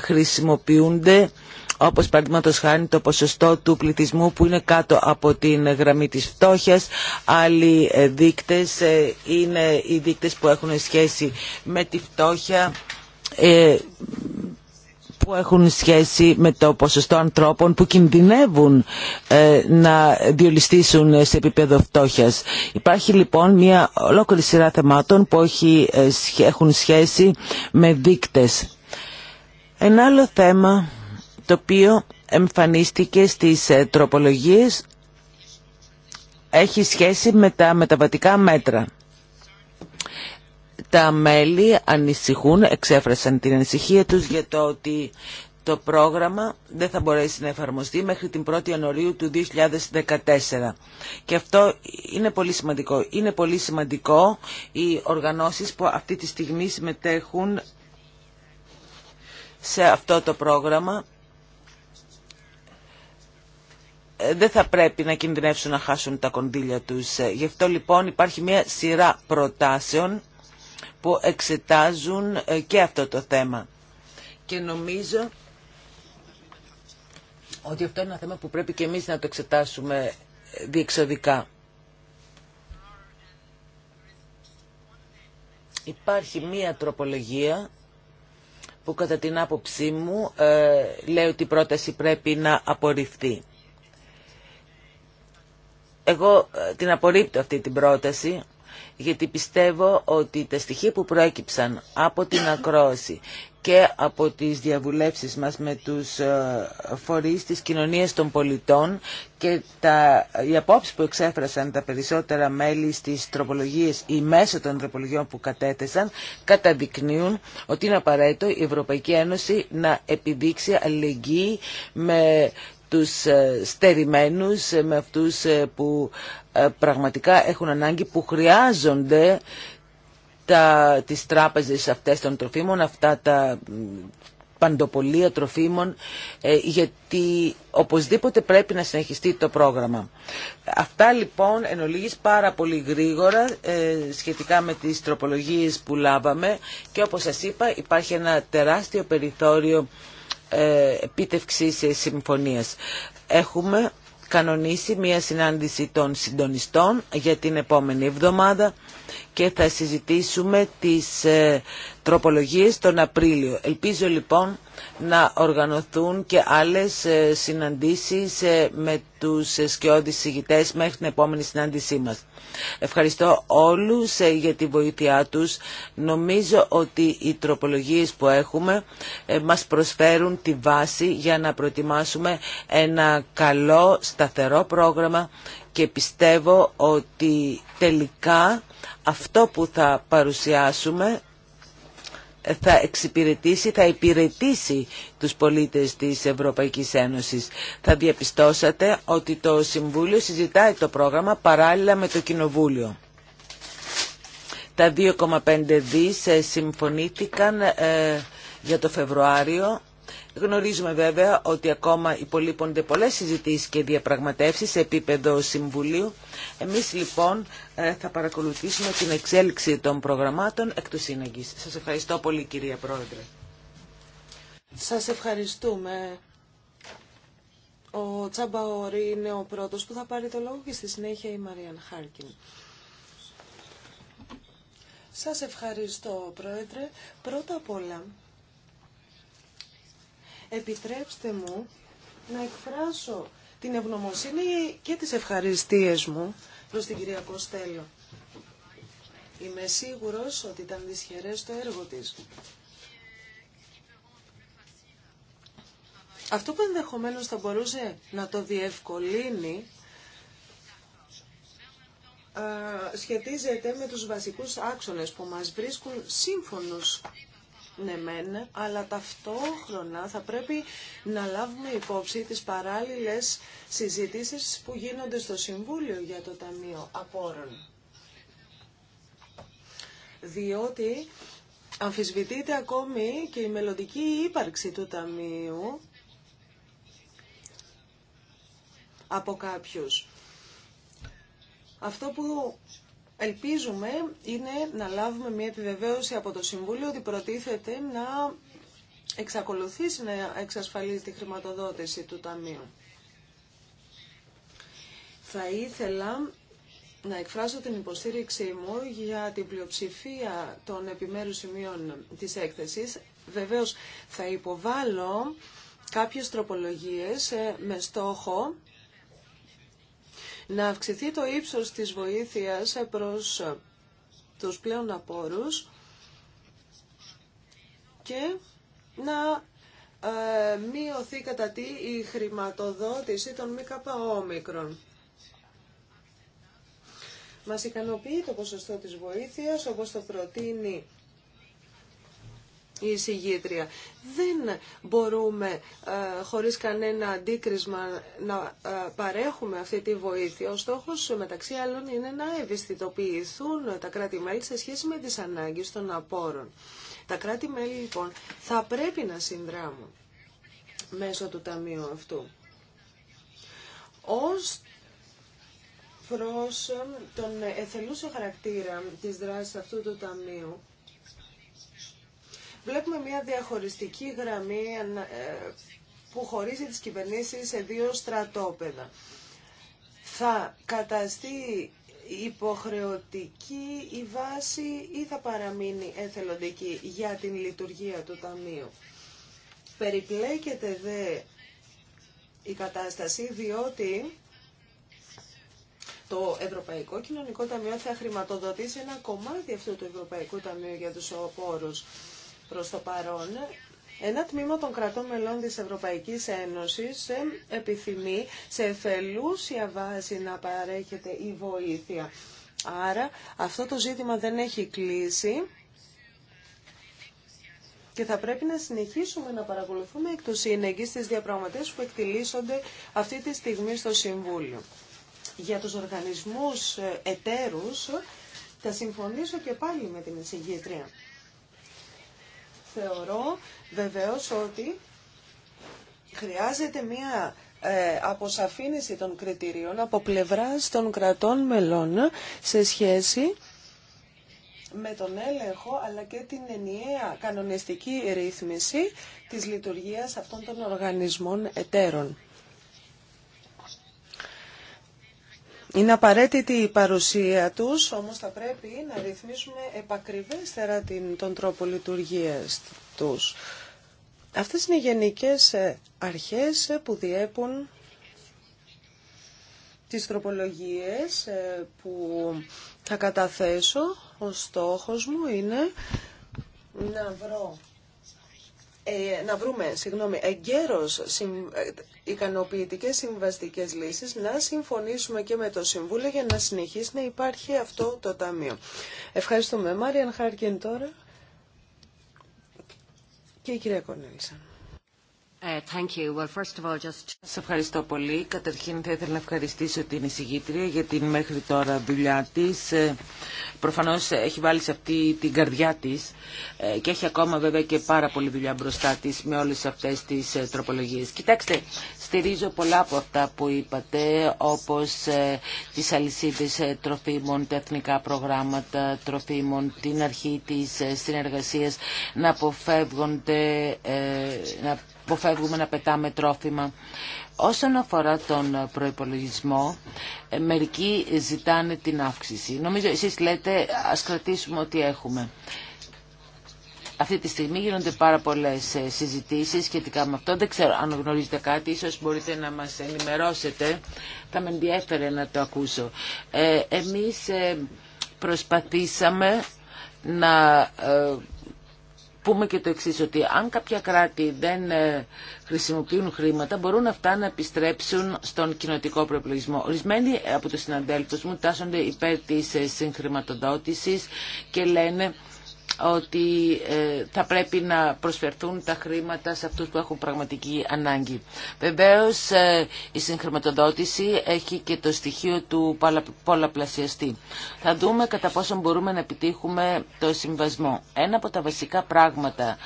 χρησιμοποιούνται όπως παραδείγματο χάνει το ποσοστό του πληθυσμού που είναι κάτω από την γραμμή της φτώχειας. Άλλοι δείκτες είναι οι δείκτες που έχουν σχέση με τη φτώχεια ε, που έχουν σχέση με το ποσοστό ανθρώπων που κινδυνεύουν ε, να διολυστήσουν σε επίπεδο φτώχεια. Υπάρχει λοιπόν μια ολόκληρη σειρά θεμάτων που ε, έχουν σχέση με δείκτες. Ένα άλλο θέμα το οποίο εμφανίστηκε στις τροπολογίες έχει σχέση με τα μεταβατικά μέτρα. Τα μέλη ανησυχούν, εξέφρασαν την ανησυχία τους για το ότι το πρόγραμμα δεν θα μπορέσει να εφαρμοστεί μέχρι την 1η Ιανουαρίου του 2014. Και αυτό είναι πολύ σημαντικό. Είναι πολύ σημαντικό οι οργανώσεις που αυτή τη στιγμή συμμετέχουν σε αυτό το πρόγραμμα ε, δεν θα πρέπει να κινδυνεύσουν να χάσουν τα κονδύλια τους. Ε, γι' αυτό λοιπόν υπάρχει μια σειρά προτάσεων που εξετάζουν ε, και αυτό το θέμα. Και νομίζω ότι αυτό είναι ένα θέμα που πρέπει και εμείς να το εξετάσουμε ε, διεξοδικά. Υπάρχει μία τροπολογία που κατά την άποψή μου ε, λέει ότι η πρόταση πρέπει να απορριφθεί. Εγώ την απορρίπτω αυτή την πρόταση γιατί πιστεύω ότι τα στοιχεία που προέκυψαν από την ακρόαση και από τις διαβουλεύσεις μας με τους ε, φορείς της κοινωνίας των πολιτών και τα, οι απόψεις που εξέφρασαν τα περισσότερα μέλη στις τροπολογίες ή μέσω των τροπολογιών που κατέθεσαν καταδεικνύουν ότι είναι απαραίτητο η Ευρωπαϊκή Ένωση να επιδείξει αλληλεγγύη με τους ε, στερημένους, ε, με αυτούς ε, που πραγματικά έχουν ανάγκη, που χρειάζονται τα, τις τράπεζες αυτές των τροφίμων, αυτά τα παντοπολία τροφίμων, γιατί οπωσδήποτε πρέπει να συνεχιστεί το πρόγραμμα. Αυτά λοιπόν εν ολίγης πάρα πολύ γρήγορα σχετικά με τις τροπολογίες που λάβαμε και όπως σας είπα υπάρχει ένα τεράστιο περιθώριο ε, επίτευξης συμφωνίας. Έχουμε κανονίσει μια συνάντηση των συντονιστών για την επόμενη εβδομάδα και θα συζητήσουμε τις ε, τροπολογίες τον Απρίλιο. Ελπίζω λοιπόν να οργανωθούν και άλλες ε, συναντήσεις ε, με τους σκιώδεις συγητές μέχρι την επόμενη συνάντησή μας. Ευχαριστώ όλους για τη βοήθειά τους. Νομίζω ότι οι τροπολογίες που έχουμε μας προσφέρουν τη βάση για να προετοιμάσουμε ένα καλό σταθερό πρόγραμμα και πιστεύω ότι τελικά αυτό που θα παρουσιάσουμε ε, θα εξυπηρετήσει, θα υπηρετήσει τους πολίτες της Ευρωπαϊκής Ένωσης. Θα διαπιστώσατε ότι το Συμβούλιο συζητάει το πρόγραμμα παράλληλα με το Κοινοβούλιο. Τα 2,5 δις ε, συμφωνήθηκαν ε, για το Φεβρουάριο Γνωρίζουμε βέβαια ότι ακόμα υπολείπονται πολλές συζητήσεις και διαπραγματεύσεις σε επίπεδο Συμβουλίου. Εμείς λοιπόν ε, θα παρακολουθήσουμε την εξέλιξη των προγραμμάτων εκ του σύναγης. Σας ευχαριστώ πολύ κυρία Πρόεδρε. Σας ευχαριστούμε. Ο Τσαμπαόρη είναι ο πρώτος που θα πάρει το λόγο και στη συνέχεια η Μαρία Χάρκιν. Σας ευχαριστώ, Πρόεδρε. Πρώτα απ' όλα, Επιτρέψτε μου να εκφράσω την ευγνωμοσύνη και τις ευχαριστίες μου προς την κυρία Κωστέλιο. Είμαι σίγουρος ότι ήταν δυσχερές το έργο της. Αυτό που ενδεχομένως θα μπορούσε να το διευκολύνει σχετίζεται με τους βασικούς άξονες που μας βρίσκουν σύμφωνους ναι μεν, αλλά ταυτόχρονα θα πρέπει να λάβουμε υπόψη τις παράλληλες συζητήσεις που γίνονται στο Συμβούλιο για το Ταμείο Απόρων. Διότι αμφισβητείται ακόμη και η μελλοντική ύπαρξη του Ταμείου από κάποιους. Αυτό που ελπίζουμε είναι να λάβουμε μια επιβεβαίωση από το Συμβούλιο ότι προτίθεται να εξακολουθήσει να εξασφαλίζει τη χρηματοδότηση του Ταμείου. Θα ήθελα να εκφράσω την υποστήριξή μου για την πλειοψηφία των επιμέρους σημείων της έκθεσης. Βεβαίως θα υποβάλω κάποιες τροπολογίες ε, με στόχο να αυξηθεί το ύψος της βοήθειας προς τους πλέον απόρους και να ε, μειωθεί κατά τι η χρηματοδότηση των καπαόμικρων. Μας ικανοποιεί το ποσοστό της βοήθειας, όπως το προτείνει η εισηγήτρια. Δεν μπορούμε ε, χωρίς κανένα αντίκρισμα να ε, παρέχουμε αυτή τη βοήθεια. Ο στόχος μεταξύ άλλων είναι να ευαισθητοποιηθούν τα κράτη-μέλη σε σχέση με τις ανάγκες των απόρων. Τα κράτη-μέλη λοιπόν θα πρέπει να συνδράμουν μέσω του Ταμείου αυτού. Ως προς τον εθελούσιο χαρακτήρα της δράσης αυτού του Ταμείου, βλέπουμε μια διαχωριστική γραμμή ε, που χωρίζει τις κυβερνήσεις σε δύο στρατόπεδα. Θα καταστεί υποχρεωτική η βάση ή θα παραμείνει εθελοντική για την λειτουργία του Ταμείου. Περιπλέκεται δε η κατάσταση διότι το Ευρωπαϊκό Κοινωνικό Ταμείο θα χρηματοδοτήσει ένα κομμάτι αυτού του Ευρωπαϊκού Ταμείου για τους οπόρους προς το παρόν. Ένα τμήμα των κρατών μελών της Ευρωπαϊκής Ένωσης ε, επιθυμεί σε εθελούσια βάση να παρέχεται η βοήθεια. Άρα αυτό το ζήτημα δεν έχει κλείσει και θα πρέπει να συνεχίσουμε να παρακολουθούμε εκ του σύνεγγυ τις διαπραγματεύσεις που εκτιλήσονται αυτή τη στιγμή στο Συμβούλιο. Για τους οργανισμούς ε, εταίρους θα συμφωνήσω και πάλι με την εισηγήτρια θεωρώ βεβαίως ότι χρειάζεται μία ε, αποσαφήνιση των κριτηρίων από πλευράς των κρατών μελών σε σχέση με τον έλεγχο αλλά και την ενιαία κανονιστική ρύθμιση της λειτουργίας αυτών των οργανισμών εταίρων. Είναι απαραίτητη η παρουσία τους, όμως θα πρέπει να ρυθμίσουμε επακριβέστερα τον τρόπο λειτουργίας τους. Αυτές είναι οι γενικές ε, αρχές ε, που διέπουν τις τροπολογίες ε, που θα καταθέσω. Ο στόχος μου είναι να βρω ε, να βρούμε, συγγνώμη, εγκαίρως ε, ικανοποιητικές συμβαστικές λύσεις, να συμφωνήσουμε και με το Συμβούλιο για να συνεχίσει να υπάρχει αυτό το Ταμείο. Ευχαριστούμε. Μάριαν Χάρκιν τώρα και η κυρία Κονέλησαν. Uh, ευχαριστώ πολύ. Καταρχήν θα ήθελα να ευχαριστήσω την εισηγήτρια για την μέχρι τώρα δουλειά της. Ε, προφανώς έχει βάλει σε αυτή την καρδιά της ε, και έχει ακόμα βέβαια και πάρα πολλή δουλειά μπροστά της με όλες αυτές τις ε, τροπολογίες. Κοιτάξτε, στηρίζω πολλά από αυτά που είπατε όπως τις αλυσίδες τροφίμων, τα εθνικά προγράμματα τροφίμων, την αρχή της συνεργασίας να αποφεύγονται... Να αποφεύγουμε να πετάμε τρόφιμα. Όσον αφορά τον προϋπολογισμό, ε, μερικοί ζητάνε την αύξηση. Νομίζω εσείς λέτε ας κρατήσουμε ό,τι έχουμε. Αυτή τη στιγμή γίνονται πάρα πολλές ε, συζητήσεις σχετικά με αυτό. Δεν ξέρω αν γνωρίζετε κάτι, ίσως μπορείτε να μας ενημερώσετε. Θα με ενδιέφερε να το ακούσω. Ε, εμείς ε, προσπαθήσαμε να πούμε και το εξής, ότι αν κάποια κράτη δεν ε, χρησιμοποιούν χρήματα, μπορούν αυτά να επιστρέψουν στον κοινοτικό προπολογισμό. Ορισμένοι από τους συναντέλφου μου τάσσονται υπέρ της ε, συγχρηματοδότησης και λένε ότι ε, θα πρέπει να προσφερθούν τα χρήματα σε αυτούς που έχουν πραγματική ανάγκη. Βεβαίως ε, η συγχρηματοδότηση έχει και το στοιχείο του πολλαπλασιαστή. Θα δούμε κατά πόσο μπορούμε να επιτύχουμε το συμβασμό. Ένα από τα βασικά πράγματα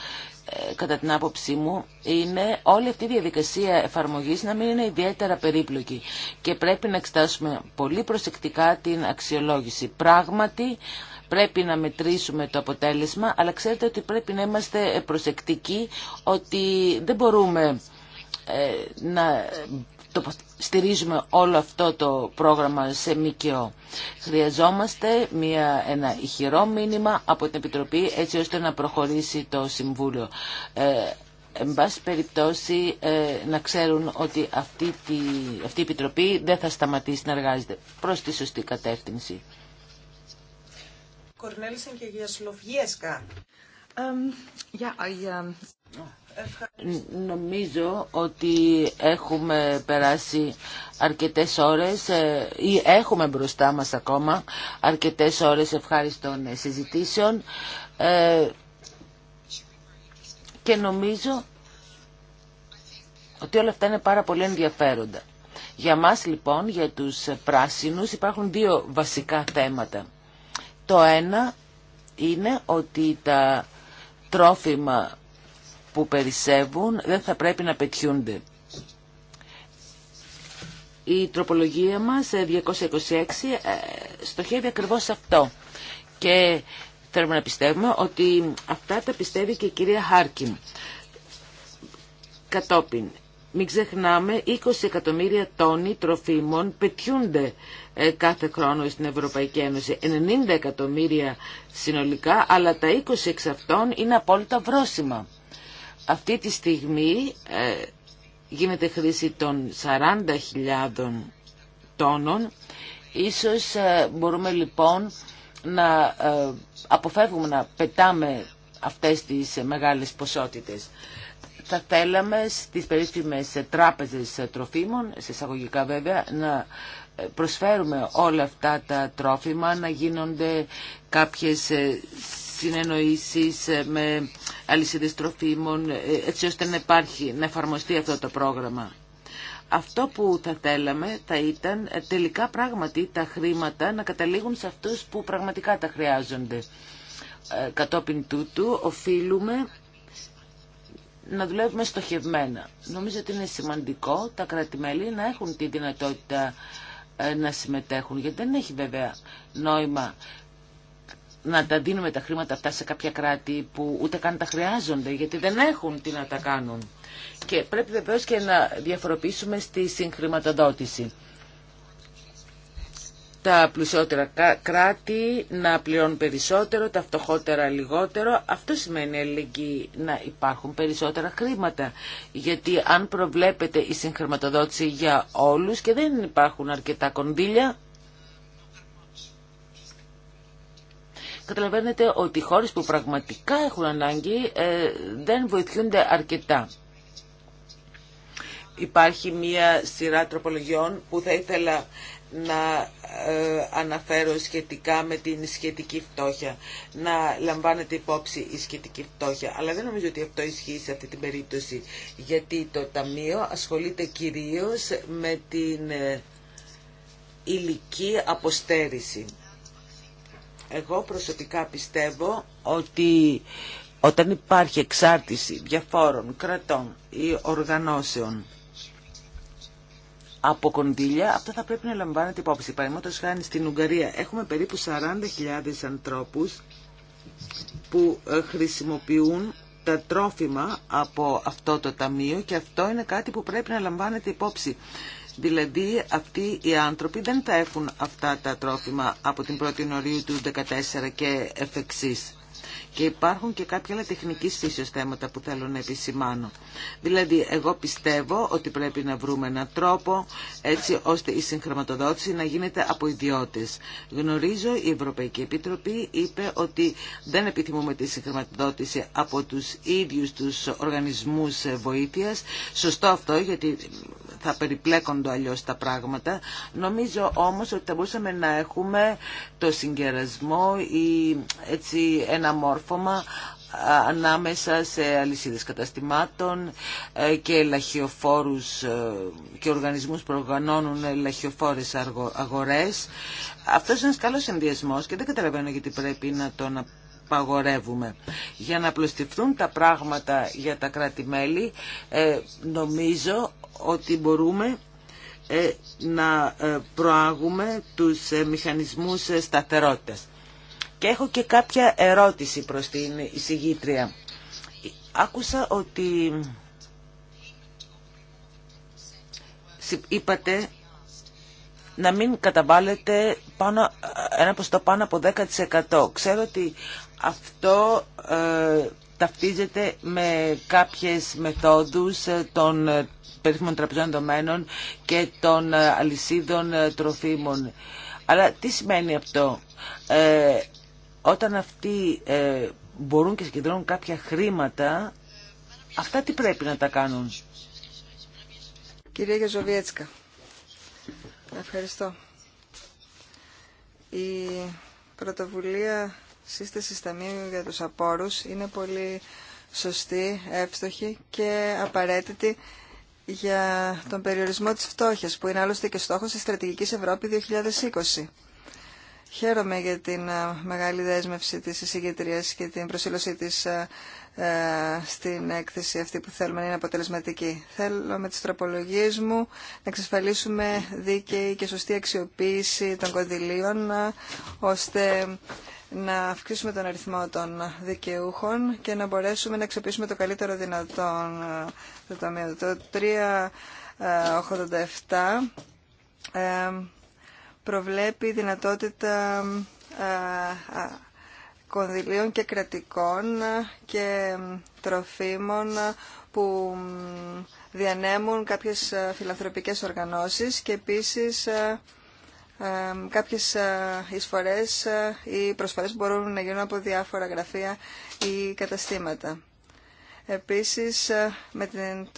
ε, κατά την άποψή μου, είναι όλη αυτή η διαδικασία εφαρμογής να μην είναι ιδιαίτερα περίπλοκη και πρέπει να εξετάσουμε πολύ προσεκτικά την αξιολόγηση. Πράγματι, Πρέπει να μετρήσουμε το αποτέλεσμα, αλλά ξέρετε ότι πρέπει να είμαστε προσεκτικοί ότι δεν μπορούμε ε, να στηρίζουμε όλο αυτό το πρόγραμμα σε ΜΚΟ. Χρειαζόμαστε μια, ένα ηχηρό μήνυμα από την Επιτροπή έτσι ώστε να προχωρήσει το Συμβούλιο. Ε, εν πάση περιπτώσει ε, να ξέρουν ότι αυτή, αυτή η Επιτροπή δεν θα σταματήσει να εργάζεται προς τη σωστή κατεύθυνση. Κορνέλισεν και Νομίζω ότι έχουμε περάσει αρκετές ώρες ε, ή έχουμε μπροστά μας ακόμα αρκετές ώρες ευχάριστων ε, συζητήσεων ε, και νομίζω ότι όλα αυτά είναι πάρα πολύ ενδιαφέροντα. Για μας λοιπόν, για τους πράσινους, υπάρχουν δύο βασικά θέματα. Το ένα είναι ότι τα τρόφιμα που περισσεύουν δεν θα πρέπει να πετιούνται. Η τροπολογία μας 226 ε, ε, στοχεύει ακριβώς αυτό. Και θέλουμε να πιστεύουμε ότι αυτά τα πιστεύει και η κυρία Χάρκιν. Κατόπιν, μην ξεχνάμε, 20 εκατομμύρια τόνοι τροφίμων πετιούνται ε, κάθε χρόνο στην Ευρωπαϊκή Ένωση. 90 εκατομμύρια συνολικά, αλλά τα 20 εξ αυτών είναι απόλυτα βρόσιμα. Αυτή τη στιγμή ε, γίνεται χρήση των 40.000 τόνων. Ίσως ε, μπορούμε λοιπόν να αποφεύγουμε να πετάμε αυτές τις μεγάλες ποσότητες. Θα θέλαμε στις περίφημες τράπεζες τροφίμων, σε εισαγωγικά βέβαια, να προσφέρουμε όλα αυτά τα τρόφιμα να γίνονται κάποιες ε, συνεννοήσεις ε, με αλυσίδες τροφίμων ε, έτσι ώστε να υπάρχει, να εφαρμοστεί αυτό το πρόγραμμα. Αυτό που θα θέλαμε θα ήταν τελικά πράγματι τα χρήματα να καταλήγουν σε αυτούς που πραγματικά τα χρειάζονται. Κατόπιν τούτου οφείλουμε να δουλεύουμε στοχευμένα. Νομίζω ότι είναι σημαντικό τα κρατη να έχουν τη δυνατότητα ε, να συμμετέχουν, γιατί δεν έχει βέβαια νόημα να τα δίνουμε τα χρήματα αυτά σε κάποια κράτη που ούτε καν τα χρειάζονται, γιατί δεν έχουν τι να τα κάνουν. Και πρέπει βεβαίω και να διαφοροποιήσουμε στη συγχρηματοδότηση τα πλουσιότερα κράτη να πληρώνουν περισσότερο, τα φτωχότερα λιγότερο. Αυτό σημαίνει αλληλεγγύη να υπάρχουν περισσότερα χρήματα. Γιατί αν προβλέπεται η συγχρηματοδότηση για όλους και δεν υπάρχουν αρκετά κονδύλια, καταλαβαίνετε ότι οι χώρες που πραγματικά έχουν ανάγκη ε, δεν βοηθούνται αρκετά. Υπάρχει μία σειρά τροπολογιών που θα ήθελα να ε, αναφέρω σχετικά με την σχετική φτώχεια, να λαμβάνεται υπόψη η σχετική φτώχεια. Αλλά δεν νομίζω ότι αυτό ισχύει σε αυτή την περίπτωση, γιατί το Ταμείο ασχολείται κυρίως με την ε, ηλική αποστέρηση. Εγώ προσωπικά πιστεύω ότι όταν υπάρχει εξάρτηση διαφόρων κρατών ή οργανώσεων από κοντήλια, αυτό θα πρέπει να λαμβάνεται υπόψη. Παραδείγματο χάνει στην Ουγγαρία έχουμε περίπου 40.000 ανθρώπους που ε, χρησιμοποιούν τα τρόφιμα από αυτό το ταμείο και αυτό είναι κάτι που πρέπει να λαμβάνεται υπόψη. Δηλαδή αυτοί οι άνθρωποι δεν θα έχουν αυτά τα τρόφιμα από την 1η του 2014 και εφ' εξής. Και υπάρχουν και κάποια άλλα τεχνική φύσεως θέματα που θέλω να επισημάνω. Δηλαδή, εγώ πιστεύω ότι πρέπει να βρούμε έναν τρόπο έτσι ώστε η συγχρηματοδότηση να γίνεται από ιδιώτε. Γνωρίζω, η Ευρωπαϊκή Επιτροπή είπε ότι δεν επιθυμούμε τη συγχρηματοδότηση από του ίδιου του οργανισμού βοήθεια. Σωστό αυτό, γιατί θα περιπλέκονται αλλιώ τα πράγματα. Νομίζω όμω ότι θα μπορούσαμε να έχουμε το συγκερασμό ή έτσι ένα μόρφωμα ανάμεσα σε αλυσίδες καταστημάτων ε, και λαχιοφόρους ε, και οργανισμούς που οργανώνουν λαχιοφόρες αγορές. Αυτός είναι ένας καλός ενδιασμός και δεν καταλαβαίνω γιατί πρέπει να τον απαγορεύουμε. Για να απλωστευτούν τα πράγματα για τα κράτη-μέλη ε, νομίζω ότι μπορούμε να προάγουμε τους μηχανισμούς σταθερότητας. Και έχω και κάποια ερώτηση προς την εισηγήτρια. Άκουσα ότι είπατε να μην καταβάλλετε πάνω, ένα ποσοστό πάνω από 10%. Ξέρω ότι αυτό ε, ταυτίζεται με κάποιες μεθόδους των περίφημων τραπεζών και των αλυσίδων τροφίμων. Αλλά τι σημαίνει αυτό. Ε, όταν αυτοί ε, μπορούν και συγκεντρώνουν κάποια χρήματα, αυτά τι πρέπει να τα κάνουν. Κυρία Γεζοβιέτσκα, ευχαριστώ. Η πρωτοβουλία σύστασης ταμείου για τους απόρους είναι πολύ σωστή, εύστοχη και απαραίτητη για τον περιορισμό της φτώχειας, που είναι άλλωστε και στόχος της Στρατηγικής Ευρώπη 2020. Χαίρομαι για την ε, μεγάλη δέσμευση της εισηγητρίας και την προσήλωσή της ε, ε, στην έκθεση αυτή που θέλουμε να είναι αποτελεσματική. Θέλω με τις τροπολογίες μου να εξασφαλίσουμε δίκαιη και σωστή αξιοποίηση των κονδυλίων ώστε να αυξήσουμε τον αριθμό των δικαιούχων και να μπορέσουμε να αξιοποιήσουμε το καλύτερο δυνατόν το τομείο. Το 387 προβλέπει δυνατότητα κονδυλίων και κρατικών και τροφίμων που διανέμουν κάποιες φιλανθρωπικές οργανώσεις και επίσης κάποιες εισφορές ή προσφορές μπορούν να γίνουν από διάφορα γραφεία ή καταστήματα. Επίσης, με την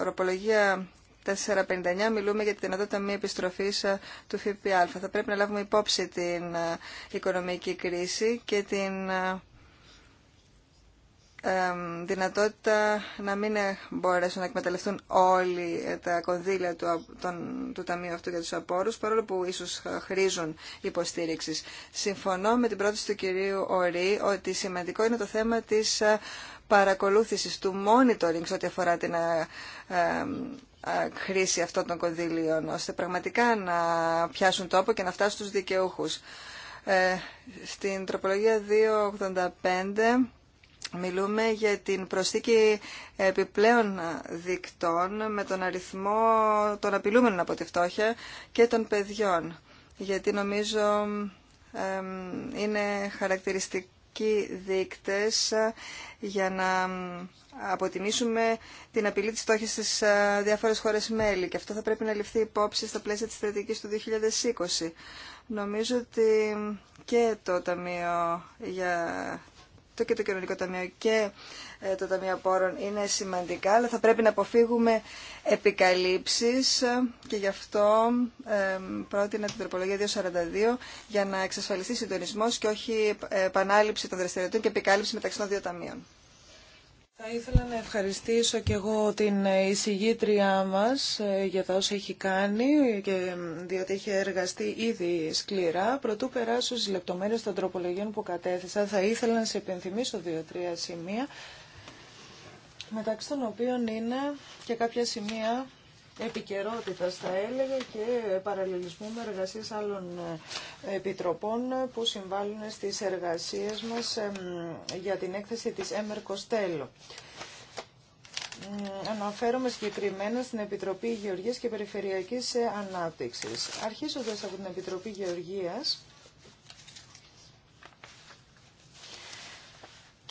τροπολογία 459 μιλούμε για τη δυνατότητα μη επιστροφή ε, του ΦΠΑ. Θα πρέπει να λάβουμε υπόψη την ε, οικονομική κρίση και την ε, δυνατότητα να μην μπορέσουν να εκμεταλλευτούν όλοι τα κονδύλια του, τον, του Ταμείου αυτού για τους απόρους, παρόλο που ίσως χρήζουν υποστήριξη. Συμφωνώ με την πρόταση του κυρίου Ορή ότι σημαντικό είναι το θέμα της παρακολούθησης, του monitoring ό,τι αφορά την χρήση αυτών των κονδύλιων, ώστε πραγματικά να πιάσουν τόπο και να φτάσουν στους δικαιούχους. Ε, στην τροπολογία 285 μιλούμε για την προσθήκη επιπλέον δικτών με τον αριθμό των απειλούμενων από τη φτώχεια και των παιδιών. Γιατί νομίζω είναι χαρακτηριστικό και δείκτες ε, για να αποτιμήσουμε την απειλή της στόχης στις ε, διάφορες χώρες μέλη και αυτό θα πρέπει να ληφθεί υπόψη στα πλαίσια της στρατηγικής του 2020. Νομίζω ότι και το Ταμείο για και το Κοινωνικό Ταμείο και ε, το Ταμείο Πόρων είναι σημαντικά, αλλά θα πρέπει να αποφύγουμε επικαλύψεις ε, και γι' αυτό ε, πρότεινα την τροπολογία 242 για να εξασφαλιστεί συντονισμός και όχι επανάληψη των δραστηριοτήτων και επικάλυψη μεταξύ των δύο ταμείων. Θα ήθελα να ευχαριστήσω και εγώ την εισηγήτριά μας ε, για τα όσα έχει κάνει, και διότι έχει εργαστεί ήδη σκληρά. Πρωτού περάσω στις λεπτομέρειες των τροπολογιών που κατέθεσα, θα ήθελα να σε επενθυμίσω δύο-τρία σημεία, μεταξύ των οποίων είναι και κάποια σημεία επικαιρότητα θα έλεγα και παραλληλισμού με εργασίες άλλων ε, επιτροπών που συμβάλλουν στις εργασίες μας για την έκθεση της Έμερ Κοστέλο. Αναφέρομαι συγκεκριμένα στην Επιτροπή Γεωργίας και Περιφερειακής Ανάπτυξης. Αρχίζοντας από την Επιτροπή Γεωργίας,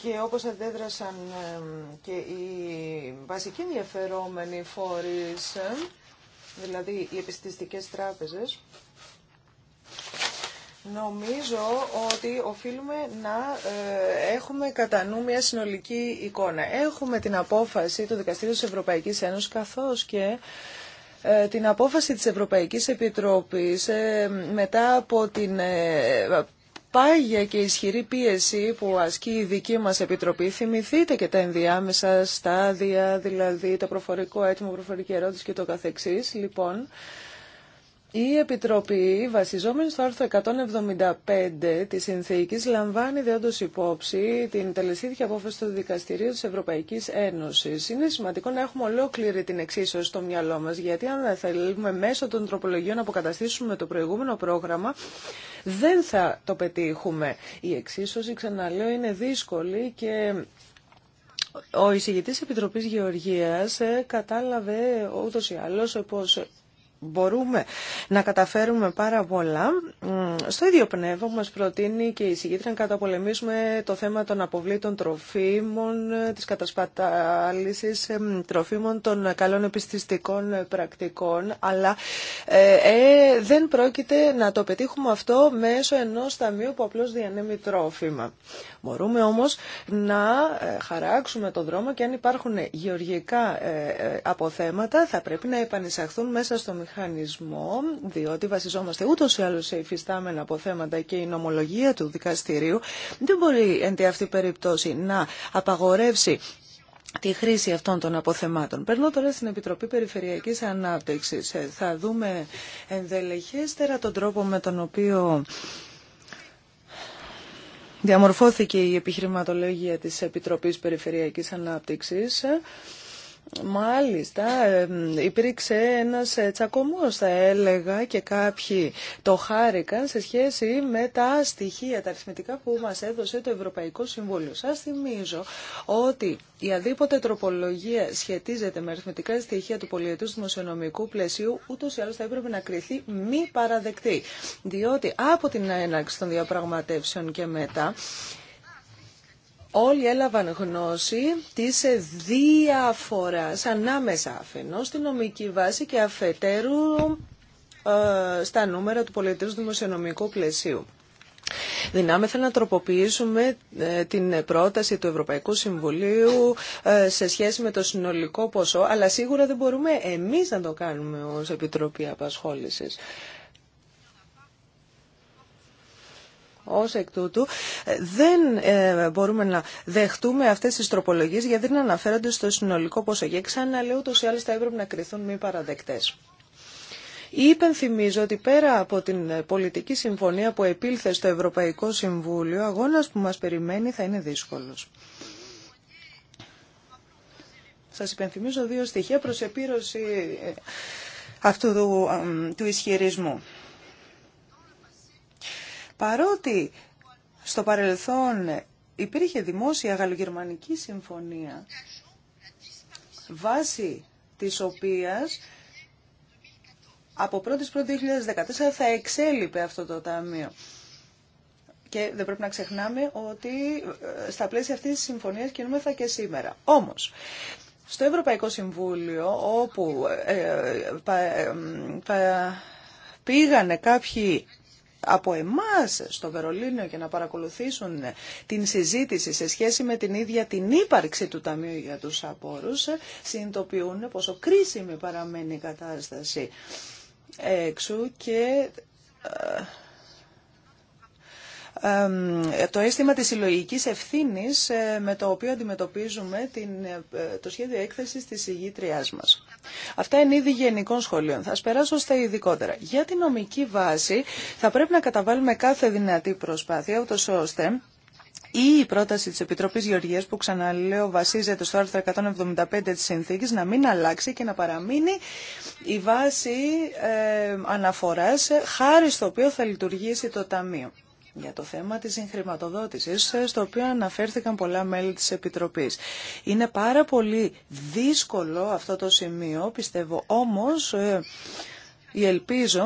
και όπως αντέδρασαν και οι βασικοί ενδιαφερόμενοι φορείς, δηλαδή οι επιστηστικές τράπεζες, Νομίζω ότι οφείλουμε να ε, έχουμε κατά νου μια συνολική εικόνα. Έχουμε την απόφαση του Δικαστήριου της Ευρωπαϊκής Ένωσης καθώς και ε, την απόφαση της Ευρωπαϊκής Επιτροπής ε, μετά από την πάγια και ισχυρή πίεση που ασκεί η δική μας Επιτροπή. Θυμηθείτε και τα ενδιάμεσα στάδια, δηλαδή το προφορικό έτοιμο, προφορική ερώτηση και το καθεξής. Λοιπόν, η Επιτροπή, βασιζόμενη στο άρθρο 175 της Συνθήκης, λαμβάνει δεόντως υπόψη την τελεσίδικη απόφαση του Δικαστηρίου της Ευρωπαϊκής Ένωσης. Είναι σημαντικό να έχουμε ολόκληρη την εξίσωση στο μυαλό μας, γιατί αν θέλουμε μέσω των τροπολογιών να αποκαταστήσουμε το προηγούμενο πρόγραμμα, δεν θα το πετύχουμε. Η εξίσωση, ξαναλέω, είναι δύσκολη και ο εισηγητής Επιτροπής Γεωργίας ε, κατάλαβε ούτως ή άλλως πως μπορούμε να καταφέρουμε πάρα πολλά. Στο ίδιο πνεύμα που μας προτείνει και η συγκήτρια να καταπολεμήσουμε το θέμα των αποβλήτων τροφίμων, της κατασπατάλησης τροφίμων, των καλών επιστηστικών πρακτικών, αλλά ε, ε, δεν πρόκειται να το πετύχουμε αυτό μέσω ενός ταμείου που απλώς διανέμει τρόφιμα. Μπορούμε όμως να ε, χαράξουμε τον δρόμο και αν υπάρχουν γεωργικά αποθέματα θα πρέπει να επανεισαχθούν μέσα στο μηχανισμό, διότι βασιζόμαστε ούτω ή άλλω σε υφιστάμενα αποθέματα και η νομολογία του δικαστηρίου, δεν μπορεί εν τη αυτή περίπτωση να απαγορεύσει τη χρήση αυτών των αποθεμάτων. Περνώ τώρα στην Επιτροπή Περιφερειακής Ανάπτυξης. Ε, θα δούμε ενδελεχέστερα τον τρόπο με τον οποίο διαμορφώθηκε η επιχειρηματολογία της Επιτροπής Περιφερειακής Ανάπτυξης. Μάλιστα, υπήρξε ένας ε, τσακωμός θα έλεγα και κάποιοι το χάρηκαν σε σχέση με τα στοιχεία, τα αριθμητικά που μας έδωσε το Ευρωπαϊκό Συμβούλιο. Σας θυμίζω ότι η αδίποτε τροπολογία σχετίζεται με αριθμητικά στοιχεία του πολιτικού δημοσιονομικού πλαισίου, ούτως ή άλλως θα έπρεπε να κρυθεί μη παραδεκτή. Διότι από την έναρξη των διαπραγματεύσεων και μετά όλοι έλαβαν γνώση της διαφοράς ανάμεσα αφενός στη νομική βάση και αφετέρου ε, στα νούμερα του πολιτικού δημοσιονομικού πλαισίου. Δυνάμεθα να τροποποιήσουμε ε, την πρόταση του Ευρωπαϊκού Συμβουλίου ε, σε σχέση με το συνολικό ποσό, αλλά σίγουρα δεν μπορούμε εμείς να το κάνουμε ως Επιτροπή Απασχόλησης. Ως εκ τούτου ε, δεν ε, μπορούμε να δεχτούμε αυτές τις τροπολογίες γιατί δεν αναφέρονται στο συνολικό ποσό. Και ξαναλέω ούτως ή άλλως θα έπρεπε να κρυθούν μη παραδεκτές. Υπενθυμίζω ότι πέρα από την πολιτική συμφωνία που επήλθε στο Ευρωπαϊκό Συμβούλιο, ο αγώνας που μας περιμένει θα είναι δύσκολος. Σας υπενθυμίζω δύο στοιχεία προς επίρρωση ε, αυτού του ισχυρισμού. Παρότι στο παρελθόν υπήρχε δημόσια γαλλογερμανική συμφωνία βάσει της οποίας από 1η 2014 θα εξέλιπε αυτό το ταμείο. Και δεν πρέπει να ξεχνάμε ότι ε, στα πλαίσια αυτής της συμφωνίας κινούμεθα και σήμερα. Όμως, στο Ευρωπαϊκό Συμβούλιο, όπου ε, ε, ε πήγανε κάποιοι από εμάς στο Βερολίνο και να παρακολουθήσουν την συζήτηση σε σχέση με την ίδια την ύπαρξη του Ταμείου για τους Απόρους συνειδητοποιούν πόσο κρίσιμη παραμένει η κατάσταση. Έξω και ε, το αίσθημα της συλλογική ευθύνης ε, με το οποίο αντιμετωπίζουμε την, ε, το σχέδιο έκθεσης της ηγήτριάς μας. Αυτά είναι ήδη γενικών σχολείων. Θα περάσω στα ειδικότερα. Για την νομική βάση θα πρέπει να καταβάλουμε κάθε δυνατή προσπάθεια, ούτως ώστε ή η πρόταση της Επιτροπής Γεωργίας που ξαναλέω βασίζεται στο άρθρο 175 της συνθήκης να μην αλλάξει και να παραμείνει η βάση ε, αναφοράς χάρη στο οποίο θα λειτουργήσει το Ταμείο για το θέμα της συγχρηματοδότησης, ε, στο οποίο αναφέρθηκαν πολλά μέλη της Επιτροπής. Είναι πάρα πολύ δύσκολο αυτό το σημείο, πιστεύω, όμως... Ή ε, ελπίζω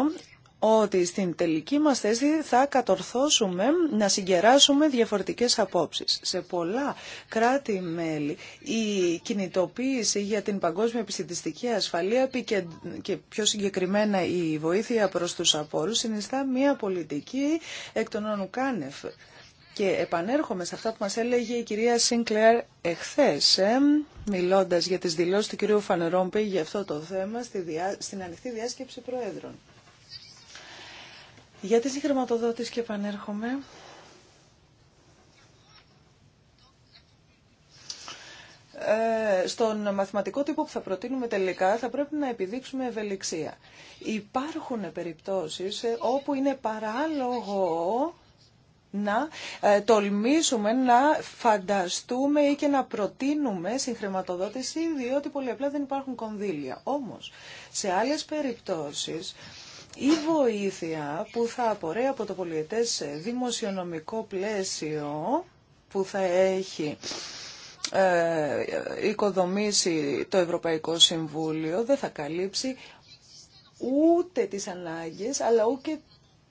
ότι στην τελική μας θέση θα κατορθώσουμε να συγκεράσουμε διαφορετικές απόψεις. Σε πολλά κράτη-μέλη η κινητοποίηση για την παγκόσμια επιστημιστική ασφαλεία και πιο συγκεκριμένα η βοήθεια προς τους απόρους συνιστά μια πολιτική εκ των ονουκάνευ. Και επανέρχομαι σε αυτά που μας έλεγε η κυρία Σίνκλερ εχθές, ε, μιλώντας για τις δηλώσεις του κυρίου Φανερόμπη για αυτό το θέμα στη στην ανοιχτή διάσκεψη Προέδρων. Για τη συγχρηματοδότηση και επανέρχομαι. Ε, στον μαθηματικό τύπο που θα προτείνουμε τελικά θα πρέπει να επιδείξουμε ευελιξία. Υπάρχουν περιπτώσεις ε, όπου είναι παράλογο να ε, τολμήσουμε να φανταστούμε ή και να προτείνουμε συγχρηματοδότηση διότι πολύ απλά δεν υπάρχουν κονδύλια. Όμως, σε άλλες περιπτώσεις η βοήθεια που θα απορρέει από το πολιετές δημοσιονομικό πλαίσιο που θα έχει ε, οικοδομήσει το Ευρωπαϊκό Συμβούλιο δεν θα καλύψει ούτε τις ανάγκες αλλά ούτε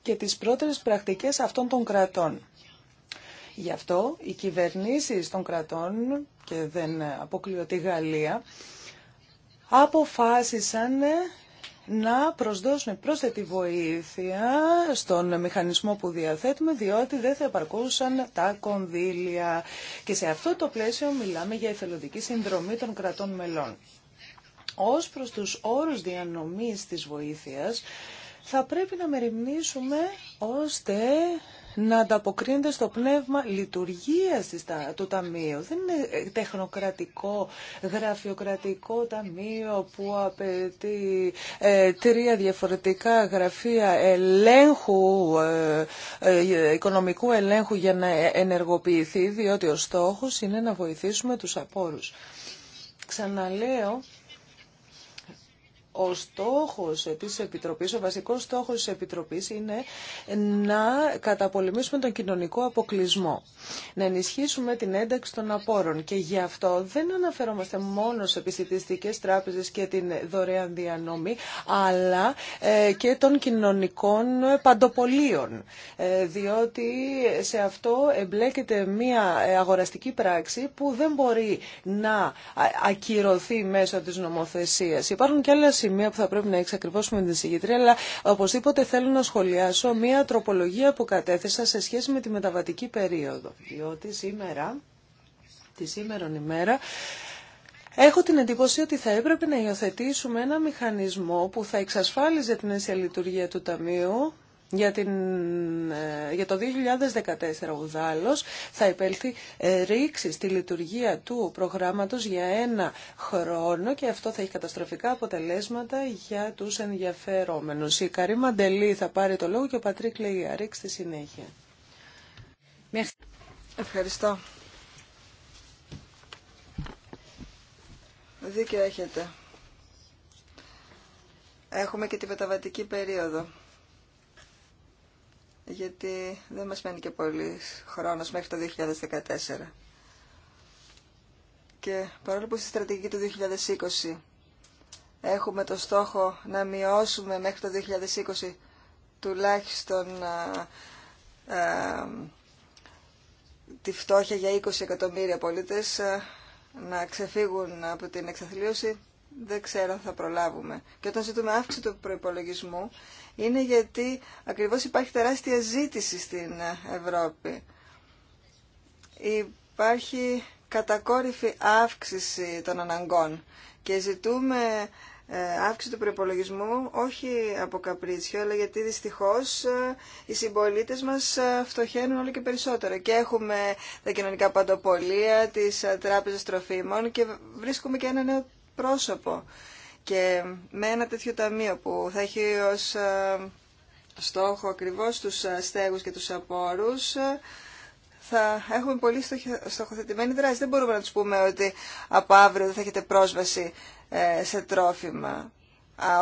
και τις πρώτερες πρακτικές αυτών των κρατών. Γι' αυτό οι κυβερνήσεις των κρατών, και δεν αποκλείω τη Γαλλία, αποφάσισαν να προσδώσουν πρόσθετη βοήθεια στον μηχανισμό που διαθέτουμε, διότι δεν θα επαρκούσαν τα κονδύλια. Και σε αυτό το πλαίσιο μιλάμε για εθελοντική συνδρομή των κρατών μελών. Ως προς τους όρους διανομής της βοήθειας, θα πρέπει να μεριμνήσουμε ώστε να ανταποκρίνεται στο πνεύμα λειτουργία του Ταμείου. Δεν είναι ε, τεχνοκρατικό, γραφειοκρατικό Ταμείο που απαιτεί ε, τρία διαφορετικά γραφεία ελέγχου, ε, ε, οικονομικού ελέγχου για να ενεργοποιηθεί, διότι ο στόχος είναι να βοηθήσουμε τους απόρους. Ξαναλέω, ο στόχος της Επιτροπής, ο βασικός στόχος της Επιτροπής είναι να καταπολεμήσουμε τον κοινωνικό αποκλεισμό, να ενισχύσουμε την ένταξη των απόρων και γι' αυτό δεν αναφερόμαστε μόνο σε επιστητιστικές τράπεζες και την δωρεάν διανομή, αλλά ε, και των κοινωνικών παντοπολίων, ε, διότι σε αυτό εμπλέκεται μία αγοραστική πράξη που δεν μπορεί να ακυρωθεί μέσω της νομοθεσίας. Υπάρχουν και άλλες σημεία που θα πρέπει να εξακριβώσουμε την συγκεκριά, αλλά οπωσδήποτε θέλω να σχολιάσω μία τροπολογία που κατέθεσα σε σχέση με τη μεταβατική περίοδο. Διότι σήμερα, τη σήμερον ημέρα, Έχω την εντύπωση ότι θα έπρεπε να υιοθετήσουμε ένα μηχανισμό που θα εξασφάλιζε την αίσια του Ταμείου για, την, ε, για το 2014 ο θα επέλθει ε, ρήξη στη λειτουργία του προγράμματος για ένα χρόνο και αυτό θα έχει καταστροφικά αποτελέσματα για τους ενδιαφερόμενους. Η Καρή Μαντελή θα πάρει το λόγο και ο Πατρίκ ρήξη στη συνέχεια. Ευχαριστώ. Δίκαιο έχετε. Έχουμε και τη μεταβατική περίοδο γιατί δεν μας μένει και πολύ χρόνος μέχρι το 2014. Και παρόλο που στη στρατηγική του 2020 έχουμε το στόχο να μειώσουμε μέχρι το 2020 τουλάχιστον τη φτώχεια για 20 εκατομμύρια πολίτες να ξεφύγουν από την εξαθλίωση, δεν ξέρω αν θα προλάβουμε. Και όταν ζητούμε αύξηση του προϋπολογισμού, είναι γιατί ακριβώς υπάρχει τεράστια ζήτηση στην Ευρώπη. Υπάρχει κατακόρυφη αύξηση των αναγκών και ζητούμε ε, αύξηση του προπολογισμού όχι από καπρίτσιο, αλλά γιατί δυστυχώς ε, οι συμπολίτε μας ε, φτωχαίνουν όλο και περισσότερο. Και έχουμε τα κοινωνικά παντοπολία, τις τράπεζες τροφίμων και βρίσκουμε και ένα νέο πρόσωπο. Και με ένα τέτοιο ταμείο που θα έχει ως ε, στόχο ακριβώς τους ε, στέγους και τους απόρους, ε, θα έχουμε πολύ στοχοθετημένη δράση. Δεν μπορούμε να τους πούμε ότι από αύριο δεν θα έχετε πρόσβαση σε τρόφιμα,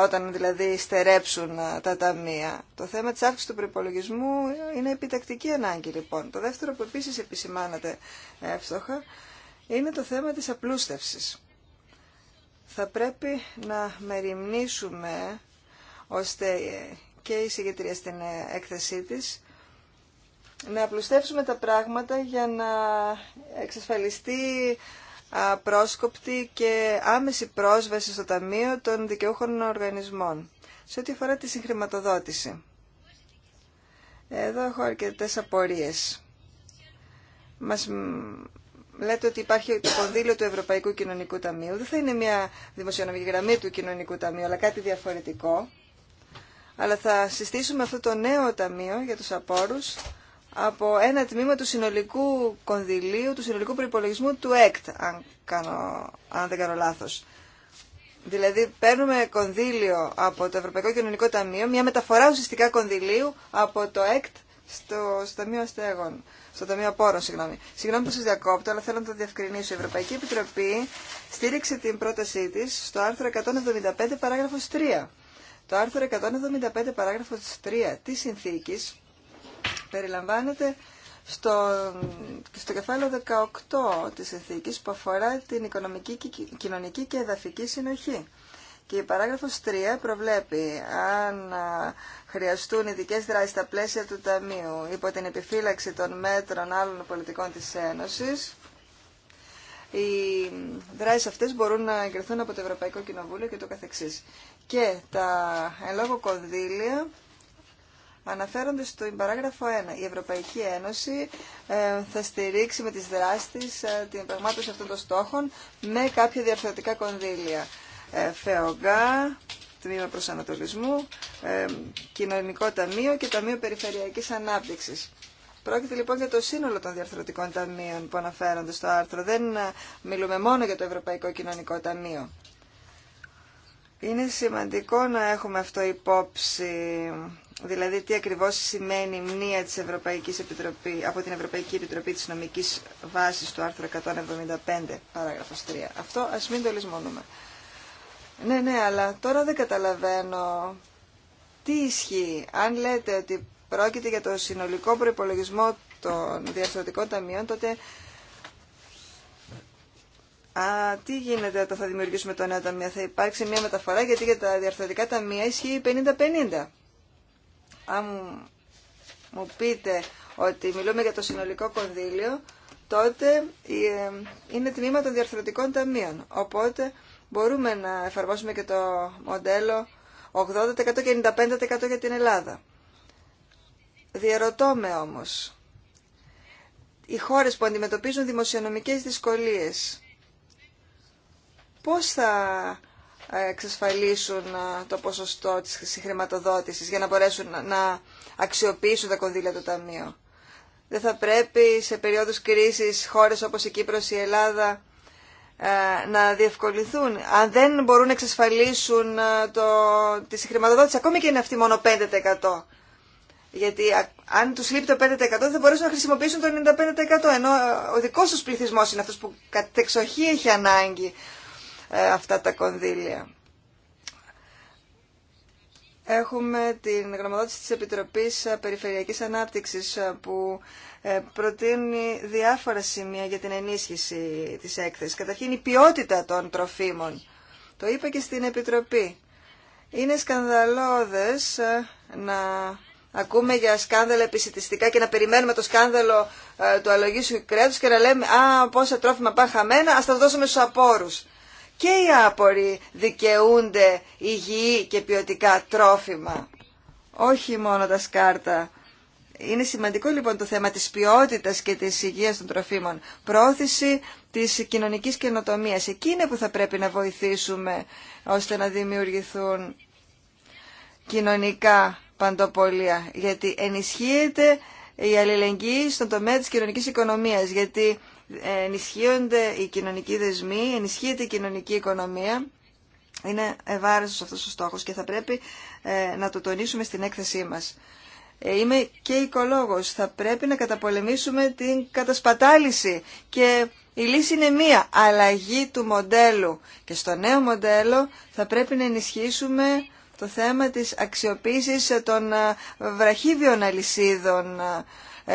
όταν δηλαδή στερέψουν τα ταμεία. Το θέμα της αύξησης του προπολογισμού είναι επιτακτική ανάγκη λοιπόν. Το δεύτερο που επίσης επισημάνατε εύστοχα είναι το θέμα της απλούστευσης θα πρέπει να μεριμνήσουμε ώστε και η συγκεκριά στην έκθεσή της να απλουστεύσουμε τα πράγματα για να εξασφαλιστεί πρόσκοπτη και άμεση πρόσβαση στο Ταμείο των Δικαιούχων Οργανισμών. Σε ό,τι αφορά τη συγχρηματοδότηση. Εδώ έχω αρκετές απορίες. Μας λέτε ότι υπάρχει το κονδύλιο του Ευρωπαϊκού Κοινωνικού Ταμείου. Δεν θα είναι μια δημοσιονομική γραμμή του Κοινωνικού Ταμείου, αλλά κάτι διαφορετικό. Αλλά θα συστήσουμε αυτό το νέο ταμείο για τους απόρους από ένα τμήμα του συνολικού κονδυλίου, του συνολικού προϋπολογισμού του ΕΚΤ, αν, κάνω, αν δεν κάνω λάθος. Δηλαδή παίρνουμε κονδύλιο από το Ευρωπαϊκό Κοινωνικό Ταμείο, μια μεταφορά ουσιαστικά κονδυλίου από το ΕΚΤ στο, στο Ταμείο Αστέγων στο Ταμείο Απόρων, συγγνώμη. Συγγνώμη που σα διακόπτω, αλλά θέλω να το διευκρινίσω. Η Ευρωπαϊκή Επιτροπή στήριξε την πρότασή τη στο άρθρο 175 παράγραφο 3. Το άρθρο 175 παράγραφο 3 τη συνθήκη περιλαμβάνεται στο, στο κεφάλαιο 18 της συνθήκης που αφορά την οικονομική, κοινωνική και εδαφική συνοχή. Και η παράγραφος 3 προβλέπει αν χρειαστούν ειδικέ δράσεις στα πλαίσια του Ταμείου υπό την επιφύλαξη των μέτρων άλλων πολιτικών της Ένωσης, οι δράσεις αυτές μπορούν να εγκριθούν από το Ευρωπαϊκό Κοινοβούλιο και το καθεξής. Και τα εν κονδύλια αναφέρονται στο παράγραφο 1. Η Ευρωπαϊκή Ένωση ε, θα στηρίξει με τις δράσεις της ε, την πραγμάτωση αυτών των στόχων με κάποια διαρθρωτικά κονδύλια. Ε, ΦΕΟΓΑ, Τμήμα Προσανατολισμού, ε, Κοινωνικό Ταμείο και Ταμείο Περιφερειακής Ανάπτυξης. Πρόκειται λοιπόν για το σύνολο των διαρθρωτικών ταμείων που αναφέρονται στο άρθρο. Δεν ε, μιλούμε μόνο για το Ευρωπαϊκό Κοινωνικό Ταμείο. Είναι σημαντικό να έχουμε αυτό υπόψη, δηλαδή τι ακριβώς σημαίνει η μνήα της Ευρωπαϊκής Επιτροπή, από την Ευρωπαϊκή Επιτροπή της Νομικής Βάσης του άρθρου 175, παράγραφος 3. Αυτό ας μην το λησμονούμε. Ναι, ναι, αλλά τώρα δεν καταλαβαίνω τι ισχύει. Αν λέτε ότι πρόκειται για το συνολικό προϋπολογισμό των διαστατικών ταμείων, τότε Α, τι γίνεται όταν θα δημιουργήσουμε το νέο ταμείο. Θα υπάρξει μια μεταφορά γιατί για τα διαρθρωτικά ταμεία ισχύει 50-50. Αν μου πείτε ότι μιλούμε για το συνολικό κονδύλιο, τότε ε, είναι τμήμα των διαρθρωτικών ταμείων. Οπότε μπορούμε να εφαρμόσουμε και το μοντέλο 80% και 95% για την Ελλάδα. Διαρωτώ με όμως, οι χώρες που αντιμετωπίζουν δημοσιονομικές δυσκολίες, πώς θα εξασφαλίσουν ε, το ποσοστό της χρηματοδότησης για να μπορέσουν να αξιοποιήσουν τα κονδύλια του Ταμείου. Δεν θα πρέπει σε περίοδους κρίσης χώρες όπως η Κύπρος, η Ελλάδα ε, να διευκολυθούν. Αν δεν μπορούν να εξασφαλίσουν ε, το, τη συγχρηματοδότηση, ακόμη και είναι αυτή μόνο 5%. Γιατί αν τους λείπει το 5% δεν θα μπορέσουν να χρησιμοποιήσουν το 95% ενώ ε, ο δικός τους πληθυσμός είναι αυτός που κατεξοχή έχει ανάγκη αυτά τα κονδύλια. Έχουμε την γνωμοδότηση της Επιτροπής Περιφερειακής Ανάπτυξης ε, που ε, προτείνει διάφορα σημεία για την ενίσχυση της έκθεσης. Καταρχήν η ποιότητα των τροφίμων. Το είπα και στην Επιτροπή. Είναι σκανδαλώδες ε, να ακούμε για σκάνδαλα επισητιστικά και να περιμένουμε το σκάνδαλο του αλογίσιου κρέατος και να λέμε «Α, πόσα τρόφιμα πάνε χαμένα, ας τα δώσουμε στους απόρους» και οι άποροι δικαιούνται υγιή και ποιοτικά τρόφιμα. Όχι μόνο τα σκάρτα. Είναι σημαντικό λοιπόν το θέμα της ποιότητας και της υγείας των τροφίμων. Πρόθεση της κοινωνικής καινοτομίας. Εκεί που θα πρέπει να βοηθήσουμε ώστε να δημιουργηθούν κοινωνικά παντοπολία. Γιατί ενισχύεται η αλληλεγγύη στον τομέα της κοινωνικής οικονομίας. Γιατί ενισχύονται οι κοινωνικοί δεσμοί, ενισχύεται η κοινωνική οικονομία. Είναι ευάρεστος αυτός ο στόχος και θα πρέπει ε, να το τονίσουμε στην έκθεσή μας. Ε, είμαι και οικολόγος. Θα πρέπει να καταπολεμήσουμε την κατασπατάληση και η λύση είναι μία, αλλαγή του μοντέλου. Και στο νέο μοντέλο θα πρέπει να ενισχύσουμε το θέμα της αξιοποίησης των ε, βραχίβιων αλυσίδων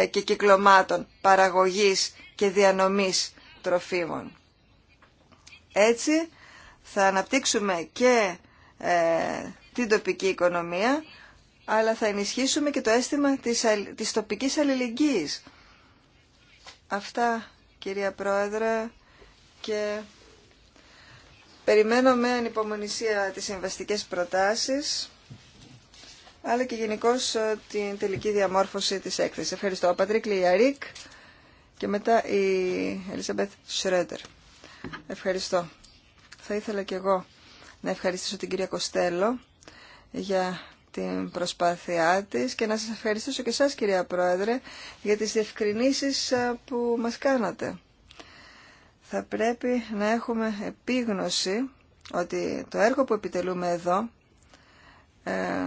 και κυκλωμάτων παραγωγής και διανομής τροφίμων. Έτσι θα αναπτύξουμε και ε, την τοπική οικονομία, αλλά θα ενισχύσουμε και το αίσθημα της, τοπικής αλληλεγγύης. Αυτά, κυρία Πρόεδρε, και περιμένω με ανυπομονησία τις συμβαστικές προτάσεις, αλλά και γενικώ ε, την τελική διαμόρφωση της έκθεσης. Ευχαριστώ, Πατρίκ Λιαρίκ. Και μετά η Ελισαμπέθ Σρέντερ. Ευχαριστώ. Θα ήθελα και εγώ να ευχαριστήσω την κυρία Κοστέλο για την προσπάθειά της και να σας ευχαριστήσω και εσάς κυρία Πρόεδρε για τις διευκρινήσεις που μας κάνατε. Θα πρέπει να έχουμε επίγνωση ότι το έργο που επιτελούμε εδώ ε,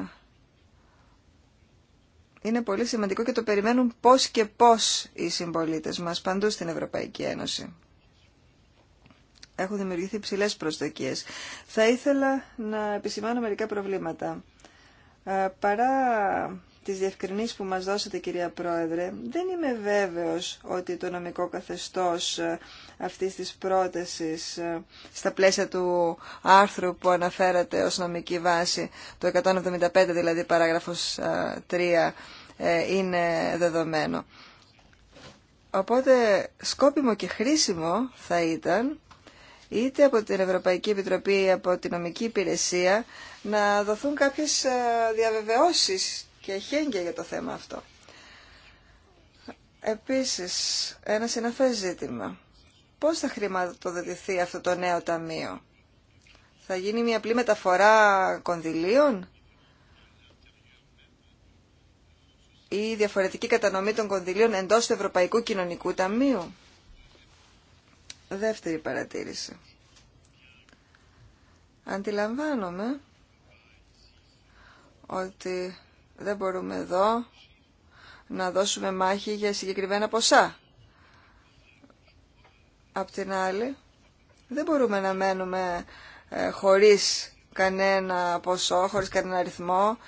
είναι πολύ σημαντικό και το περιμένουν πώς και πώς οι συμπολίτες μας παντού στην Ευρωπαϊκή Ένωση. Έχουν δημιουργηθεί ψηλές προσδοκίες. Θα ήθελα να επισημάνω μερικά προβλήματα. Ε, παρά τις διευκρινήσεις που μας δώσατε κυρία Πρόεδρε, δεν είμαι βέβαιος ότι το νομικό καθεστώς ε, αυτής της πρότασης ε, στα πλαίσια του άρθρου που αναφέρατε ως νομική βάση, το 175 δηλαδή παράγραφος 3, ε, είναι δεδομένο. Οπότε σκόπιμο και χρήσιμο θα ήταν είτε από την Ευρωπαϊκή Επιτροπή ή από την Νομική Υπηρεσία να δοθούν κάποιες διαβεβαιώσεις και χέγγια για το θέμα αυτό. Επίσης, ένα συναφές ζήτημα. Πώς θα χρηματοδοτηθεί αυτό το νέο ταμείο. Θα γίνει μια απλή μεταφορά κονδυλίων ή διαφορετική κατανομή των κονδυλίων εντός του Ευρωπαϊκού Κοινωνικού Ταμείου. Δεύτερη παρατήρηση. Αντιλαμβάνομαι ότι δεν μπορούμε εδώ να δώσουμε μάχη για συγκεκριμένα ποσά. Απ' την άλλη, δεν μπορούμε να μένουμε ε, χωρίς κανένα ποσό, χωρίς κανένα αριθμό,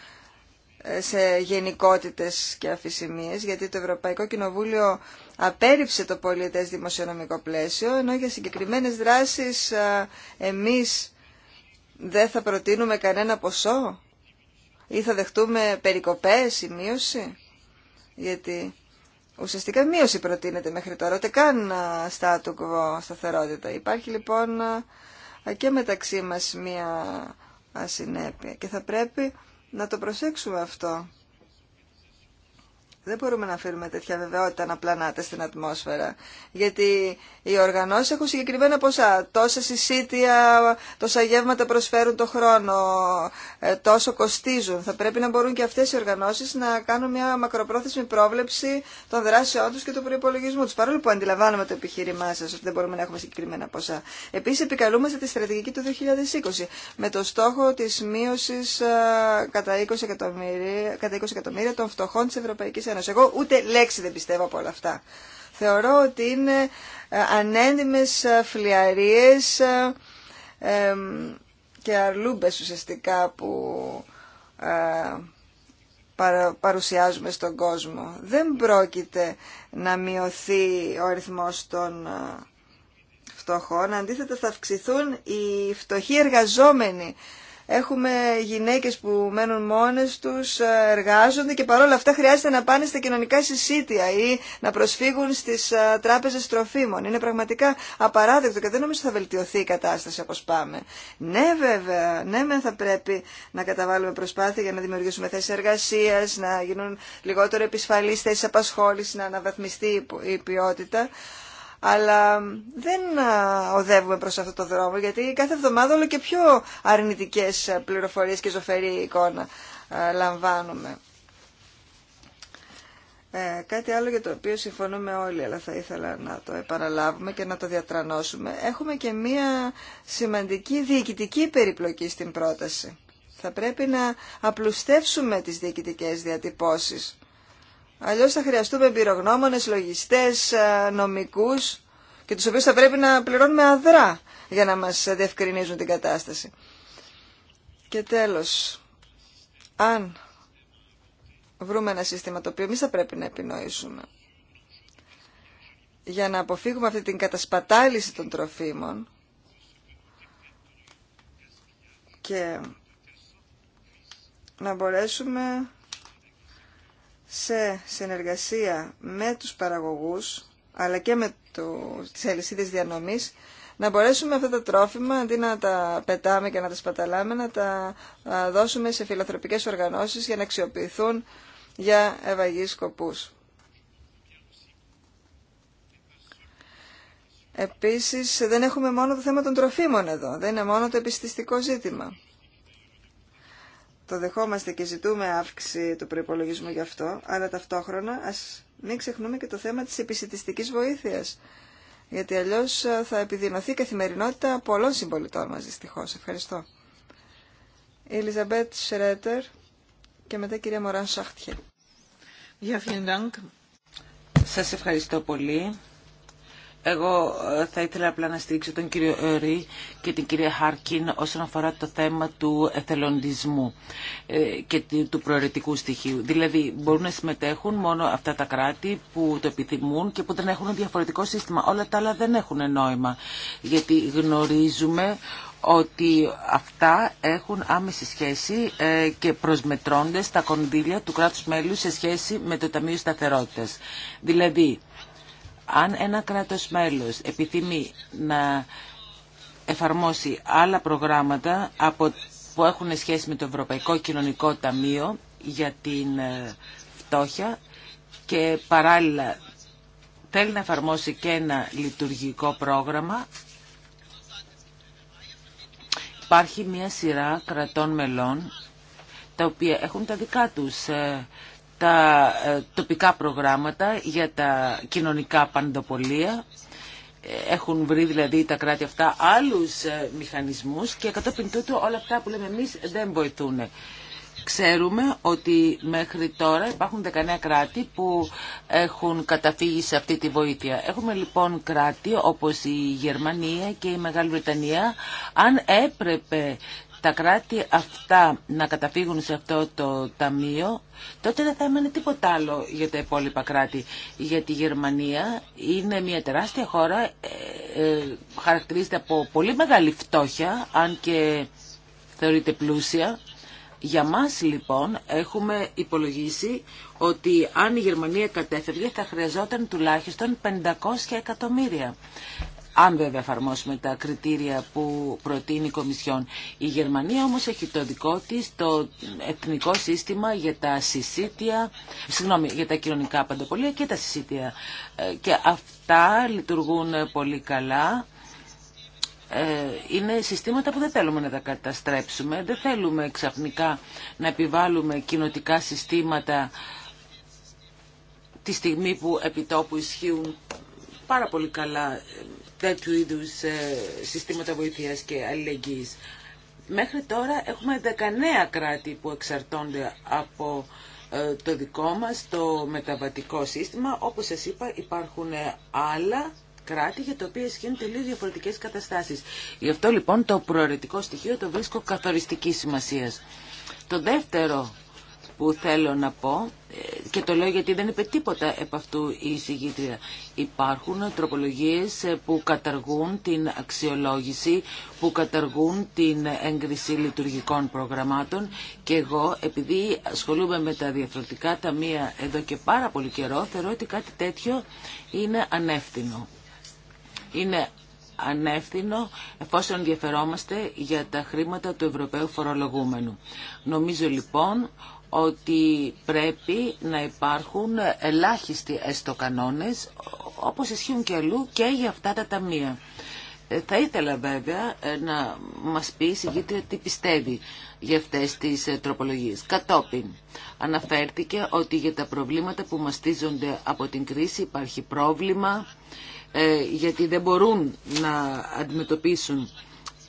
ε, σε γενικότητες και αφησιμίες, γιατί το Ευρωπαϊκό Κοινοβούλιο απέρριψε το πολιτές δημοσιονομικό πλαίσιο, ενώ για συγκεκριμένες δράσεις ε, εμείς δεν θα προτείνουμε κανένα ποσό ή θα δεχτούμε περικοπές ή μείωση. Γιατί ουσιαστικά μείωση προτείνεται μέχρι τώρα, ούτε καν στα σταθερότητα. Υπάρχει λοιπόν και μεταξύ μας μία ασυνέπεια και θα πρέπει να το προσέξουμε αυτό. Δεν μπορούμε να αφήνουμε τέτοια βεβαιότητα να πλανάται στην ατμόσφαιρα. Γιατί οι οργανώσει έχουν συγκεκριμένα ποσά. Τόσα συσίτια, τόσα γεύματα προσφέρουν το χρόνο, ε, τόσο κοστίζουν. Θα πρέπει να μπορούν και αυτέ οι οργανώσει να κάνουν μια μακροπρόθεσμη πρόβλεψη των δράσεών του και του προπολογισμού του. Παρόλο που αντιλαμβάνομαι το επιχείρημά σα ότι δεν μπορούμε να έχουμε συγκεκριμένα ποσά. Επίση επικαλούμαστε τη στρατηγική του 2020 με το στόχο τη μείωση ε, κατά 20 εκατομμύρια, των φτωχών τη Ευρωπαϊκής εγώ ούτε λέξη δεν πιστεύω από όλα αυτά. Θεωρώ ότι είναι ε, ανέντιμες ε, φλιαρίες ε, και αρλούμπες ουσιαστικά που παρουσιάζουμε στον κόσμο. Δεν πρόκειται να μειωθεί ο αριθμός των φτωχών, αντίθετα θα αυξηθούν οι φτωχοί εργαζόμενοι Έχουμε γυναίκες που μένουν μόνες τους, ε, εργάζονται και παρόλα αυτά χρειάζεται να πάνε στα κοινωνικά συσίτια ή να προσφύγουν στις ε, τράπεζες τροφίμων. Είναι πραγματικά απαράδεκτο και δεν νομίζω θα βελτιωθεί η κατάσταση όπως πάμε. Ναι βέβαια, ναι με θα πρέπει να καταβάλουμε προσπάθεια για να δημιουργήσουμε θέσεις εργασίας, να γίνουν λιγότερο επισφαλείς θέσεις απασχόλησης, να αναβαθμιστεί η ποιότητα αλλά δεν οδεύουμε προς αυτό το δρόμο, γιατί κάθε εβδομάδα όλο και πιο αρνητικές ε, πληροφορίες και ζωφερή εικόνα ε, λαμβάνουμε. Ε, κάτι άλλο για το οποίο συμφωνούμε όλοι, αλλά θα ήθελα να το επαναλάβουμε και να το διατρανώσουμε. Έχουμε και μία σημαντική διοικητική περιπλοκή στην πρόταση. Θα πρέπει να απλουστεύσουμε τις διοικητικές διατυπώσεις Αλλιώς θα χρειαστούμε εμπειρογνώμονες, λογιστές, ε, νομικούς και τους οποίους θα πρέπει να πληρώνουμε αδρά για να μας διευκρινίζουν την κατάσταση. Και τέλος, αν βρούμε ένα σύστημα το οποίο εμείς θα πρέπει να επινοήσουμε για να αποφύγουμε αυτή την κατασπατάληση των τροφίμων και να μπορέσουμε σε συνεργασία με τους παραγωγούς αλλά και με το, τις αλυσίδες διανομής να μπορέσουμε αυτά τα τρόφιμα αντί να τα πετάμε και να τα σπαταλάμε να τα δώσουμε σε φιλανθρωπικές οργανώσεις για να αξιοποιηθούν για ευαγείς σκοπούς. Επίσης δεν έχουμε μόνο το θέμα των τροφίμων εδώ, δεν είναι μόνο το επιστηστικό ζήτημα το δεχόμαστε και ζητούμε αύξηση του προπολογισμού γι' αυτό, αλλά ταυτόχρονα ας μην ξεχνούμε και το θέμα της επισητιστικής βοήθειας. Γιατί αλλιώς ε, θα επιδεινωθεί η καθημερινότητα πολλών συμπολιτών μας δυστυχώς. Ευχαριστώ. Η Ελιζαμπέτ Σρέτερ και μετά η κυρία Μωράν Σάχτιε. Σας ευχαριστώ πολύ. Εγώ ε, θα ήθελα απλά να στηρίξω τον κύριο Ρή και την κυρία Χάρκιν όσον αφορά το θέμα του εθελοντισμού ε, και του προαιρετικού στοιχείου. Δηλαδή μπορούν να συμμετέχουν μόνο αυτά τα κράτη που το επιθυμούν και που δεν έχουν διαφορετικό σύστημα. Όλα τα άλλα δεν έχουν νόημα γιατί γνωρίζουμε ότι αυτά έχουν άμεση σχέση ε, και προσμετρώνται στα κονδύλια του κράτους μέλους σε σχέση με το Ταμείο Σταθερότητας. Δηλαδή, αν ένα κράτος μέλος επιθυμεί να εφαρμόσει άλλα προγράμματα από, που έχουν σχέση με το Ευρωπαϊκό Κοινωνικό Ταμείο για την ε, φτώχεια και παράλληλα θέλει να εφαρμόσει και ένα λειτουργικό πρόγραμμα, υπάρχει μια σειρά κρατών μελών τα οποία έχουν τα δικά τους ε, τα ε, τοπικά προγράμματα για τα κοινωνικά παντοπολία. Έχουν βρει δηλαδή τα κράτη αυτά άλλους ε, μηχανισμούς και κατόπιν τούτου όλα αυτά που λέμε εμείς δεν βοηθούν. Ξέρουμε ότι μέχρι τώρα υπάρχουν 19 κράτη που έχουν καταφύγει σε αυτή τη βοήθεια. Έχουμε λοιπόν κράτη όπως η Γερμανία και η Μεγάλη Βρετανία. Αν έπρεπε τα κράτη αυτά να καταφύγουν σε αυτό το ταμείο, τότε δεν θα έμενε τίποτα άλλο για τα υπόλοιπα κράτη. Γιατί η Γερμανία είναι μια τεράστια χώρα, ε, ε, χαρακτηρίζεται από πολύ μεγάλη φτώχεια, αν και θεωρείται πλούσια. Για μας λοιπόν έχουμε υπολογίσει ότι αν η Γερμανία κατέφευγε θα χρειαζόταν τουλάχιστον 500 εκατομμύρια αν βέβαια εφαρμόσουμε τα κριτήρια που προτείνει η Κομισιόν. Η Γερμανία όμως έχει το δικό της το εθνικό σύστημα για τα συσίτια, συγγνώμη, για τα κοινωνικά παντοπολία και τα συσίτια. Ε, και αυτά λειτουργούν πολύ καλά ε, είναι συστήματα που δεν θέλουμε να τα καταστρέψουμε, δεν θέλουμε ξαφνικά να επιβάλλουμε κοινοτικά συστήματα τη στιγμή που επιτόπου ισχύουν πάρα πολύ καλά τέτοιου είδου ε, συστήματα βοήθειας και αλληλεγγύη. Μέχρι τώρα έχουμε 19 κράτη που εξαρτώνται από ε, το δικό μας, το μεταβατικό σύστημα. Όπως σας είπα υπάρχουν ε, άλλα κράτη για τα οποία ισχύουν τελείως διαφορετικές καταστάσεις. Γι' αυτό λοιπόν το προαιρετικό στοιχείο το βρίσκω καθοριστική σημασίας. Το δεύτερο που θέλω να πω ε, και το λέω γιατί δεν είπε τίποτα επ' αυτού η εισηγήτρια. Υπάρχουν τροπολογίες ε, που καταργούν την αξιολόγηση, που καταργούν την έγκριση λειτουργικών προγραμμάτων και εγώ επειδή ασχολούμαι με τα διαφορετικά ταμεία εδώ και πάρα πολύ καιρό θεωρώ ότι κάτι τέτοιο είναι ανεύθυνο. Είναι ανεύθυνο εφόσον ενδιαφερόμαστε για τα χρήματα του Ευρωπαίου Φορολογούμενου. Νομίζω λοιπόν ότι πρέπει να υπάρχουν ελάχιστοι έστω κανόνες, όπως ισχύουν και αλλού και για αυτά τα ταμεία. Ε, θα ήθελα βέβαια ε, να μας πει η τι πιστεύει για αυτές τις ε, τροπολογίες. Κατόπιν αναφέρθηκε ότι για τα προβλήματα που μαστίζονται από την κρίση υπάρχει πρόβλημα γιατί δεν μπορούν να αντιμετωπίσουν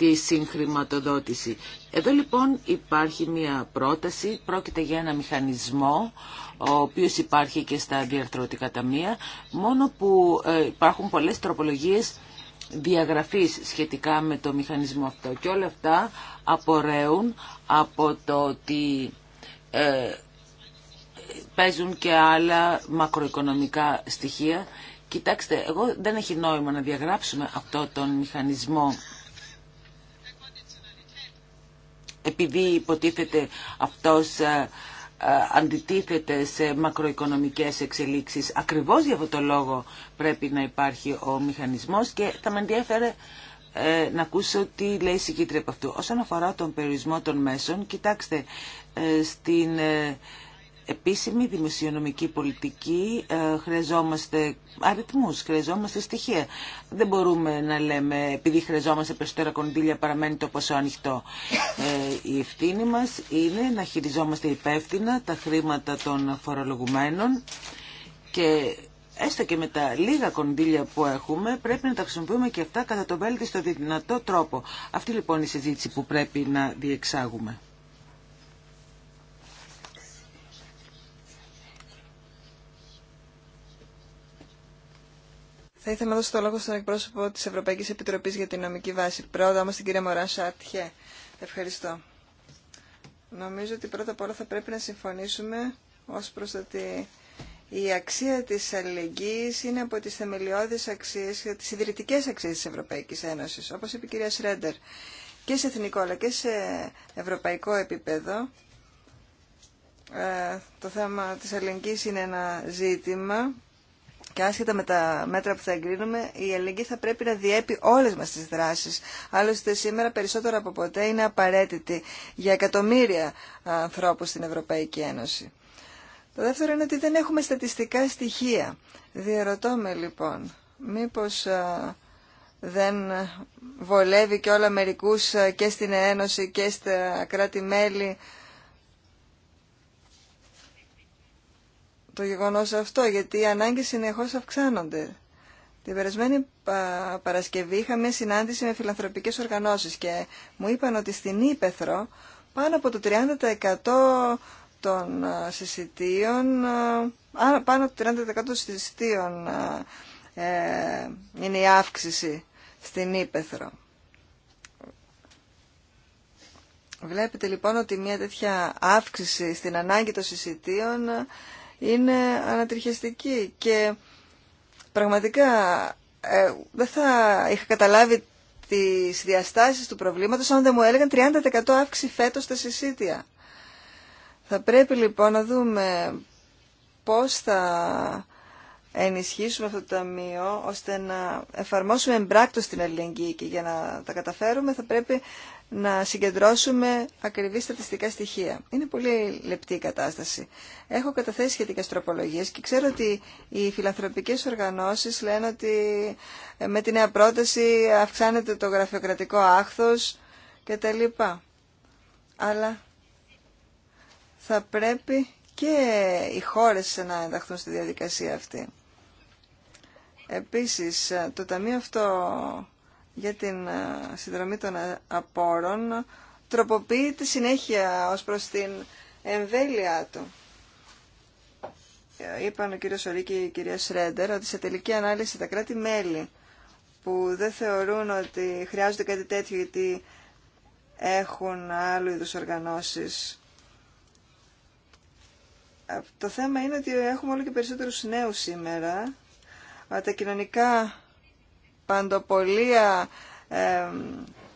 τη συγχρηματοδότηση. Εδώ λοιπόν υπάρχει μια πρόταση, πρόκειται για ένα μηχανισμό ο οποίος υπάρχει και στα διαρθρωτικά ταμεία, μόνο που ε, υπάρχουν πολλές τροπολογίες διαγραφής σχετικά με το μηχανισμό αυτό. Και όλα αυτά απορρέουν από το ότι ε, παίζουν και άλλα μακροοικονομικά στοιχεία. Κοιτάξτε, εγώ δεν έχει νόημα να διαγράψουμε αυτό τον μηχανισμό επειδή υποτίθεται αυτός ε, ε, αντιτίθεται σε μακροοικονομικές εξελίξεις. Ακριβώς για αυτό το λόγο πρέπει να υπάρχει ο μηχανισμός και θα με ενδιαφέρε ε, να ακούσω τι λέει η συγκήτρια από αυτού. Όσον αφορά τον περιορισμό των μέσων, κοιτάξτε, στην επίσημη δημοσιονομική πολιτική ε, χρειαζόμαστε αριθμούς, χρειαζόμαστε στοιχεία. Δεν μπορούμε να λέμε επειδή χρειαζόμαστε περισσότερα κονδύλια παραμένει το ποσό ανοιχτό. Ε, η ευθύνη μας είναι να χειριζόμαστε υπεύθυνα τα χρήματα των φορολογουμένων και έστω και με τα λίγα κονδύλια που έχουμε, πρέπει να τα χρησιμοποιούμε και αυτά κατά τον βέλτιστο δυνατό τρόπο. Αυτή λοιπόν η συζήτηση που πρέπει να διεξάγουμε. Θα ήθελα να δώσω το λόγο στον εκπρόσωπο τη Ευρωπαϊκή Επιτροπή για την νομική βάση. Πρώτα όμω την κυρία Μωρά Σάτχε. Ευχαριστώ. Νομίζω ότι πρώτα απ' όλα θα πρέπει να συμφωνήσουμε ως προς ότι η αξία τη αλληλεγγύη είναι από τι θεμελιώδει αξίε και ιδρυτικέ αξίε τη της Ευρωπαϊκής Ένωσης. Όπως είπε η κυρία Σρέντερ, και σε εθνικό αλλά και σε ευρωπαϊκό επίπεδο ε, το θέμα της αλληλεγγύης είναι ένα ζήτημα και άσχετα με τα μέτρα που θα εγκρίνουμε, η αλληλεγγύη θα πρέπει να διέπει όλες μας τις δράσεις. Άλλωστε σήμερα περισσότερο από ποτέ είναι απαραίτητη για εκατομμύρια ανθρώπους στην Ευρωπαϊκή Ένωση. Το δεύτερο είναι ότι δεν έχουμε στατιστικά στοιχεία. Διερωτώ με λοιπόν, μήπως δεν βολεύει και όλα μερικούς και στην Ένωση και στα κράτη-μέλη το γεγονός αυτό, γιατί οι ανάγκες συνεχώς αυξάνονται. Την περασμένη Παρασκευή είχα συνάντηση με φιλανθρωπικές οργανώσεις και μου είπαν ότι στην Ήπεθρο πάνω από το 30% των συσιτίων, πάνω από το 30% των ε, είναι η αύξηση στην Ήπεθρο. Βλέπετε λοιπόν ότι μια τέτοια αύξηση στην ανάγκη των συσιτίων είναι ανατριχιαστική και πραγματικά ε, δεν θα είχα καταλάβει τις διαστάσεις του προβλήματος αν δεν μου έλεγαν 30% αύξηση φέτος στα συσίτια. Θα πρέπει λοιπόν να δούμε πώς θα ενισχύσουμε αυτό το ταμείο ώστε να εφαρμόσουμε εμπράκτος την αλληλεγγύη και για να τα καταφέρουμε θα πρέπει να συγκεντρώσουμε ακριβή στατιστικά στοιχεία. Είναι πολύ λεπτή η κατάσταση. Έχω καταθέσει σχετικές τροπολογίες και ξέρω ότι οι φιλανθρωπικές οργανώσεις λένε ότι ε, με τη νέα πρόταση αυξάνεται το γραφειοκρατικό άχθος κτλ. Αλλά θα πρέπει και οι χώρες να ενταχθούν στη διαδικασία αυτή. Επίσης, το Ταμείο αυτό για την ε, συνδρομή των ε, απόρων τροποποιεί τη συνέχεια ως προς την εμβέλειά του. Ε, είπαν ο κύριος Σολή και η κυρία Σρέντερ ότι σε τελική ανάλυση τα κράτη-μέλη που δεν θεωρούν ότι χρειάζονται κάτι τέτοιο γιατί έχουν άλλου είδους οργανώσεις. Το θέμα είναι ότι έχουμε όλο και περισσότερους νέους σήμερα. Τα κοινωνικά παντοπολία ε,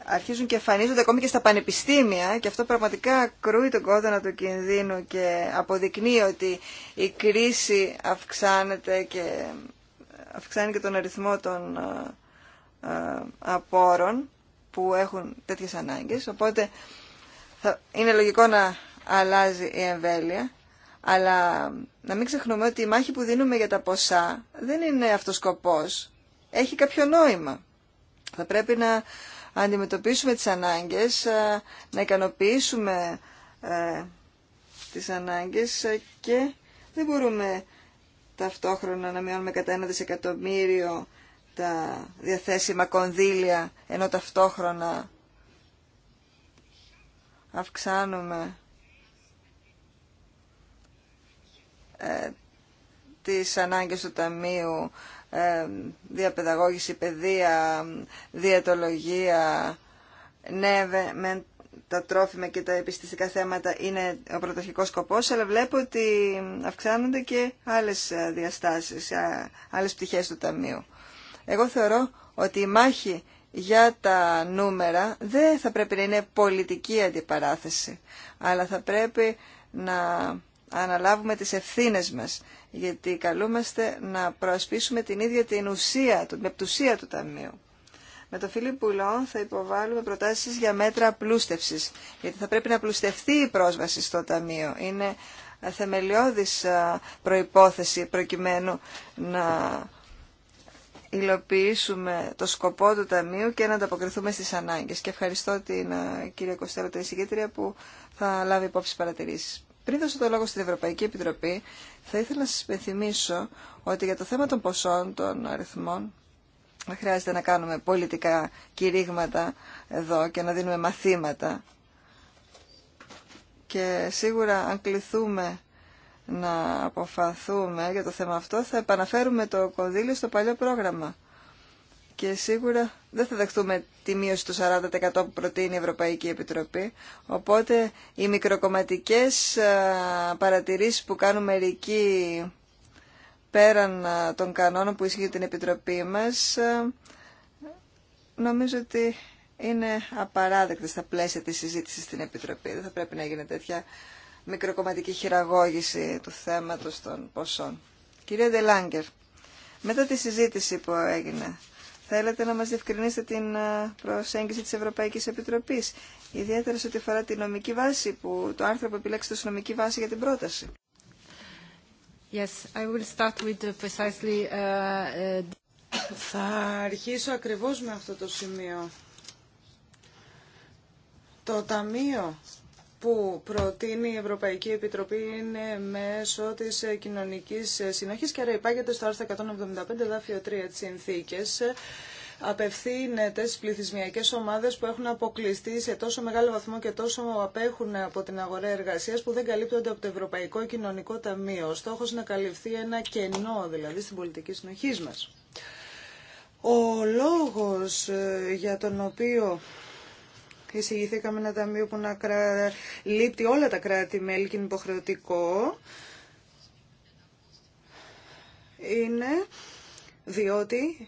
αρχίζουν και εμφανίζονται ακόμη και στα πανεπιστήμια και αυτό πραγματικά κρούει τον κόδωνα του κινδύνου και αποδεικνύει ότι η κρίση αυξάνεται και αυξάνει και τον αριθμό των ε, ε, απόρων που έχουν τέτοιες ανάγκες. Οπότε θα, είναι λογικό να αλλάζει η εμβέλεια. Αλλά να μην ξεχνούμε ότι η μάχη που δίνουμε για τα ποσά δεν είναι αυτός σκοπός έχει κάποιο νόημα. Θα πρέπει να αντιμετωπίσουμε τις ανάγκες, να ικανοποιήσουμε τις ανάγκες και δεν μπορούμε ταυτόχρονα να μειώνουμε κατά ένα δισεκατομμύριο τα διαθέσιμα κονδύλια ενώ ταυτόχρονα αυξάνουμε ε, τις ανάγκες του Ταμείου διαπαιδαγώγηση, παιδεία, διαιτολογία, ναι, με τα τρόφιμα και τα επιστημικά θέματα είναι ο πρωταρχικός σκοπός, αλλά βλέπω ότι αυξάνονται και άλλες ε, διαστάσεις, άλλες πτυχές του Ταμείου. Εγώ θεωρώ ότι η μάχη για τα νούμερα δεν θα πρέπει να είναι πολιτική αντιπαράθεση, αλλά θα πρέπει να αναλάβουμε τις ευθύνες μας γιατί καλούμαστε να προασπίσουμε την ίδια την ουσία, την πεπτουσία του Ταμείου. Με τον Φίλιπ Πουλό θα υποβάλουμε προτάσεις για μέτρα πλούστευσης, γιατί θα πρέπει να πλουστευτεί η πρόσβαση στο Ταμείο. Είναι θεμελιώδης προϋπόθεση προκειμένου να υλοποιήσουμε το σκοπό του Ταμείου και να ανταποκριθούμε στις ανάγκες. Και ευχαριστώ την κυρία Κωστέλα, την που θα λάβει υπόψη παρατηρήσεις. Πριν δώσω το λόγο στην Ευρωπαϊκή Επιτροπή, θα ήθελα να σα υπενθυμίσω ότι για το θέμα των ποσών των αριθμών δεν χρειάζεται να κάνουμε πολιτικά κηρύγματα εδώ και να δίνουμε μαθήματα. Και σίγουρα αν κληθούμε να αποφαθούμε για το θέμα αυτό θα επαναφέρουμε το κονδύλι στο παλιό πρόγραμμα. Και σίγουρα δεν θα δεχτούμε τη μείωση του 40% που προτείνει η Ευρωπαϊκή Επιτροπή. Οπότε οι μικροκομματικές παρατηρήσεις που κάνουν μερικοί πέραν των κανόνων που ισχύει την Επιτροπή μας νομίζω ότι είναι απαράδεκτες στα πλαίσια της συζήτησης στην Επιτροπή. Δεν θα πρέπει να γίνεται τέτοια μικροκομματική χειραγώγηση του θέματος των ποσών. Κυρία Ντελάγκερ, μετά τη συζήτηση που έγινε Θέλετε να μας διευκρινίσετε την ε, προσέγγιση της Ευρωπαϊκής Επιτροπής, ιδιαίτερα σε ό,τι αφορά τη νομική βάση, που, το άρθρο που επιλέξετε ως νομική βάση για την πρόταση. Yes, I will start with precisely... Ε, ε, Θα αρχίσω ακριβώς με αυτό το σημείο. Το Ταμείο που προτείνει η Ευρωπαϊκή Επιτροπή είναι μέσω της κοινωνικής συνοχής και άρα υπάγεται στο άρθρο 175 δάφιο 3 της συνθήκες απευθύνεται στις πληθυσμιακές ομάδες που έχουν αποκλειστεί σε τόσο μεγάλο βαθμό και τόσο απέχουν από την αγορά εργασίας που δεν καλύπτονται από το Ευρωπαϊκό Κοινωνικό Ταμείο. Ο στόχος να καλυφθεί ένα κενό δηλαδή στην πολιτική συνοχή μας. Ο λόγος ε, για τον οποίο εισηγηθήκαμε ένα ταμείο που να κρα... λείπτει όλα τα κράτη-μέλη και είναι υποχρεωτικό. Είναι διότι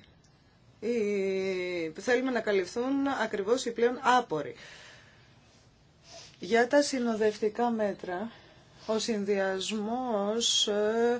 θέλουμε να καλυφθούν ακριβώς οι πλέον άποροι. Για τα συνοδευτικά μέτρα, ο συνδυασμός ε,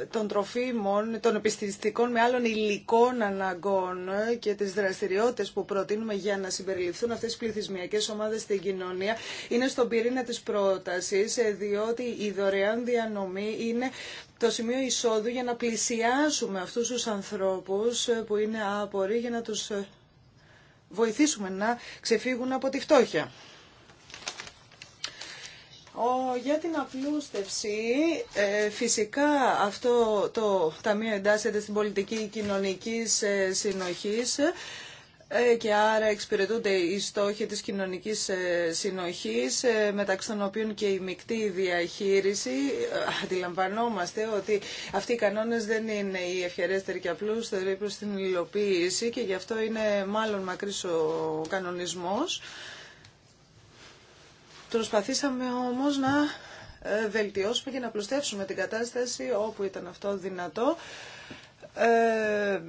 ε, των τροφίμων, των επιστημιστικών με άλλων υλικών αναγκών και τις δραστηριότητες που προτείνουμε για να συμπεριληφθούν αυτές οι πληθυσμιακές ομάδες στην κοινωνία είναι στον πυρήνα της πρότασης ε, διότι η δωρεάν διανομή είναι το σημείο εισόδου για να πλησιάσουμε αυτούς τους ανθρώπους ε, που είναι άποροι για να τους βοηθήσουμε να ξεφύγουν από τη φτώχεια. Ο, για την απλούστευση, ε, φυσικά αυτό το Ταμείο εντάσσεται στην πολιτική κοινωνικής ε, συνοχής ε, και άρα εξυπηρετούνται οι στόχοι της κοινωνικής ε, συνοχής, μεταξύ των οποίων και η μεικτή διαχείριση. Αντιλαμβανόμαστε ότι αυτοί οι κανόνες δεν είναι οι ευχερέστεροι και απλούστεροι προς την υλοποίηση και γι' αυτό είναι μάλλον μακρύς ο κανονισμός. Προσπαθήσαμε όμως να ε, βελτιώσουμε και να πλουστεύσουμε την κατάσταση όπου ήταν αυτό δυνατό ε,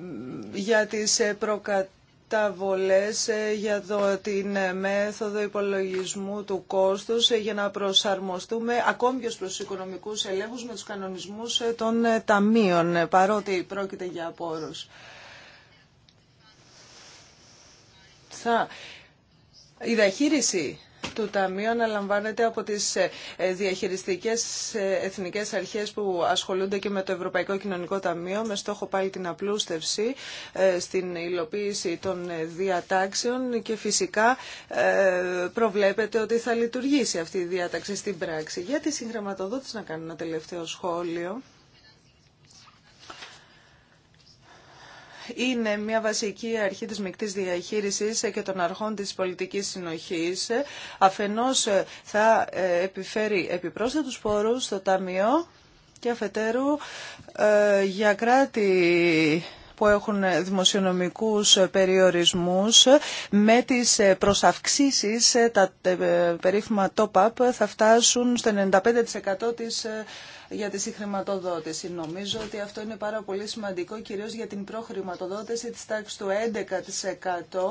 για τις ε, προκαταβολές, για την μέθοδο υπολογισμού του κόστους, για να προσαρμοστούμε ακόμη και στους οικονομικούς ελέγχους με τους κανονισμούς των ταμείων, παρότι πρόκειται για απόρους. Θα... Η διαχείριση του Ταμείου αναλαμβάνεται από τις ε, ε, διαχειριστικές ε, εθνικές αρχές που ασχολούνται και με το Ευρωπαϊκό Κοινωνικό Ταμείο με στόχο πάλι την απλούστευση στην υλοποίηση των διατάξεων και φυσικά προβλέπεται ότι θα λειτουργήσει αυτή η διάταξη στην πράξη. Για τη συγγραμματοδότηση να κάνω ένα τελευταίο σχόλιο. είναι μια βασική αρχή της μεικτής διαχείρισης και των αρχών της πολιτικής συνοχής. Αφενός ε, θα ε, επιφέρει επιπρόσθετους πόρους στο Ταμείο και αφετέρου ε, για κράτη που έχουν δημοσιονομικούς περιορισμούς με τις προσαυξήσεις ε, τα ε, περίφημα top-up θα φτάσουν στο 95% ε, για τη συγχρηματοδότηση. Νομίζω ότι αυτό είναι πάρα πολύ σημαντικό, κυρίως για την προχρηματοδότηση της τάξης του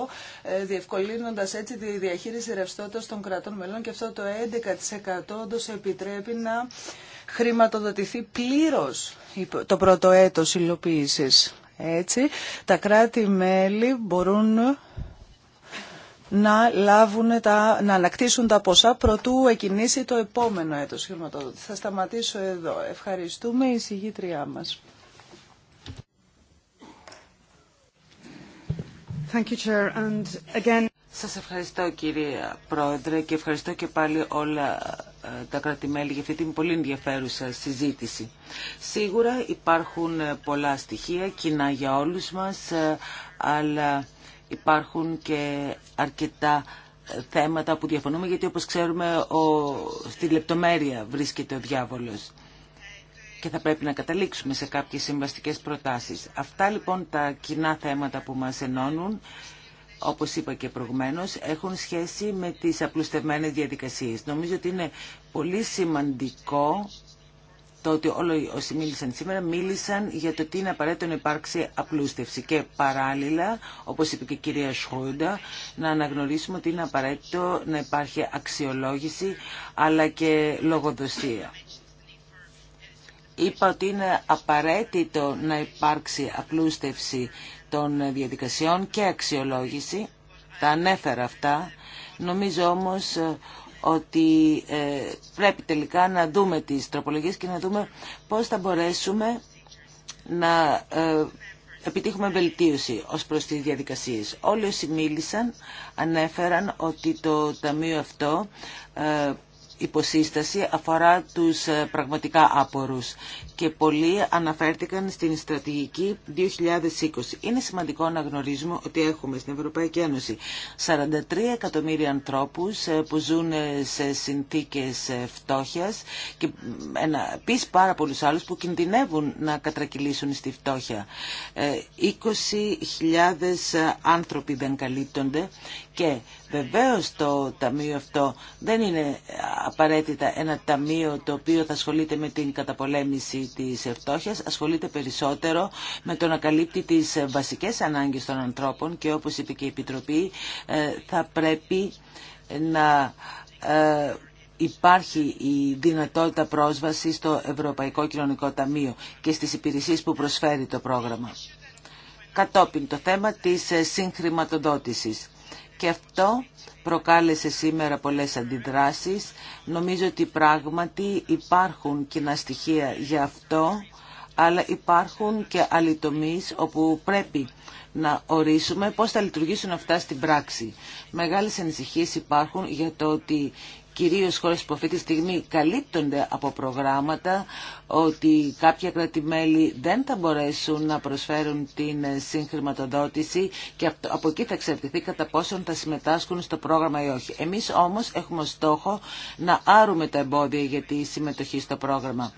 11%, διευκολύνοντας έτσι τη διαχείριση ρευστότητας των κρατών μελών και αυτό το 11% όντως επιτρέπει να χρηματοδοτηθεί πλήρως το πρώτο έτος υλοποίησης έτσι, τα κράτη-μέλη μπορούν να, λάβουν τα, να ανακτήσουν τα ποσά προτού εκινήσει το επόμενο έτος χρηματοδότηση. Θα σταματήσω εδώ. Ευχαριστούμε η συγγήτριά μας. Σας ευχαριστώ κύριε Πρόεδρε και ευχαριστώ και πάλι όλα ε, τα κρατημέλη για αυτή την πολύ ενδιαφέρουσα συζήτηση. Σίγουρα υπάρχουν ε, πολλά στοιχεία κοινά για όλους μας, ε, αλλά υπάρχουν και αρκετά θέματα που διαφωνούμε, γιατί όπως ξέρουμε ο... στη λεπτομέρεια βρίσκεται ο διάβολος και θα πρέπει να καταλήξουμε σε κάποιες συμβαστικές προτάσεις. Αυτά λοιπόν τα κοινά θέματα που μας ενώνουν όπως είπα και προηγουμένως, έχουν σχέση με τις απλουστευμένες διαδικασίες. Νομίζω ότι είναι πολύ σημαντικό το ότι όλοι όσοι μίλησαν σήμερα μίλησαν για το τι είναι απαραίτητο να υπάρξει απλούστευση και παράλληλα, όπως είπε και η κυρία Σχόντα, να αναγνωρίσουμε ότι είναι απαραίτητο να υπάρχει αξιολόγηση αλλά και λογοδοσία. Είπα ότι είναι απαραίτητο να υπάρξει απλούστευση των διαδικασιών και αξιολόγηση. Τα ανέφερα αυτά. Νομίζω όμως ε, ότι ε, πρέπει τελικά να δούμε τις τροπολογίες και να δούμε πώς θα μπορέσουμε να ε, επιτύχουμε βελτίωση ως προς τις διαδικασίες. Όλοι όσοι μίλησαν ανέφεραν ότι το Ταμείο αυτό υποσύσταση αφορά τους ε, πραγματικά άπορους και πολλοί αναφέρθηκαν στην στρατηγική 2020. Είναι σημαντικό να γνωρίζουμε ότι έχουμε στην Ευρωπαϊκή Ένωση 43 εκατομμύρια ανθρώπους ε, που ζουν ε, σε συνθήκες φτώχειας και επίση πάρα πολλούς άλλους που κινδυνεύουν να κατρακυλήσουν στη φτώχεια. 20.000 άνθρωποι δεν καλύπτονται και Βεβαίως το ταμείο αυτό δεν είναι απαραίτητα ένα ταμείο το οποίο θα ασχολείται με την καταπολέμηση της φτώχειας, ασχολείται περισσότερο με το να καλύπτει τις βασικές ανάγκες των ανθρώπων και όπως είπε και η Επιτροπή ε, θα πρέπει να ε, υπάρχει η δυνατότητα πρόσβαση στο Ευρωπαϊκό Κοινωνικό Ταμείο και στις υπηρεσίες που προσφέρει το πρόγραμμα. Κατόπιν το θέμα της ε, συγχρηματοδότησης και αυτό προκάλεσε σήμερα πολλές αντιδράσεις. Νομίζω ότι πράγματι υπάρχουν κοινά στοιχεία για αυτό, αλλά υπάρχουν και άλλοι τομείς όπου πρέπει να ορίσουμε πώς θα λειτουργήσουν αυτά στην πράξη. Μεγάλες ανησυχίες υπάρχουν για το ότι κυρίως χώρες που αυτή τη στιγμή καλύπτονται από προγράμματα ότι κάποια κρατημέλη δεν θα μπορέσουν να προσφέρουν την συγχρηματοδότηση και από εκεί θα εξαρτηθεί κατά πόσον θα συμμετάσχουν στο πρόγραμμα ή όχι. Εμείς όμως έχουμε στόχο να άρουμε τα εμπόδια για τη συμμετοχή στο πρόγραμμα.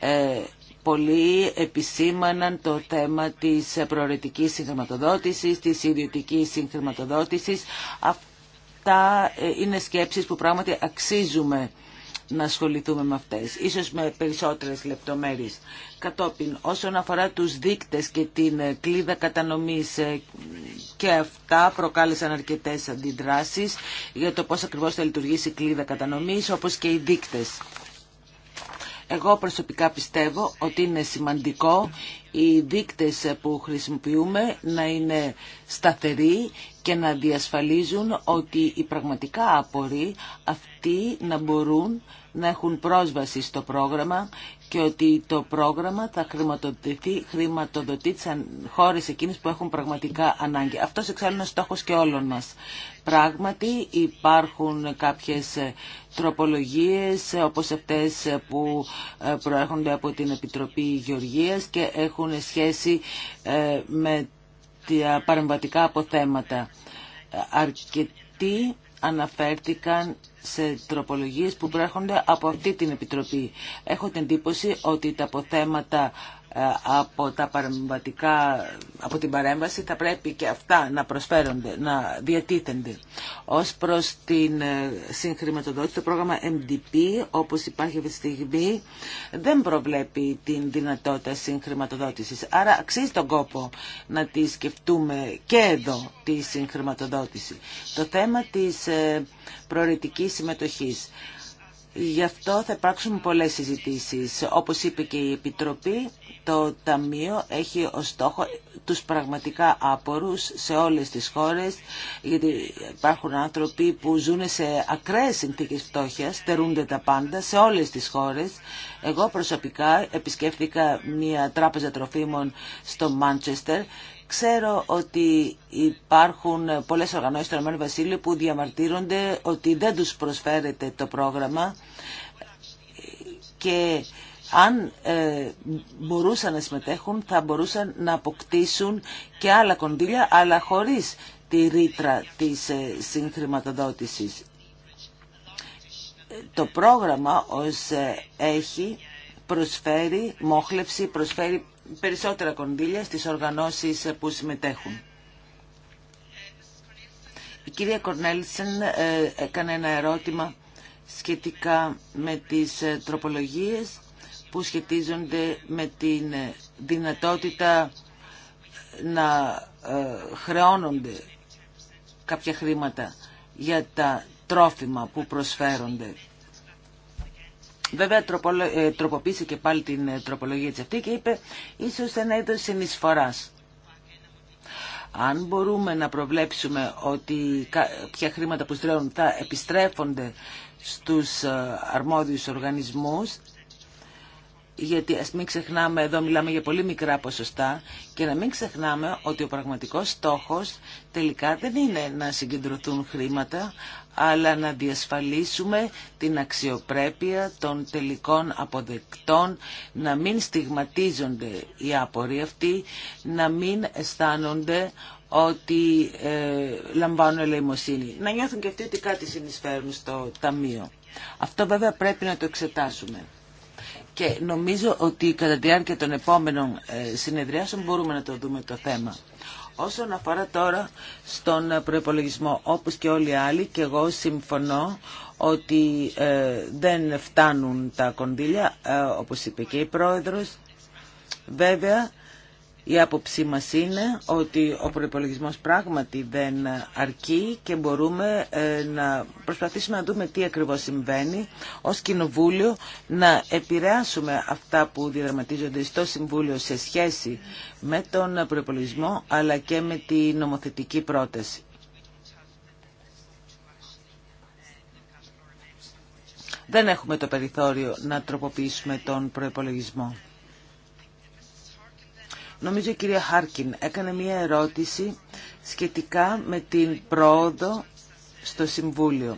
Ε, πολλοί επισήμαναν το θέμα της προαιρετικής συγχρηματοδότησης, της ιδιωτικής συγχρηματοδότησης αυτά ε, είναι σκέψεις που πράγματι αξίζουμε να ασχοληθούμε με αυτές, ίσως με περισσότερες λεπτομέρειες. Κατόπιν, όσον αφορά τους δείκτες και την ε, κλίδα κατανομής ε, και αυτά προκάλεσαν αρκετές αντιδράσεις για το πώς ακριβώς θα λειτουργήσει η κλίδα κατανομής, όπως και οι δείκτες. Εγώ προσωπικά πιστεύω ότι είναι σημαντικό οι δείκτες που χρησιμοποιούμε να είναι σταθεροί και να διασφαλίζουν ότι οι πραγματικά άποροι αυτοί να μπορούν να έχουν πρόσβαση στο πρόγραμμα και ότι το πρόγραμμα θα χρηματοδοτεί τις χώρες εκείνες που έχουν πραγματικά ανάγκη. Αυτός εξάλλου είναι ο στόχος και όλων μας. Πράγματι υπάρχουν κάποιες τροπολογίες όπως αυτές που ε, προέρχονται από την Επιτροπή Γεωργίας και έχουν σχέση ε, με τα παρεμβατικά αποθέματα. Αρκετοί αναφέρθηκαν σε τροπολογίες που προέρχονται από αυτή την Επιτροπή. Έχω την εντύπωση ότι τα αποθέματα ε, από, τα παρεμβατικά, από την παρέμβαση θα πρέπει και αυτά να προσφέρονται, να διατίθενται. Ως προς την ε, συγχρηματοδότηση, το πρόγραμμα MDP, όπως υπάρχει αυτή τη στιγμή, δεν προβλέπει την δυνατότητα συγχρηματοδότησης. Άρα αξίζει τον κόπο να τη σκεφτούμε και εδώ τη συγχρηματοδότηση. Το θέμα της ε, προαιρετικής συμμετοχής. Γι' αυτό θα υπάρξουν πολλές συζητήσεις. Όπως είπε και η Επιτροπή, το Ταμείο έχει ως στόχο τους πραγματικά άπορους σε όλες τις χώρες, γιατί υπάρχουν άνθρωποι που ζουν σε ακραίες συνθήκες φτώχειας, στερούνται τα πάντα σε όλες τις χώρες. Εγώ προσωπικά επισκέφθηκα μια τράπεζα τροφίμων στο Μάντσεστερ Ξέρω ότι υπάρχουν πολλές οργανώσεις στο ΕΒ Βασίλειο που διαμαρτύρονται ότι δεν τους προσφέρεται το πρόγραμμα και αν ε, μπορούσαν να συμμετέχουν θα μπορούσαν να αποκτήσουν και άλλα κονδύλια αλλά χωρίς τη ρήτρα της ε, συγχρηματοδότησης. Το πρόγραμμα ως ε, έχει προσφέρει μόχλευση, προσφέρει περισσότερα κονδύλια στις οργανώσεις που συμμετέχουν. Η κυρία Κορνέλσεν ε, έκανε ένα ερώτημα σχετικά με τις ε, τροπολογίες που σχετίζονται με την ε, δυνατότητα να χρεώνονται κάποια χρήματα για τα τρόφιμα που προσφέρονται Βέβαια ε, τροποποίησε και πάλι την ε, τροπολογία της αυτή και είπε ίσως ένα είδος συνεισφοράς. Αν μπορούμε να προβλέψουμε ότι ποια χρήματα που στρέφονται θα επιστρέφονται στους ε, αρμόδιους οργανισμούς, γιατί ας μην ξεχνάμε, εδώ μιλάμε για πολύ μικρά ποσοστά και να μην ξεχνάμε ότι ο πραγματικός στόχος τελικά δεν είναι να συγκεντρωθούν χρήματα, αλλά να διασφαλίσουμε την αξιοπρέπεια των τελικών αποδεκτών, να μην στιγματίζονται οι άποροι αυτοί, να μην αισθάνονται ότι ε, λαμβάνουν ελεημοσύνη. Να νιώθουν και αυτοί ότι κάτι συνεισφέρουν στο ταμείο. Αυτό βέβαια πρέπει να το εξετάσουμε. Και νομίζω ότι κατά τη διάρκεια των επόμενων ε, συνεδριάσεων μπορούμε να το δούμε το θέμα. Όσον αφορά τώρα στον προπολογισμό, όπως και όλοι οι άλλοι, και εγώ συμφωνώ ότι ε, δεν φτάνουν τα κονδύλια, ε, όπως είπε και η Πρόεδρος. Βέβαια, η άποψή μας είναι ότι ο προϋπολογισμός πράγματι δεν αρκεί και μπορούμε ε, να προσπαθήσουμε να δούμε τι ακριβώς συμβαίνει ως Κοινοβούλιο να επηρεάσουμε αυτά που διαδραματίζονται στο Συμβούλιο σε σχέση με τον προϋπολογισμό αλλά και με τη νομοθετική πρόταση. Δεν έχουμε το περιθώριο να τροποποιήσουμε τον προϋπολογισμό. Νομίζω η κυρία Χάρκιν έκανε μία ερώτηση σχετικά με την πρόοδο στο Συμβούλιο.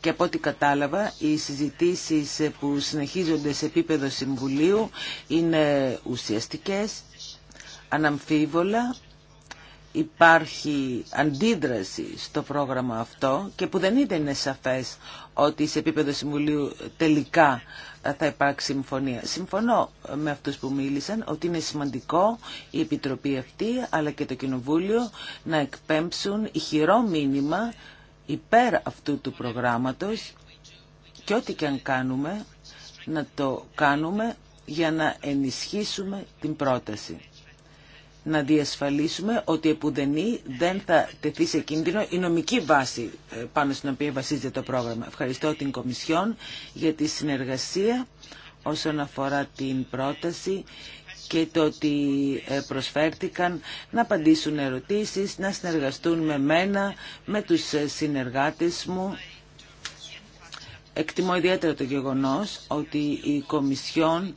Και από ό,τι κατάλαβα, οι συζητήσεις που συνεχίζονται σε επίπεδο Συμβουλίου είναι ουσιαστικές, αναμφίβολα, υπάρχει αντίδραση στο πρόγραμμα αυτό και που δεν είναι σαφές ότι σε επίπεδο Συμβουλίου τελικά θα υπάρξει συμφωνία. Συμφωνώ με αυτούς που μίλησαν ότι είναι σημαντικό η Επιτροπή αυτή αλλά και το Κοινοβούλιο να εκπέμψουν ηχηρό μήνυμα υπέρ αυτού του προγράμματος και ό,τι και αν κάνουμε να το κάνουμε για να ενισχύσουμε την πρόταση να διασφαλίσουμε ότι επουδενή δεν θα τεθεί σε κίνδυνο η νομική βάση ε, πάνω στην οποία βασίζεται το πρόγραμμα. Ευχαριστώ την Κομισιόν για τη συνεργασία όσον αφορά την πρόταση και το ότι ε, προσφέρθηκαν να απαντήσουν ερωτήσεις, να συνεργαστούν με μένα, με τους ε, συνεργάτες μου. Εκτιμώ ιδιαίτερα το γεγονός ότι η Κομισιόν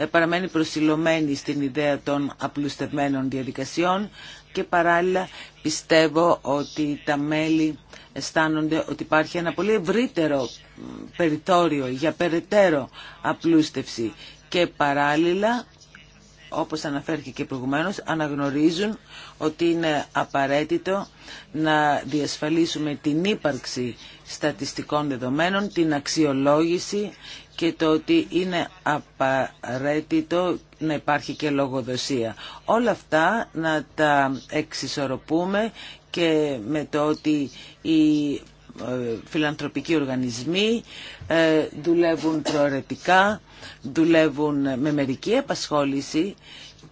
ε, παραμένει προσιλωμένη στην ιδέα των απλουστευμένων διαδικασιών και παράλληλα πιστεύω ότι τα μέλη αισθάνονται ότι υπάρχει ένα πολύ ευρύτερο περιθώριο για περαιτέρω απλούστευση και παράλληλα όπως αναφέρθηκε και προηγουμένως, αναγνωρίζουν ότι είναι απαραίτητο να διασφαλίσουμε την ύπαρξη στατιστικών δεδομένων, την αξιολόγηση και το ότι είναι απαραίτητο να υπάρχει και λογοδοσία. Όλα αυτά να τα εξισορροπούμε και με το ότι οι ε, φιλανθρωπικοί οργανισμοί ε, δουλεύουν προαιρετικά, δουλεύουν με μερική απασχόληση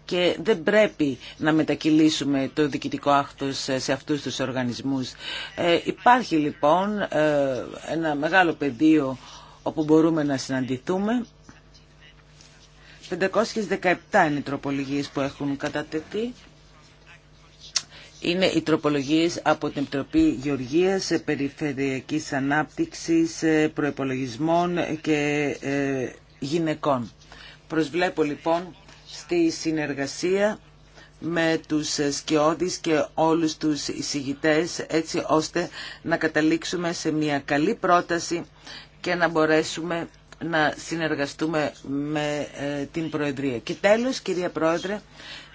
και δεν πρέπει να μετακυλήσουμε το διοικητικό άκτος σε αυτούς τους οργανισμούς. Ε, υπάρχει λοιπόν ε, ένα μεγάλο πεδίο όπου μπορούμε να συναντηθούμε. 517 είναι οι τροπολογίες που έχουν κατατεθεί. Είναι οι τροπολογίες από την Επιτροπή Γεωργίας, Περιφερειακής Ανάπτυξης, Προϋπολογισμών και ε, Γυναικών. Προσβλέπω λοιπόν στη συνεργασία με τους σκιώδεις και όλους τους εισηγητές έτσι ώστε να καταλήξουμε σε μια καλή πρόταση και να μπορέσουμε να συνεργαστούμε με ε, την Προεδρία. Και τέλος, κυρία Πρόεδρε,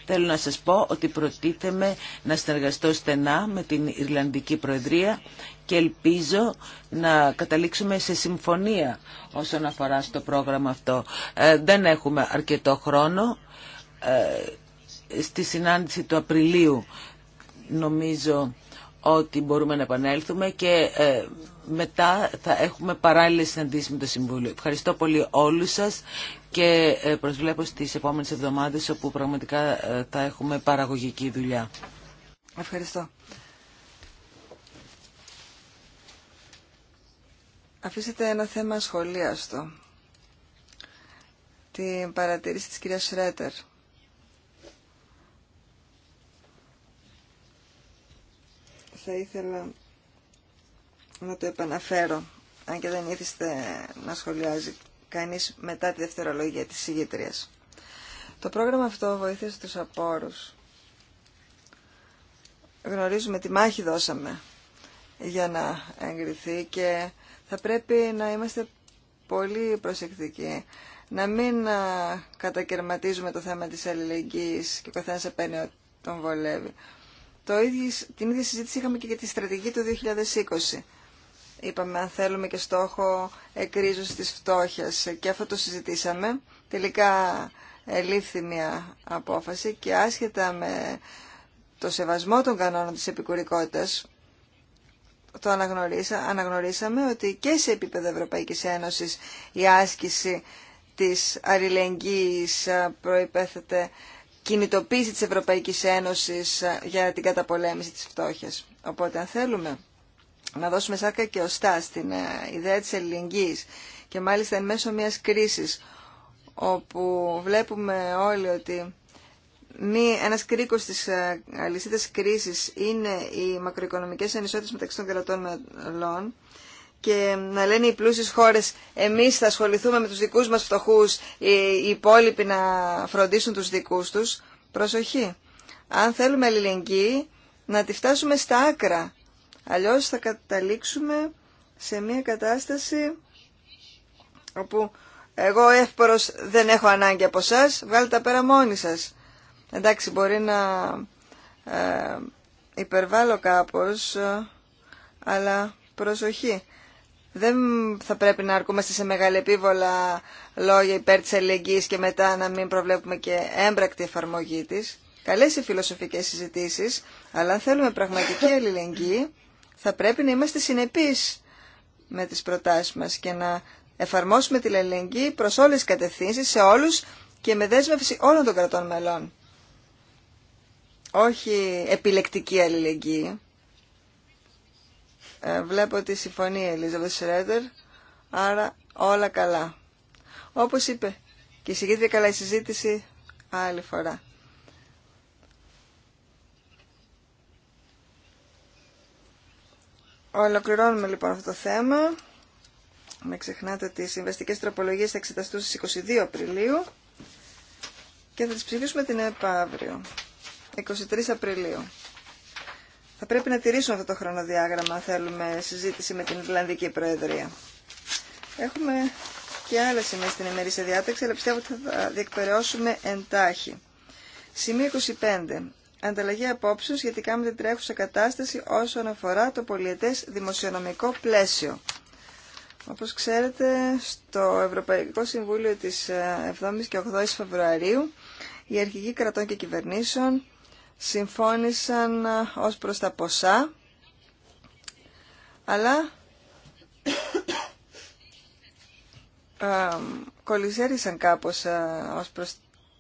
θέλω να σας πω ότι προτίθεμαι να συνεργαστώ στενά με την Ιρλανδική Προεδρία και ελπίζω να καταλήξουμε σε συμφωνία όσον αφορά στο πρόγραμμα αυτό. Ε, δεν έχουμε αρκετό χρόνο ε, στη συνάντηση του Απριλίου νομίζω ότι μπορούμε να επανέλθουμε και ε, μετά θα έχουμε παράλληλες συναντήσεις με το Συμβούλιο. Ευχαριστώ πολύ όλους σας και ε, προσβλέπω στις επόμενες εβδομάδες όπου πραγματικά θα έχουμε παραγωγική δουλειά. Ευχαριστώ. Αφήσετε ένα θέμα σχολίαστο. Την παρατήρηση της κυρίας Σρέτερ. θα ήθελα να το επαναφέρω, αν και δεν ήθεστε να σχολιάζει κανείς μετά τη δευτερολογία της συγγήτριας. Το πρόγραμμα αυτό βοήθησε τους απόρους. Γνωρίζουμε τι μάχη δώσαμε για να εγκριθεί και θα πρέπει να είμαστε πολύ προσεκτικοί. Να μην κατακαιρματίζουμε το θέμα της αλληλεγγύης και ο καθένας τον βολεύει. Το ίδιο, την ίδια συζήτηση είχαμε και για τη στρατηγική του 2020. Είπαμε αν θέλουμε και στόχο εκρίζωση της φτώχειας και αυτό το συζητήσαμε. Τελικά ελήφθη μια απόφαση και άσχετα με το σεβασμό των κανόνων της επικουρικότητας το αναγνωρίσα, αναγνωρίσαμε ότι και σε επίπεδο Ευρωπαϊκής Ένωσης η άσκηση της αλληλεγγύης ε, προϋπέθεται κινητοποίηση της Ευρωπαϊκής Ένωσης ε, για την καταπολέμηση της φτώχειας. Οπότε αν θέλουμε να δώσουμε σάρκα και οστά στην ε, ιδέα της ελληνικής και μάλιστα εν μέσω μιας κρίσης όπου βλέπουμε όλοι ότι μη, ένας κρίκος της ε, αλυσίδας κρίσης είναι οι μακροοικονομικές ανισότητες μεταξύ των κρατών μελών και να λένε οι πλούσιες χώρες εμείς θα ασχοληθούμε με τους δικούς μας φτωχούς, οι υπόλοιποι να φροντίσουν τους δικούς τους. Προσοχή. Αν θέλουμε αλληλεγγύη, να τη φτάσουμε στα άκρα. Αλλιώς θα καταλήξουμε σε μια κατάσταση όπου εγώ εύπορος δεν έχω ανάγκη από εσά, βγάλτε τα πέρα μόνοι σας. Εντάξει, μπορεί να ε, υπερβάλλω κάπως, ε, αλλά προσοχή. Δεν θα πρέπει να αρκούμαστε σε μεγαλεπίβολα λόγια υπέρ της αλληλεγγύης και μετά να μην προβλέπουμε και έμπρακτη εφαρμογή της. Καλές οι φιλοσοφικές συζητήσεις, αλλά αν θέλουμε πραγματική αλληλεγγύη, θα πρέπει να είμαστε συνεπείς με τις προτάσεις μας και να εφαρμόσουμε την αλληλεγγύη προς όλες τις κατευθύνσεις, σε όλους και με δέσμευση όλων των κρατών μελών. Όχι επιλεκτική αλληλεγγύη. Ε, βλέπω ότι συμφωνεί η Ελίζα άρα όλα καλά. Όπως είπε και η καλά η συζήτηση άλλη φορά. Ολοκληρώνουμε λοιπόν αυτό το θέμα. Με ξεχνάτε ότι οι συμβαστικές τροπολογίες θα εξεταστούν στις 22 Απριλίου και θα τις ψηφίσουμε την ΕΠΑ αύριο, 23 Απριλίου. Θα πρέπει να τηρήσουμε αυτό το χρονοδιάγραμμα αν θέλουμε συζήτηση με την Ιρλανδική Προεδρία. Έχουμε και άλλα σημεία στην ημερήσια διάταξη, αλλά πιστεύω ότι θα διεκπαιρεώσουμε εντάχει. Σημείο 25. Ανταλλαγή απόψεως σχετικά με την τρέχουσα κατάσταση όσον αφορά το πολιετές δημοσιονομικό πλαίσιο. Όπως ξέρετε, στο Ευρωπαϊκό Συμβούλιο της 7 η αρχική κρατών και 8 η Φεβρουαρίου, οι αρχηγοί κρατών και κυβερνήσεων συμφώνησαν ε, ως προς τα ποσά, αλλά ε, κολυζέρισαν κάπως ε, ως προς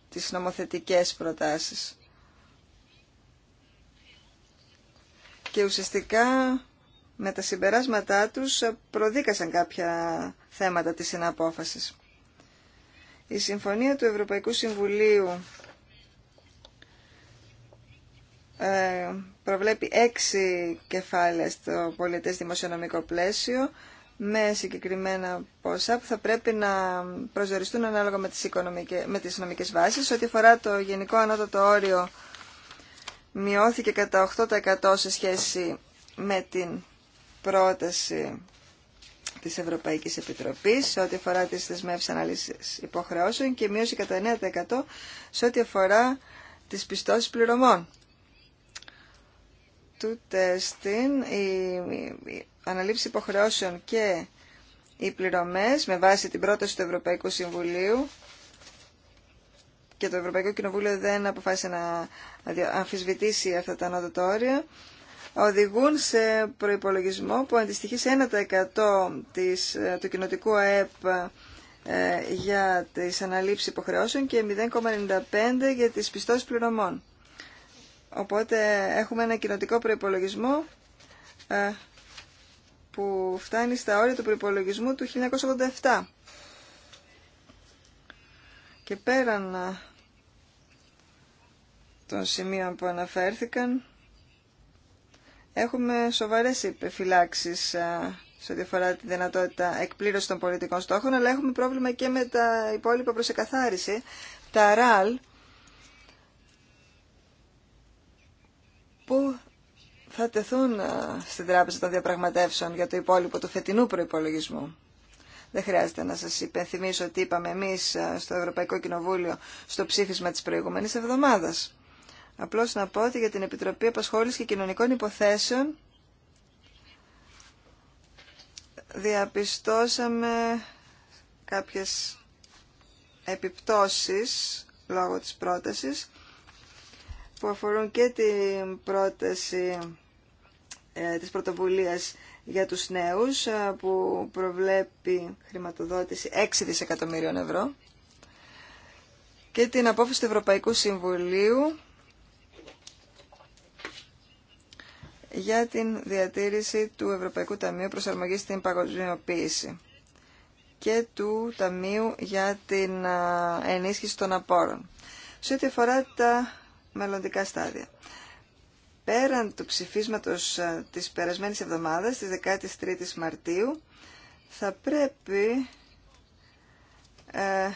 τις νομοθετικές προτάσεις. Και ουσιαστικά με τα συμπεράσματά τους προδίκασαν κάποια θέματα της συναπόφασης. Η Συμφωνία του Ευρωπαϊκού Συμβουλίου ε, προβλέπει έξι κεφάλαια στο πολιτές δημοσιονομικό πλαίσιο με συγκεκριμένα ποσά που θα πρέπει να προσδιοριστούν ανάλογα με τις, οικονομικές, με τις νομικές βάσεις. Ό,τι αφορά το γενικό ανώτατο όριο μειώθηκε κατά 8% σε σχέση με την πρόταση της Ευρωπαϊκής Επιτροπής σε ό,τι αφορά τις θεσμεύσεις αναλύσεις υποχρεώσεων και μείωση κατά 9% σε ό,τι αφορά τις πιστώσεις πληρωμών του τέστην η αναλήψη υποχρεώσεων και οι πληρωμές με βάση την πρόταση του Ευρωπαϊκού Συμβουλίου και το Ευρωπαϊκό Κοινοβούλιο δεν αποφάσισε να αμφισβητήσει αυτά τα ανώτατα όρια, οδηγούν σε προϋπολογισμό που αντιστοιχεί σε 1% της, ε, του κοινοτικού ΑΕΠ ε, για τις αναλήψεις υποχρεώσεων και 0,95% για τις πιστώσεις πληρωμών. Οπότε έχουμε ένα κοινοτικό προϋπολογισμό ε, που φτάνει στα όρια του προϋπολογισμού του 1987. Και πέραν ε, των σημείων που αναφέρθηκαν, έχουμε σοβαρές υπεφυλάξεις ε, σε ό,τι αφορά τη δυνατότητα εκπλήρωση των πολιτικών στόχων, αλλά έχουμε πρόβλημα και με τα υπόλοιπα προσεκαθάριση, Τα ΡΑΛ που θα τεθούν στην Τράπεζα των Διαπραγματεύσεων για το υπόλοιπο του φετινού προϋπολογισμού. Δεν χρειάζεται να σας υπενθυμίσω ότι είπαμε εμείς στο Ευρωπαϊκό Κοινοβούλιο στο ψήφισμα της προηγούμενης εβδομάδας. Απλώς να πω ότι για την Επιτροπή Απασχόλησης και Κοινωνικών Υποθέσεων διαπιστώσαμε κάποιες επιπτώσεις λόγω της πρότασης που αφορούν και την πρόταση ε, της πρωτοβουλίας για τους νέους ε, που προβλέπει χρηματοδότηση 6 δισεκατομμύριων ευρώ και την απόφαση του Ευρωπαϊκού Συμβουλίου για την διατήρηση του Ευρωπαϊκού Ταμείου Προσαρμογής στην Παγκοσμιοποίηση και του Ταμείου για την ε, ενίσχυση των απόρων. Σε ό,τι αφορά τα μελλοντικά στάδια. Πέραν του ψηφίσματος ε, της περασμένης εβδομάδας, της 13ης Μαρτίου, θα πρέπει ε,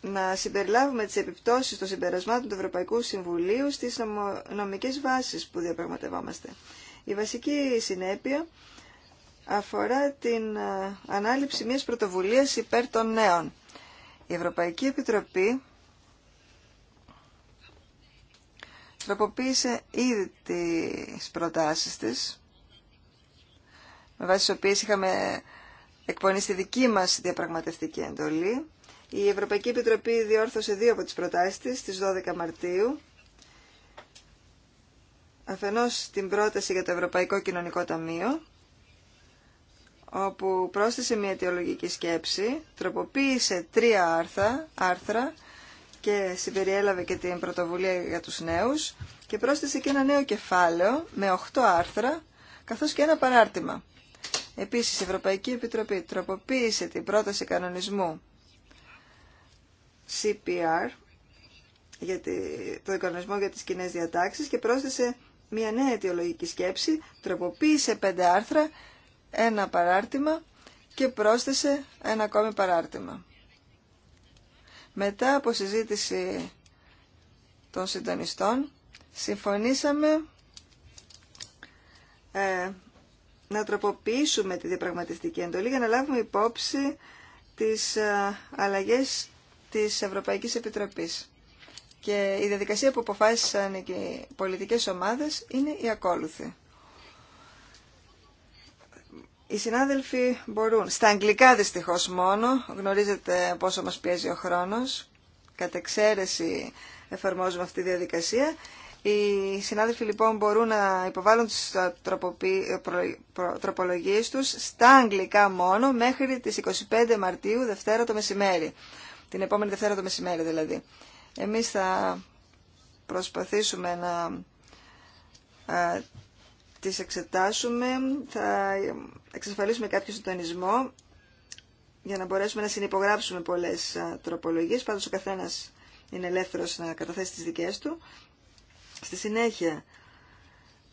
να συμπεριλάβουμε τις επιπτώσεις των συμπερασμάτων του Ευρωπαϊκού Συμβουλίου στις νομικές βάσεις που διαπραγματευόμαστε. Η βασική συνέπεια αφορά την ε, ανάληψη μιας πρωτοβουλίας υπέρ των νέων. Η Ευρωπαϊκή Επιτροπή τροποποίησε ήδη τις προτάσεις της, με βάση τις οποίες είχαμε εκπονήσει δική μας διαπραγματευτική εντολή. Η Ευρωπαϊκή Επιτροπή διόρθωσε δύο από τις προτάσεις της, στις 12 Μαρτίου. Αφενός την πρόταση για το Ευρωπαϊκό Κοινωνικό Ταμείο, όπου πρόσθεσε μια αιτιολογική σκέψη, τροποποίησε τρία άρθρα, άρθρα και συμπεριέλαβε και την πρωτοβουλία για τους νέους και πρόσθεσε και ένα νέο κεφάλαιο με 8 άρθρα καθώς και ένα παράρτημα. Επίσης, η Ευρωπαϊκή Επιτροπή τροποποίησε την πρόταση κανονισμού CPR για το κανονισμό για τις κοινέ διατάξεις και πρόσθεσε μια νέα αιτιολογική σκέψη, τροποποίησε πέντε άρθρα, ένα παράρτημα και πρόσθεσε ένα ακόμη παράρτημα. Μετά από συζήτηση των συντονιστών, συμφωνήσαμε ε, να τροποποιήσουμε τη διαπραγματευτική εντολή για να λάβουμε υπόψη τις ε, αλλαγές της Ευρωπαϊκής Επιτροπής. Και η διαδικασία που αποφάσισαν οι πολιτικές ομάδες είναι η ακόλουθη. Οι συνάδελφοι μπορούν, στα αγγλικά δυστυχώς μόνο, γνωρίζετε πόσο μας πιέζει ο χρόνος, κατ' εξαίρεση εφαρμόζουμε αυτή τη διαδικασία. Οι συνάδελφοι λοιπόν μπορούν να υποβάλουν τις ε, ε, τροπολογίες τους στα αγγλικά μόνο μέχρι τις 25 Μαρτίου, Δευτέρα το μεσημέρι. Την επόμενη Δευτέρα το μεσημέρι δηλαδή. Εμείς θα προσπαθήσουμε να ε, τις εξετάσουμε, θα εξασφαλίσουμε κάποιο συντονισμό για να μπορέσουμε να συνυπογράψουμε πολλές τροπολογίες. Πάντως ο καθένας είναι ελεύθερος να καταθέσει τις δικές του. Στη συνέχεια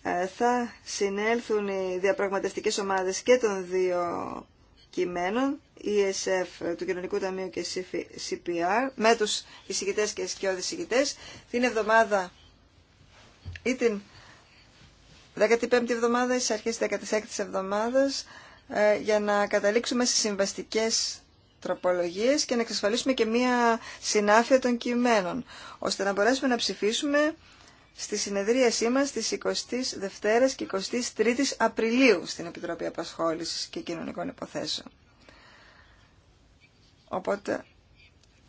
ε, θα συνέλθουν οι διαπραγματευτικές ομάδες και των δύο κειμένων, ESF ε, του Κοινωνικού Ταμείου και CPR, με τους εισηγητές και σκιώδεις εισηγητές, την εβδομάδα ή την 15η εβδομάδα, στις αρχές της 16ης εβδομάδας, ε, για να καταλήξουμε στις συμβαστικές τροπολογίες και να εξασφαλίσουμε και μία συνάφεια των κειμένων, ώστε να μπορέσουμε να ψηφίσουμε στη συνεδρίασή μας στις 22ης και 23 η Απριλίου στην Επιτροπή Απασχόλησης και Κοινωνικών Υποθέσεων. Οπότε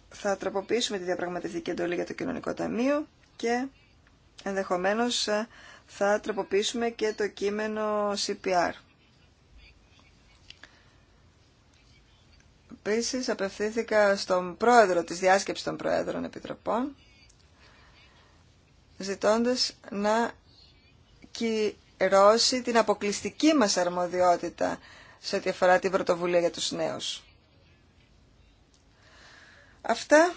θα τροποποιήσουμε τη διαπραγματευτική εντολή για το Κοινωνικό Ταμείο και ενδεχομένως θα τροποποιήσουμε και το κείμενο CPR. Επίση, απευθύνθηκα στον πρόεδρο της διάσκεψης των Προέδρων Επιτροπών, ζητώντας να κυρώσει την αποκλειστική μας αρμοδιότητα σε ό,τι αφορά την πρωτοβουλία για τους νέους. Αυτά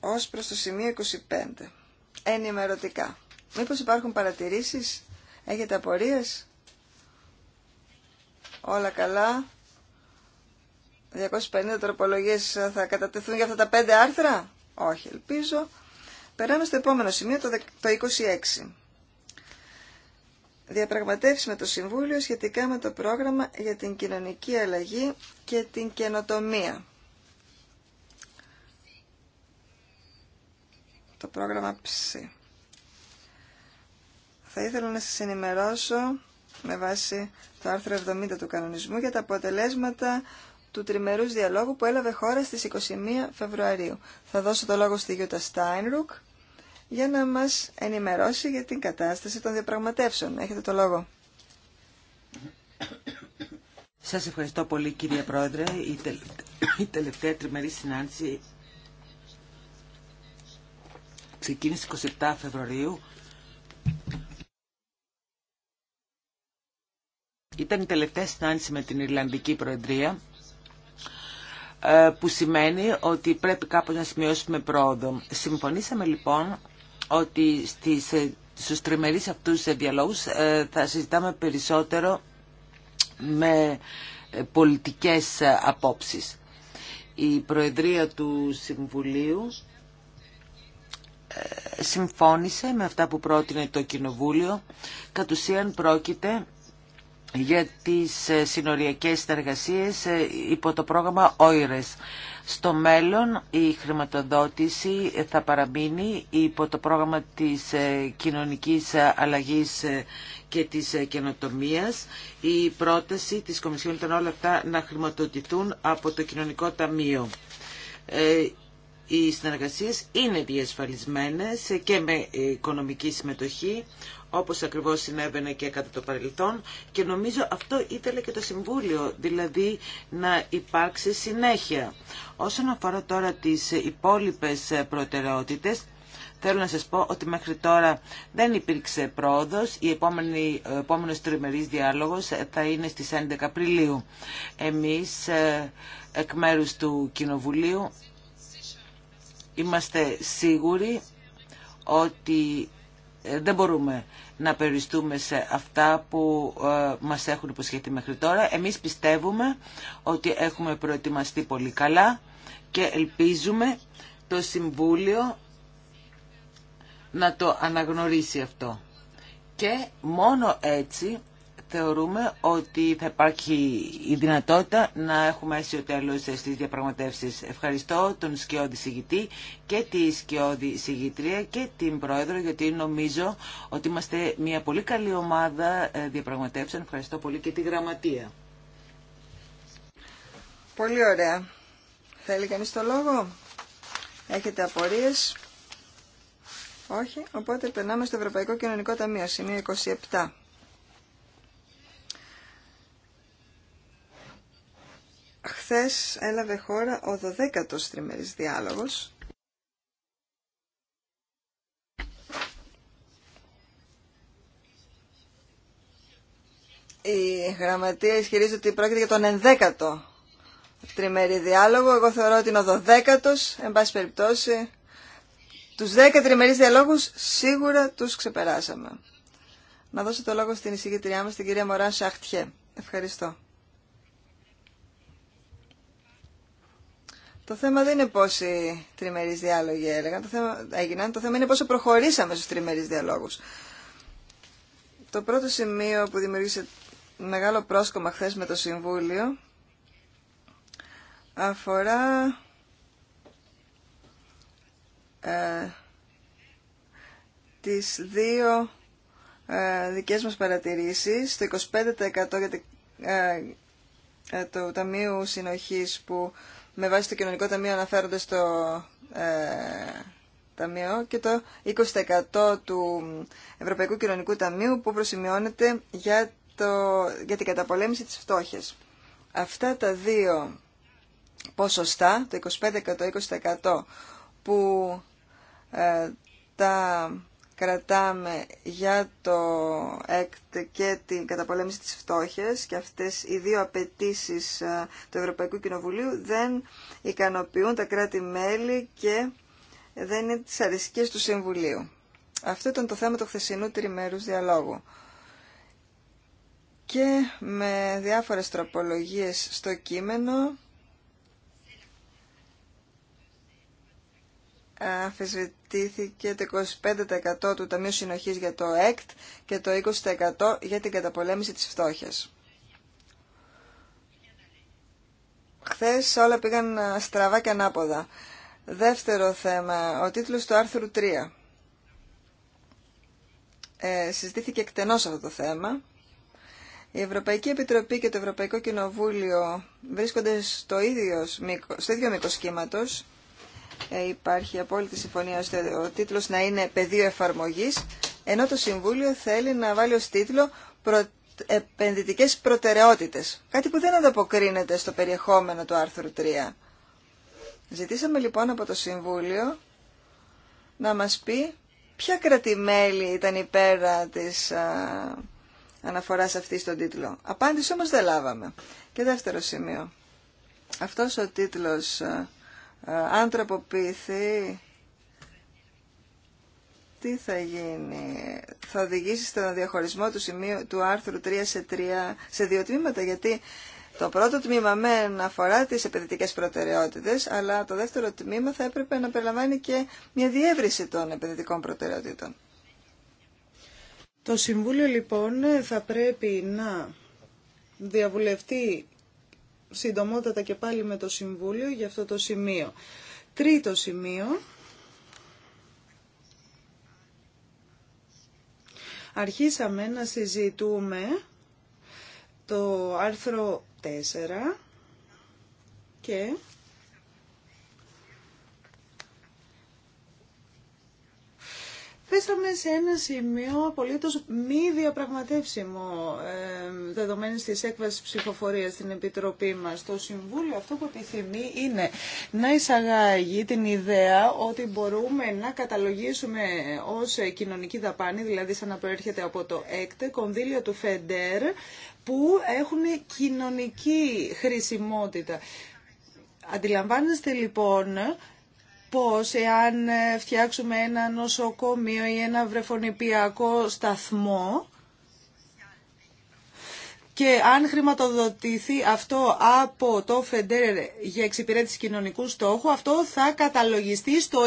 ως προς το σημείο 25. Ενημερωτικά. Μήπως υπάρχουν παρατηρήσεις, έχετε απορίες. Όλα καλά. 250 τροπολογίες θα κατατεθούν για αυτά τα πέντε άρθρα. Όχι, ελπίζω. Περάμε στο επόμενο σημείο, το 26. Διαπραγματεύσει με το Συμβούλιο σχετικά με το πρόγραμμα για την κοινωνική αλλαγή και την καινοτομία. Το πρόγραμμα ΨΥ. Θα ήθελα να σας ενημερώσω με βάση το άρθρο 70 του κανονισμού για τα αποτελέσματα του τριμερούς διαλόγου που έλαβε χώρα στις 21 Φεβρουαρίου. Θα δώσω το λόγο στη Γιούτα Στάινρουκ για να μας ενημερώσει για την κατάσταση των διαπραγματεύσεων. Έχετε το λόγο. Σας ευχαριστώ πολύ κύριε Πρόεδρε. Η, η τελευταία τριμερή συνάντηση ξεκίνησε 27 Φεβρουαρίου Ήταν η τελευταία συνάντηση με την Ιρλανδική Προεδρία ε, που σημαίνει ότι πρέπει κάπως να σημειώσουμε πρόοδο. Συμφωνήσαμε λοιπόν ότι στις, ε, στους τριμερείς αυτούς διαλόγους ε, θα συζητάμε περισσότερο με πολιτικές απόψεις. Η Προεδρία του Συμβουλίου συμφώνησε με αυτά που πρότεινε το Κοινοβούλιο. Κατ' ουσίαν πρόκειται για τις ε, συνοριακές συνεργασίες ε, υπό το πρόγραμμα OIRES. Στο μέλλον η χρηματοδότηση ε, θα παραμείνει υπό το πρόγραμμα της κοινωνικής αλλαγής και της καινοτομία, Η πρόταση της Κομισιόν ήταν όλα αυτά να χρηματοδοτηθούν από το Κοινωνικό Ταμείο οι συνεργασίες είναι διασφαλισμένες και με οικονομική συμμετοχή, όπως ακριβώς συνέβαινε και κατά το παρελθόν και νομίζω αυτό ήθελε και το Συμβούλιο, δηλαδή να υπάρξει συνέχεια. Όσον αφορά τώρα τις υπόλοιπες προτεραιότητες, Θέλω να σας πω ότι μέχρι τώρα δεν υπήρξε πρόοδος. Η επόμενη, ο επόμενος τριμερής διάλογος θα είναι στις 11 Απριλίου. Εμείς ε, εκ μέρους του Κοινοβουλίου Είμαστε σίγουροι ότι ε, δεν μπορούμε να περιστούμε σε αυτά που ε, μας έχουν υποσχεθεί μέχρι τώρα. Εμείς πιστεύουμε ότι έχουμε προετοιμαστεί πολύ καλά και ελπίζουμε το Συμβούλιο να το αναγνωρίσει αυτό. Και μόνο έτσι θεωρούμε ότι θα υπάρχει η δυνατότητα να έχουμε αίσιο τέλος στις διαπραγματεύσεις. Ευχαριστώ τον Σκιώδη Συγητή και τη Σκιώδη Συγητρία και την Πρόεδρο γιατί νομίζω ότι είμαστε μια πολύ καλή ομάδα ε, διαπραγματεύσεων. Ευχαριστώ πολύ και τη Γραμματεία. Πολύ ωραία. Θέλει κανείς το λόγο. Έχετε απορίες. Όχι, οπότε περνάμε στο Ευρωπαϊκό Κοινωνικό Ταμείο, σημείο 27. χθες έλαβε χώρα ο 12ος τριμερής διάλογος Η γραμματεία ισχυρίζει ότι πρόκειται για τον ενδέκατο τριμερή διάλογο. Εγώ θεωρώ ότι είναι ο δωδέκατος, εν πάση περιπτώσει. Τους δέκα τριμερείς διαλόγους σίγουρα τους ξεπεράσαμε. Να δώσω το λόγο στην εισηγητριά μας, την κυρία Μωρά Σαχτιέ. Ευχαριστώ. Το θέμα δεν είναι πόσοι τριμερεί διάλογοι το θέμα, έγιναν, το θέμα είναι πόσο προχωρήσαμε στους τριμερεί διαλόγους. Το πρώτο σημείο που δημιούργησε μεγάλο πρόσκομα χθε με το Συμβούλιο αφορά ε, τις δύο ε, δικές μας παρατηρήσεις, το 25% για, ε, ε του Ταμείου Συνοχής που με βάση το κοινωνικό ταμείο αναφέρονται στο ε, ταμείο και το 20% του Ευρωπαϊκού Κοινωνικού Ταμείου που προσημειώνεται για, το, για την καταπολέμηση της φτώχειας. Αυτά τα δύο ποσοστά, το 25% και το 20% που ε, τα κρατάμε για το ΕΚΤ και την καταπολέμηση της φτώχειας και αυτές οι δύο απαιτήσει ε, του Ευρωπαϊκού Κοινοβουλίου δεν ικανοποιούν τα κράτη-μέλη και δεν είναι τις αρισκές του Συμβουλίου. Αυτό ήταν το θέμα του χθεσινού τριμερούς διαλόγου. Και με διάφορες τροπολογίες στο κείμενο αφισβητήθηκε το 25% του Ταμείου Συνοχής για το ΕΚΤ και το 20% για την καταπολέμηση της φτώχειας. Χθες όλα πήγαν ε, στραβά και ανάποδα. Δεύτερο θέμα, ο τίτλος του άρθρου 3. Ε, συζητήθηκε εκτενώς αυτό το θέμα. Η Ευρωπαϊκή Επιτροπή και το Ευρωπαϊκό Κοινοβούλιο βρίσκονται στο ίδιο, στο ίδιο μήκος κύματος ε, υπάρχει απόλυτη συμφωνία ώστε ο τίτλος να είναι πεδίο εφαρμογής, ενώ το Συμβούλιο θέλει να βάλει ως τίτλο προ... επενδυτικές προτεραιότητες, κάτι που δεν ανταποκρίνεται στο περιεχόμενο του άρθρου 3. Ζητήσαμε λοιπόν από το Συμβούλιο να μας πει ποια κρατημέλη ήταν υπέρα της α, αναφοράς αυτή στον τίτλο. Απάντηση όμως δεν λάβαμε. Και δεύτερο σημείο. Αυτός ο τίτλος ε, αν τροποποιηθεί, τι θα γίνει. Θα οδηγήσει στον διαχωρισμό του, σημείου, του άρθρου 3 σε, 3 δύο τμήματα, γιατί το πρώτο τμήμα μεν αφορά τις επενδυτικές προτεραιότητες, αλλά το δεύτερο τμήμα θα έπρεπε να περιλαμβάνει και μια διεύρυνση των επενδυτικών προτεραιότητων. Το Συμβούλιο λοιπόν θα πρέπει να διαβουλευτεί συντομότατα και πάλι με το Συμβούλιο για αυτό το σημείο. Τρίτο σημείο. Αρχίσαμε να συζητούμε το άρθρο 4 και Πέσαμε σε ένα σημείο απολύτως μη διαπραγματεύσιμο ε, δεδομένης της έκβασης ψηφοφορίας στην Επιτροπή μας. Το Συμβούλιο αυτό που επιθυμεί είναι να εισαγάγει την ιδέα ότι μπορούμε να καταλογίσουμε ως κοινωνική δαπάνη, δηλαδή σαν να προέρχεται από το ΕΚΤΕ, κονδύλια του ΦΕΝΤΕΡ, που έχουν κοινωνική χρησιμότητα. Αντιλαμβάνεστε λοιπόν πώς εάν ε, φτιάξουμε ένα νοσοκομείο ή ένα βρεφονιπιακό σταθμό και αν χρηματοδοτηθεί αυτό από το ΦΕΝΤΕΡ για εξυπηρέτηση κοινωνικού στόχου, αυτό θα καταλογιστεί στο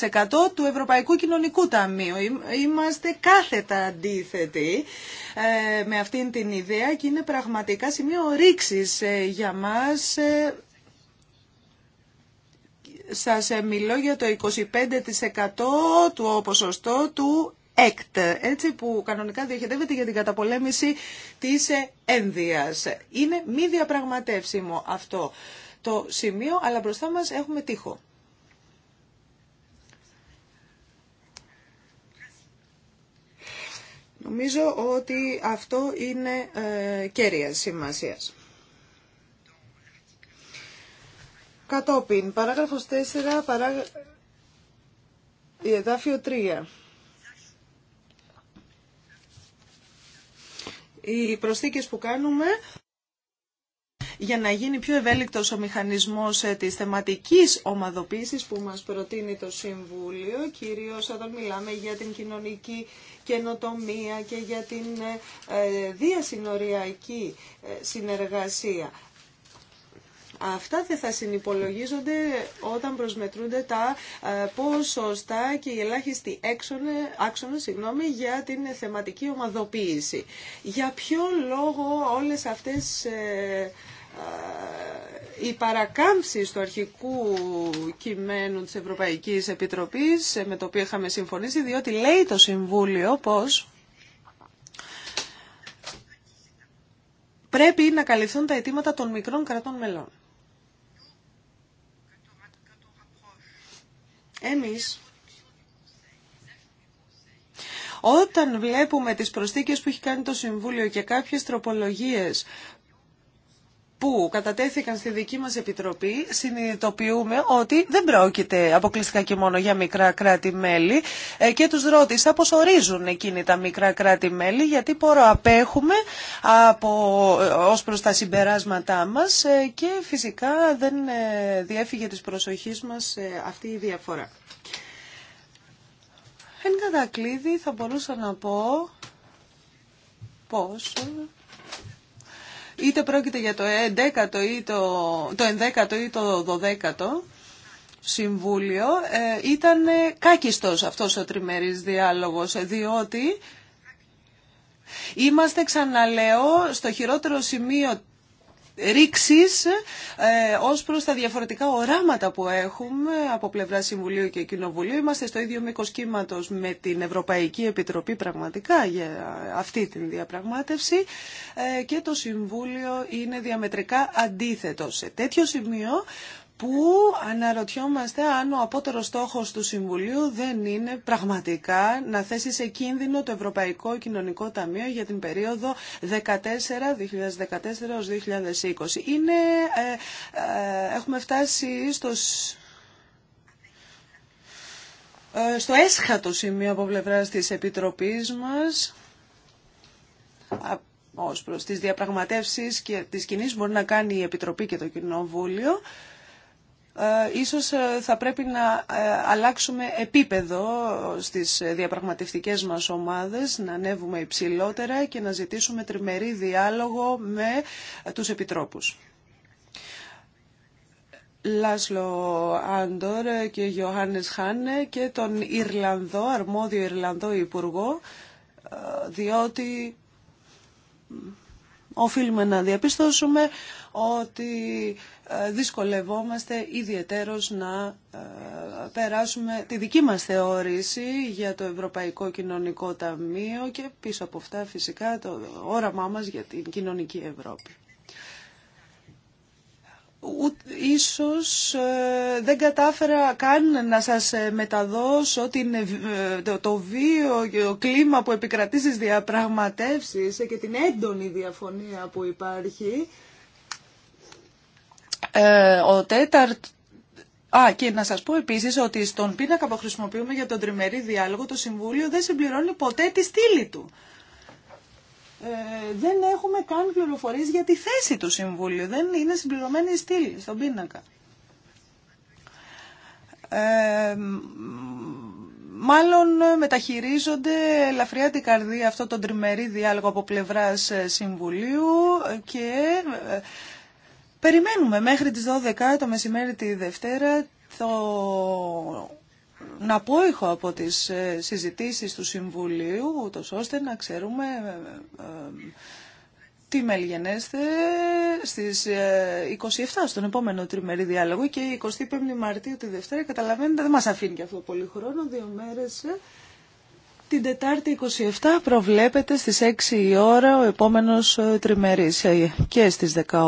20% του Ευρωπαϊκού Κοινωνικού Ταμείου. Είμαστε κάθετα αντίθετοι ε, με αυτήν την ιδέα και είναι πραγματικά σημείο ρήξης ε, για μας σας ε, μιλώ για το 25% του ποσοστό του ΕΚΤ, έτσι που κανονικά διοχετεύεται για την καταπολέμηση της ε, ένδυας. Είναι μη διαπραγματεύσιμο αυτό το σημείο, αλλά μπροστά μας έχουμε τείχο. Νομίζω ότι αυτό είναι ε, κέρια σημασίας. Κατόπιν, παράγραφος 4, παρά... εδάφιο 3. Οι προσθήκες που κάνουμε για να γίνει πιο ευέλικτος ο μηχανισμός ε, της θεματικής ομαδοποίησης που μας προτείνει το Συμβούλιο, κυρίως όταν μιλάμε για την κοινωνική καινοτομία και για την ε, ε, διασυνοριακή συνεργασία. Αυτά δεν θα συνυπολογίζονται όταν προσμετρούνται τα ε, ποσοστά και οι ελάχιστοι άξονε συγγνώμη, για την θεματική ομαδοποίηση. Για ποιο λόγο όλες αυτές ε, ε, οι παρακάμψεις του αρχικού κειμένου της Ευρωπαϊκής Επιτροπής με το οποίο είχαμε συμφωνήσει διότι λέει το Συμβούλιο πως πρέπει να καλυφθούν τα αιτήματα των μικρών κρατών μελών. Εμείς όταν βλέπουμε τις προσθήκες που έχει κάνει το Συμβούλιο και κάποιες τροπολογίες που κατατέθηκαν στη δική μας Επιτροπή συνειδητοποιούμε ότι δεν πρόκειται αποκλειστικά και μόνο για μικρά κράτη-μέλη ε, και τους ρώτησα πώς ορίζουν εκείνη τα μικρά κράτη-μέλη γιατί πόρο απέχουμε από, ε, ως προς τα συμπεράσματά μας ε, και φυσικά δεν διέφυγε της προσοχής μας αυτή η διαφορά. Εν κατακλείδη θα μπορούσα να πω πώς είτε πρόκειται για το 11ο ή το, το 11ο ή το 12ο Συμβούλιο, ε, ήταν κάκιστος αυτός ο τριμερής διάλογος, διότι είμαστε, ξαναλέω, στο χειρότερο σημείο Ρίξει ε, ω προς τα διαφορετικά οράματα που έχουμε από πλευρά Συμβουλίου και Κοινοβουλίου. Είμαστε στο ίδιο μήκο κύματο με την Ευρωπαϊκή Επιτροπή πραγματικά για αυτή την διαπραγμάτευση ε, και το Συμβούλιο είναι διαμετρικά αντίθετο. Σε τέτοιο σημείο που αναρωτιόμαστε αν ο απότερος στόχος του Συμβουλίου δεν είναι πραγματικά να θέσει σε κίνδυνο το Ευρωπαϊκό Κοινωνικό Ταμείο για την περιοδο 14-2014-2020. Ε, ε, έχουμε φτάσει στο ε, στο έσχατο σημείο από πλευρά τη Επιτροπής μας ως προς τις διαπραγματεύσεις και τις κινήσεις μπορεί να κάνει η Επιτροπή και το Κοινοβούλιο. Ε, ίσως ε, θα πρέπει να ε, αλλάξουμε επίπεδο στις διαπραγματευτικές μας ομάδες, να ανέβουμε υψηλότερα και να ζητήσουμε τριμερή διάλογο με τους επιτρόπους. Λάσλο Άντορ και Γιωάννης Χάνε και τον Ιρλανδό, αρμόδιο Ιρλανδό Υπουργό, διότι οφείλουμε να διαπιστώσουμε ότι ε, δυσκολευόμαστε ιδιαιτέρως να ε, περάσουμε τη δική μας θεώρηση για το Ευρωπαϊκό Κοινωνικό Ταμείο και πίσω από αυτά φυσικά το όραμά μας για την κοινωνική Ευρώπη ίσως ε, δεν κατάφερα καν να σας μεταδώσω την, το, βίο, το και κλίμα που επικρατεί στις διαπραγματεύσεις και την έντονη διαφωνία που υπάρχει. Ε, ο τέταρτ... Α, και να σας πω επίσης ότι στον πίνακα που χρησιμοποιούμε για τον τριμερή διάλογο το Συμβούλιο δεν συμπληρώνει ποτέ τη στήλη του. Ε, δεν έχουμε καν πληροφορίες για τη θέση του Συμβούλιου. Δεν είναι συμπληρωμένη η στήλη στον πίνακα. Ε, μάλλον ε, μεταχειρίζονται ελαφριά την καρδία αυτό τον τριμερή διάλογο από πλευράς ε, Συμβουλίου και Περιμένουμε μέχρι τις 12 το μεσημέρι τη Δευτέρα το να πω από τις ε, συζητήσεις του Συμβουλίου, ούτως ώστε να ξέρουμε ε, ε, τι μελγενέστε στις 27 στον επόμενο τριμερή διάλογο και 25 Μαρτίου τη Δευτέρα. Καταλαβαίνετε δεν μας αφήνει και αυτό πολύ χρόνο, δύο μέρες. Την Τετάρτη 27 προβλέπεται στις 6 η ώρα ο επόμενος ε, τριμερής ε, και στις 18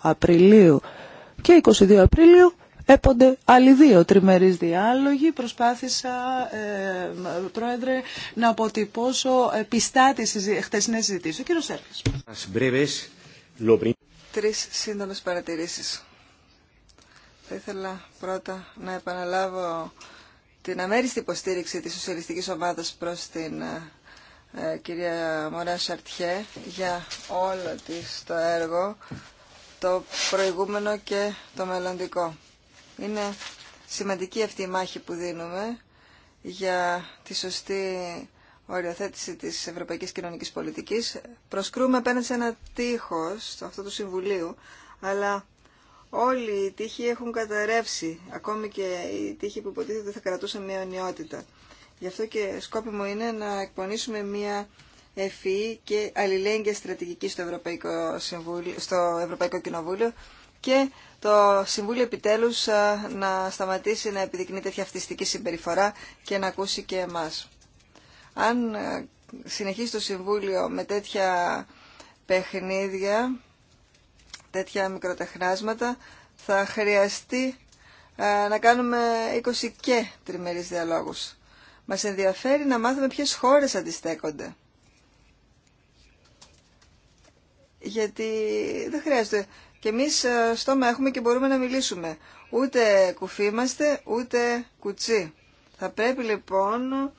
Απριλίου και 22 Απριλίου έπονται άλλοι δύο τριμερείς διάλογοι. Προσπάθησα, ε, Πρόεδρε, να αποτυπώσω πιστά τις χτεσινές συζητήσεις. Ο κύριος Σέρφης. Τρεις σύντομες παρατηρήσεις. Θα ήθελα πρώτα να επαναλάβω την αμέριστη υποστήριξη της σοσιαλιστικής ομάδας προς την ε, ε, κυρία Μωρά Σαρτιέ για όλο της το έργο, το προηγούμενο και το μελλοντικό. Είναι σημαντική αυτή η μάχη που δίνουμε για τη σωστή οριοθέτηση της ευρωπαϊκής κοινωνικής πολιτικής. Προσκρούμε απέναντι σε ένα τείχος, αυτό του Συμβουλίου, αλλά Όλοι οι τείχοι έχουν καταρρεύσει, ακόμη και οι τείχοι που υποτίθεται θα κρατούσαν μια ονειότητα. Γι' αυτό και σκόπιμο είναι να εκπονήσουμε μια ευφυή και αλληλέγγυα στρατηγική στο Ευρωπαϊκό, Συμβούλιο, στο Ευρωπαϊκό Κοινοβούλιο και το Συμβούλιο επιτέλους να σταματήσει να επιδεικνύει τέτοια αυτιστική συμπεριφορά και να ακούσει και εμάς. Αν συνεχίσει το Συμβούλιο με τέτοια παιχνίδια τέτοια μικροτεχνάσματα θα χρειαστεί ε, να κάνουμε 20 και τριμερείς διαλόγους. Μας ενδιαφέρει να μάθουμε ποιες χώρες αντιστέκονται. Γιατί δεν χρειάζεται. Και εμείς ε, στόμα έχουμε και μπορούμε να μιλήσουμε. Ούτε κουφίμαστε, ούτε κουτσί. Θα πρέπει λοιπόν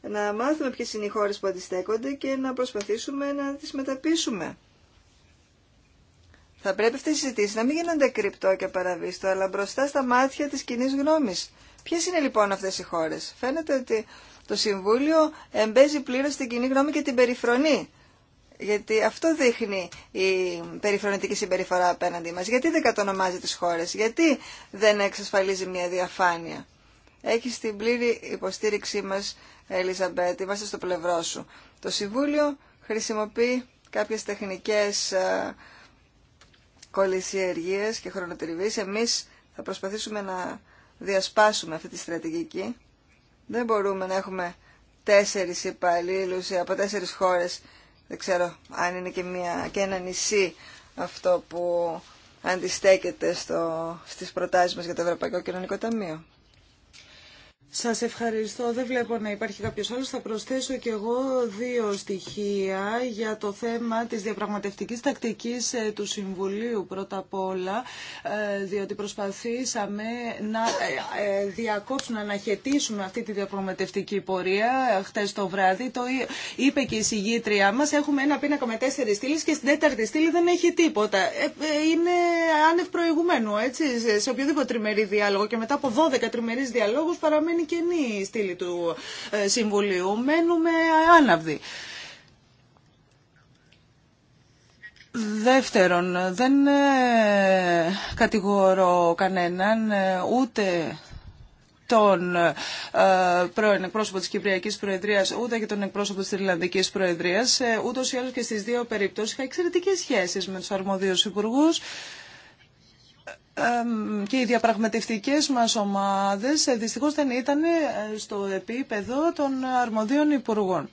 να μάθουμε ποιες είναι οι χώρες που αντιστέκονται και να προσπαθήσουμε να τις μεταπίσουμε. Θα πρέπει αυτέ οι συζητήσει να μην γίνονται κρυπτό και παραβίστο, αλλά μπροστά στα μάτια τη κοινή γνώμη. Ποιε είναι λοιπόν αυτέ οι χώρε, Φαίνεται ότι το Συμβούλιο εμπέζει πλήρω την κοινή γνώμη και την περιφρονεί. Γιατί αυτό δείχνει η περιφρονητική συμπεριφορά απέναντι μα. Γιατί δεν κατονομάζει τι χώρε, γιατί δεν εξασφαλίζει μια διαφάνεια. Έχει την πλήρη υποστήριξή μας, Ελίζαμπετ, είμαστε στο πλευρό σου. Το Συμβούλιο χρησιμοποιεί κάποιες τεχνικές ε, κολυσιεργίες και χρονοτριβείς. Εμείς θα προσπαθήσουμε να διασπάσουμε αυτή τη στρατηγική. Δεν μπορούμε να έχουμε τέσσερις υπαλλήλου από τέσσερις χώρες. Δεν ξέρω αν είναι και, μια, και ένα νησί αυτό που αντιστέκεται στο, στις προτάσεις μας για το Ευρωπαϊκό Κοινωνικό Ταμείο. Σας ευχαριστώ. Δεν βλέπω να υπάρχει κάποιος άλλος. Θα προσθέσω και εγώ δύο στοιχεία για το θέμα της διαπραγματευτικής τακτικής ε, του Συμβουλίου πρώτα απ' όλα, ε, διότι προσπαθήσαμε να ε, διακόψουμε, να αναχαιτήσουμε αυτή τη διαπραγματευτική πορεία χτες το βράδυ. Το είπε και η συγγήτριά μας, έχουμε ένα πίνακα με τέσσερι στήλες και στην τέταρτη στήλη δεν έχει τίποτα. Είναι άνευ προηγουμένου, έτσι, σε οποιοδήποτε τριμερή διάλογο και μετά από 12 τριμερείς διαλόγους παραμένει κενή η στήλη του ε, Συμβουλίου. Μένουμε άναυδοι. Δεύτερον, δεν ε, κατηγορώ κανέναν ε, ούτε τον πρώην εκπρόσωπο της Κυπριακής Προεδρίας ούτε και τον εκπρόσωπο της Ιρλανδικής Προεδρίας. Ούτως ή άλλως και στις δύο περιπτώσεις είχα εξαιρετικές σχέσεις με τους αρμοδίους υπουργούς και οι διαπραγματευτικές μας ομάδες ε, δυστυχώς δεν ήταν ε, στο επίπεδο των αρμοδίων υπουργών.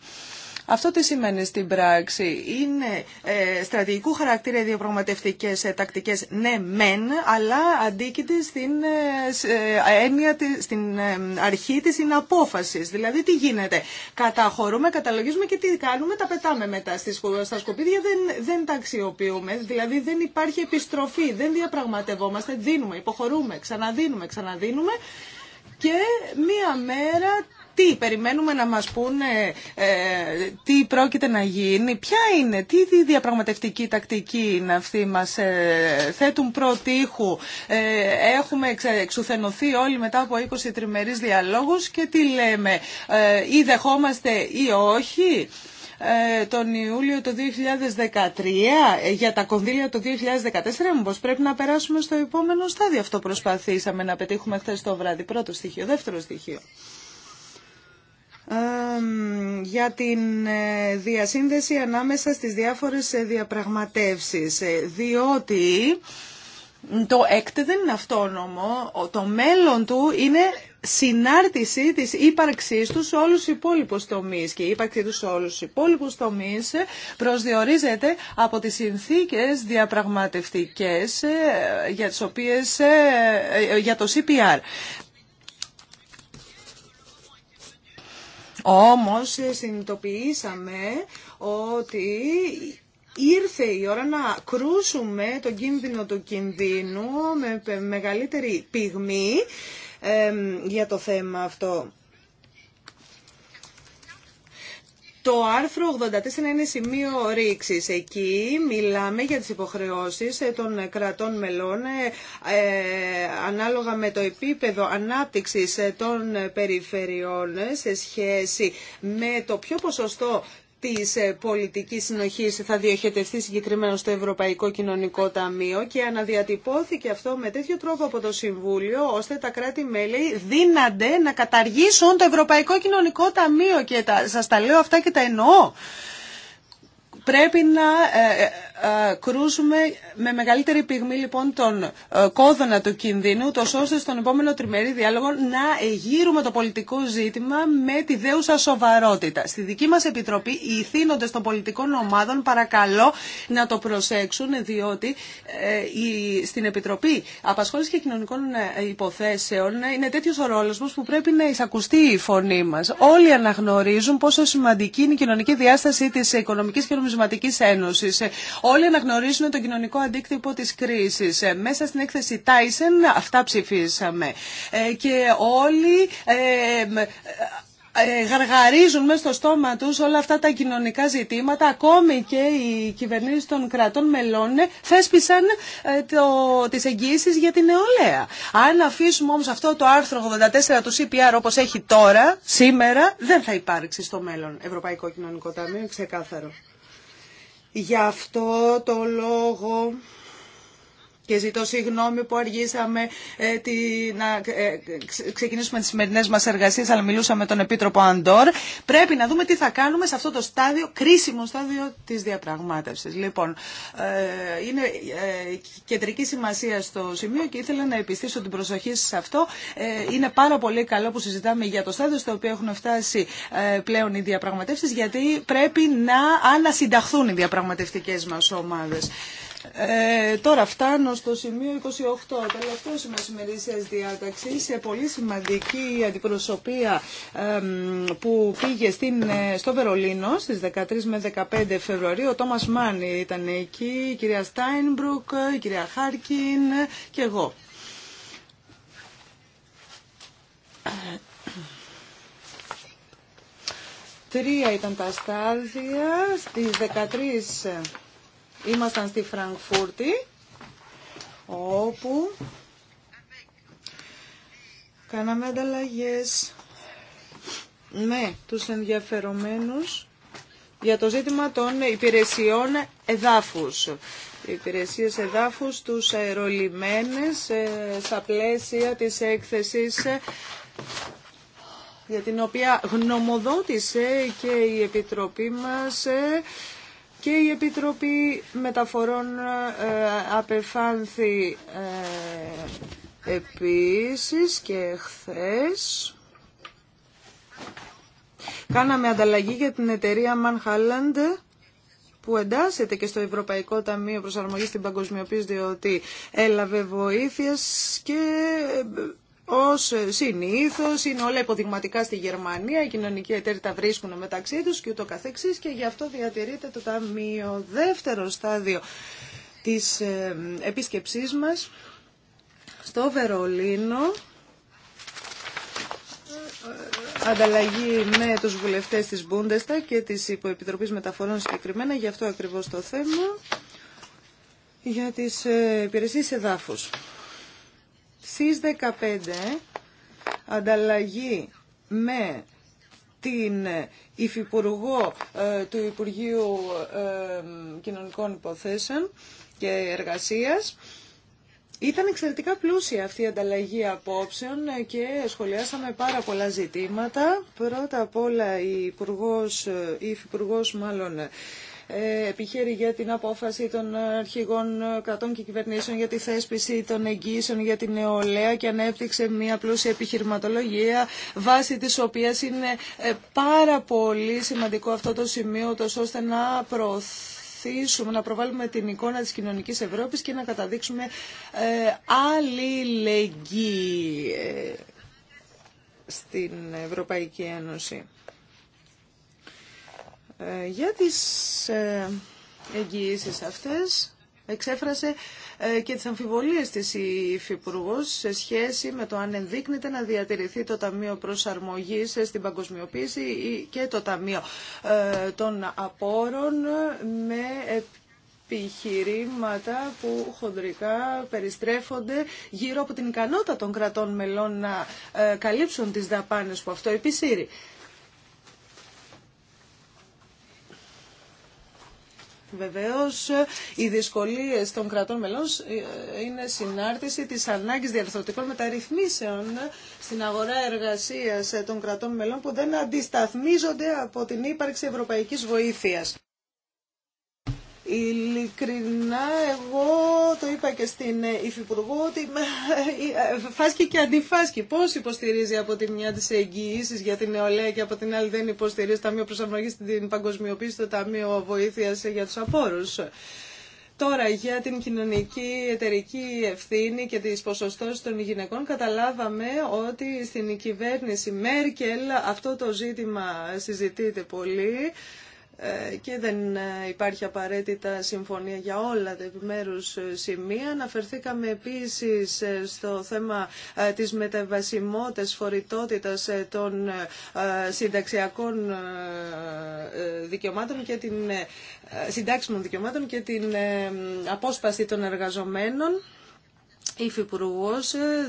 Αυτό τι σημαίνει στην πράξη. Είναι ε, στρατηγικού χαρακτήρα οι διαπραγματευτικέ ε, τακτικέ, ναι, μεν, αλλά αντίκειται στην, ε, ε έννοια, στην αρχή τη συναπόφαση. Δηλαδή, τι γίνεται. Καταχωρούμε, καταλογίζουμε και τι κάνουμε, τα πετάμε μετά στις, στα σκουπίδια, δεν, δεν τα αξιοποιούμε. Δηλαδή, δεν υπάρχει επιστροφή, δεν διαπραγματευόμαστε, δίνουμε, υποχωρούμε, ξαναδίνουμε, ξαναδίνουμε. Και μία μέρα τι περιμένουμε να μας πούνε, ε, τι πρόκειται να γίνει, ποια είναι, τι διαπραγματευτική τακτική είναι αυτή, μας ε, θέτουν προτύχου, ε, έχουμε εξουθενωθεί όλοι μετά από 20 τριμερείς διαλόγους και τι λέμε, ή δεχόμαστε ή όχι τον Ιούλιο του 2013 για τα κονδύλια του 2014 μήπως πρέπει να περάσουμε στο επόμενο στάδιο αυτό προσπαθήσαμε να πετύχουμε χθε το βράδυ πρώτο στοιχείο, δεύτερο στοιχείο για την ε, διασύνδεση ανάμεσα στις διάφορες ε, διαπραγματεύσεις, ε, διότι το έκτε δεν είναι αυτόνομο, το μέλλον του είναι συνάρτηση της ύπαρξής του σε όλους τους υπόλοιπους τομείς και η ύπαρξη του σε όλους τους υπόλοιπους τομείς προσδιορίζεται από τις συνθήκες διαπραγματευτικές για, τις οποίες, για το CPR. Όμως ε, συνειδητοποιήσαμε ότι ήρθε η ώρα να κρούσουμε τον κίνδυνο του κινδύνου με μεγαλύτερη πυγμή ε, για το θέμα αυτό. Το άρθρο 84 είναι σημείο ρήξη. Εκεί μιλάμε για τις υποχρεώσεις ε, των κρατών μελών ε, ε, ανάλογα με το επίπεδο ανάπτυξη των περιφερειών σε σχέση με το ποιο ποσοστό της ε, πολιτικής συνοχής θα διοχετευτεί συγκεκριμένα στο Ευρωπαϊκό Κοινωνικό Ταμείο και αναδιατυπώθηκε αυτό με τέτοιο τρόπο από το Συμβούλιο ώστε τα κράτη-μέλη δύνανται να καταργήσουν το Ευρωπαϊκό Κοινωνικό Ταμείο και τα, σας τα λέω αυτά και τα εννοώ. Πρέπει να... Ε, ε, ε, κρούσουμε με μεγαλύτερη πυγμή λοιπόν τον ε, κόδωνα του κινδύνου, τόσο ώστε στον επόμενο τριμερή διάλογο να εγείρουμε το πολιτικό ζήτημα με τη δέουσα σοβαρότητα. Στη δική μας Επιτροπή, οι ηθήνοντες των πολιτικών ομάδων παρακαλώ να το προσέξουν, διότι ε, στην Επιτροπή Απασχόληση και Κοινωνικών Υποθέσεων είναι τέτοιος ο ρόλος μας που πρέπει να εισακουστεί η φωνή μας. Όλοι αναγνωρίζουν πόσο σημαντική είναι η κοινωνική διάσταση της Οικονομικής και Νομισματικής Ένωσης. Όλοι αναγνωρίζουν τον κοινωνικό αντίκτυπο της κρίσης. Ε, μέσα στην έκθεση Tyson αυτά ψηφίσαμε. Ε, και όλοι ε, γαργαρίζουν μέσα στο στόμα τους όλα αυτά τα κοινωνικά ζητήματα. Ακόμη και οι κυβερνήσεις των κρατών μελών θέσπισαν το, τις για την νεολαία. Αν αφήσουμε όμως αυτό το άρθρο 84 του CPR όπως έχει τώρα, σήμερα, δεν θα υπάρξει στο μέλλον Ευρωπαϊκό Κοινωνικό Ταμείο, ξεκάθαρο. Γι' αυτό το λόγο και ζητώ συγγνώμη που αργήσαμε ε, να ε, ξεκινήσουμε τις σημερινές μας εργασίες, αλλά μιλούσαμε με τον Επίτροπο Αντόρ. Πρέπει να δούμε τι θα κάνουμε σε αυτό το στάδιο, κρίσιμο στάδιο της διαπραγμάτευσης. Λοιπόν, ε, είναι ε, κεντρική σημασία στο σημείο και ήθελα να επιστήσω την προσοχή σε αυτό. Ε, είναι πάρα πολύ καλό που συζητάμε για το στάδιο στο οποίο έχουν φτάσει πλέον οι διαπραγματεύσεις, γιατί πρέπει να ανασυνταχθούν οι διαπραγματευτικές μας ομάδες. Ε, τώρα φτάνω στο σημείο 28, τελευταίο σημασημερίσια διάταξη, σε πολύ σημαντική αντιπροσωπεία που πήγε στην, ε, στο Βερολίνο στις 13 με 15 Φεβρουαρίου. Ο Τόμας Μάνι ήταν εκεί, η κυρία Στάινμπρουκ, η κυρία Χάρκιν και εγώ. Τρία ήταν τα στάδια, στις 13 Ήμασταν στη Φραγκφούρτη, όπου κάναμε ανταλλαγές με τους ενδιαφερομένους για το ζήτημα των υπηρεσιών εδάφους. Οι υπηρεσίες εδάφους τους αερολιμένες ε, στα πλαίσια της έκθεσης ε, για την οποία γνωμοδότησε και η Επιτροπή μας ε, και η Επιτροπή Μεταφορών ε, απεφάνθη ε, επίσης και χθες. Κάναμε ανταλλαγή για την εταιρεία Manhaland που εντάσσεται και στο Ευρωπαϊκό Ταμείο Προσαρμογής στην Παγκοσμιοποίηση διότι έλαβε βοήθειες και ε, ως συνήθως είναι όλα υποδειγματικά στη Γερμανία, οι κοινωνικοί εταίροι τα βρίσκουν μεταξύ τους και ούτω καθεξής και γι' αυτό διατηρείται το ταμείο δεύτερο στάδιο της ε, επίσκεψής μας στο Βερολίνο ανταλλαγή με τους βουλευτές της Μπούντεστα και της Υποεπιτροπής Μεταφορών συγκεκριμένα γι' αυτό ακριβώς το θέμα για τις ε, υπηρεσίες εδάφους στις 15 ανταλλαγή με την Υφυπουργό ε, του Υπουργείου ε, Κοινωνικών Υποθέσεων και Εργασίας. Ήταν εξαιρετικά πλούσια αυτή η ανταλλαγή απόψεων ε, και σχολιάσαμε πάρα πολλά ζητήματα. Πρώτα απ' όλα η Υπουργός, η μάλλον ε, επιχείρη για την απόφαση των αρχηγών κρατών και κυβερνήσεων για τη θέσπιση των εγγύσεων για την νεολαία και ανέπτυξε μια πλούσια επιχειρηματολογία βάσει της οποίας είναι ε, πάρα πολύ σημαντικό αυτό το σημείο τόσο ώστε να προωθήσουμε να προβάλλουμε την εικόνα της κοινωνικής Ευρώπης και να καταδείξουμε ε, αλληλεγγύη ε, στην Ευρωπαϊκή Ένωση. Ε, για τις ε, εγγυήσεις αυτές εξέφρασε ε, και τις αμφιβολίες της η Υφυπουργός σε σχέση με το αν ενδείκνεται να διατηρηθεί το Ταμείο Προσαρμογής στην Παγκοσμιοποίηση και το Ταμείο των Απόρων με επιχειρήματα που χοντρικά περιστρέφονται γύρω από την ικανότητα των κρατών μελών να καλύψουν τις δαπάνες που αυτό επισύρει. Βεβαίως, οι δυσκολίε των κρατών μελών ε, είναι συνάρτηση της ανάγκη διαρθρωτικών μεταρρυθμίσεων στην αγορά εργασίας των κρατών μελών που δεν αντισταθμίζονται από την ύπαρξη ευρωπαϊκής βοήθειας. Ειλικρινά, εγώ το είπα και στην ε, Υφυπουργό ότι ε, ε, φάσκει και αντιφάσκει. Πώ υποστηρίζει από τη μια τι εγγυήσει για την νεολαία και από την άλλη δεν υποστηρίζει το Ταμείο Προσαρμογή στην Παγκοσμιοποίηση, το Ταμείο Βοήθεια για του Απόρου. Τώρα, για την κοινωνική εταιρική ευθύνη και τις ποσοστώσεις των γυναικών, καταλάβαμε ότι στην κυβέρνηση Μέρκελ αυτό το ζήτημα συζητείται πολύ. Ε, και δεν ε, υπάρχει απαραίτητα συμφωνία για όλα τα επιμέρους ε, σημεία. Αναφερθήκαμε επίσης στο θέμα της μεταβασιμότητας φορητότητας των συνταξιακών δικαιωμάτων και την συντάξιμων δικαιωμάτων και την απόσπαση των εργαζομένων. Η Υφυπουργό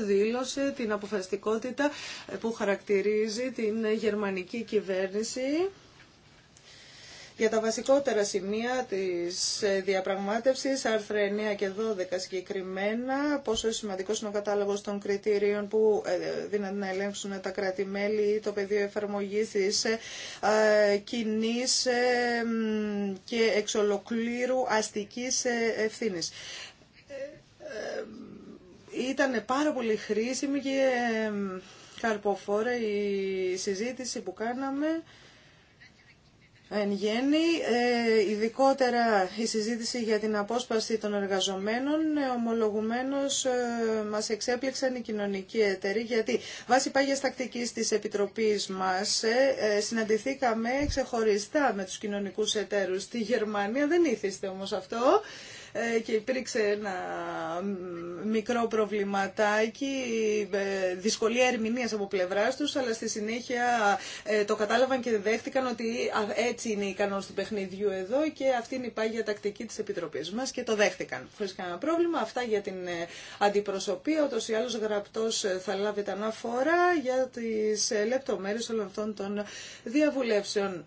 δήλωσε την αποφασιστικότητα που χαρακτηρίζει την γερμανική κυβέρνηση για τα βασικότερα σημεία της ε, διαπραγμάτευσης, άρθρα 9 και 12 συγκεκριμένα, πόσο σημαντικός είναι ο κατάλογος των κριτήριων που ε, δίνονται να ελέγξουν τα κρατη ή το πεδίο εφαρμογής της ε, κοινή και εξολοκληρου ολοκλήρου αστικής ευθύνης ήταν πάρα πολύ χρήσιμη και καρποφόρα η συζήτηση που κάναμε. Εν γέννη, ε, ειδικότερα η συζήτηση για την απόσπαση των εργαζομένων ε, ομολογουμένως ε, μας εξέπληξαν οι κοινωνικοί εταιροί γιατί βάσει πάγιας τακτικής της Επιτροπής μας συναντηθήκαμε ξεχωριστά με τους κοινωνικούς εταίρους στη Γερμανία, δεν ήθιστε όμως αυτό. Ε, και υπήρξε ένα μικρό προβληματάκι, ε, δυσκολία ερμηνείας από πλευράς τους, αλλά στη συνέχεια ε, το κατάλαβαν και δέχτηκαν ότι έτσι είναι οι του παιχνιδιού εδώ και αυτή είναι η πάγια τακτική της Επιτροπής μας και το δέχτηκαν. Χωρίς κανένα πρόβλημα, αυτά για την αντιπροσωπεία, ούτως ή άλλως γραπτός θα λάβει τα αναφορά για τις λεπτομέρειες όλων αυτών των διαβουλεύσεων.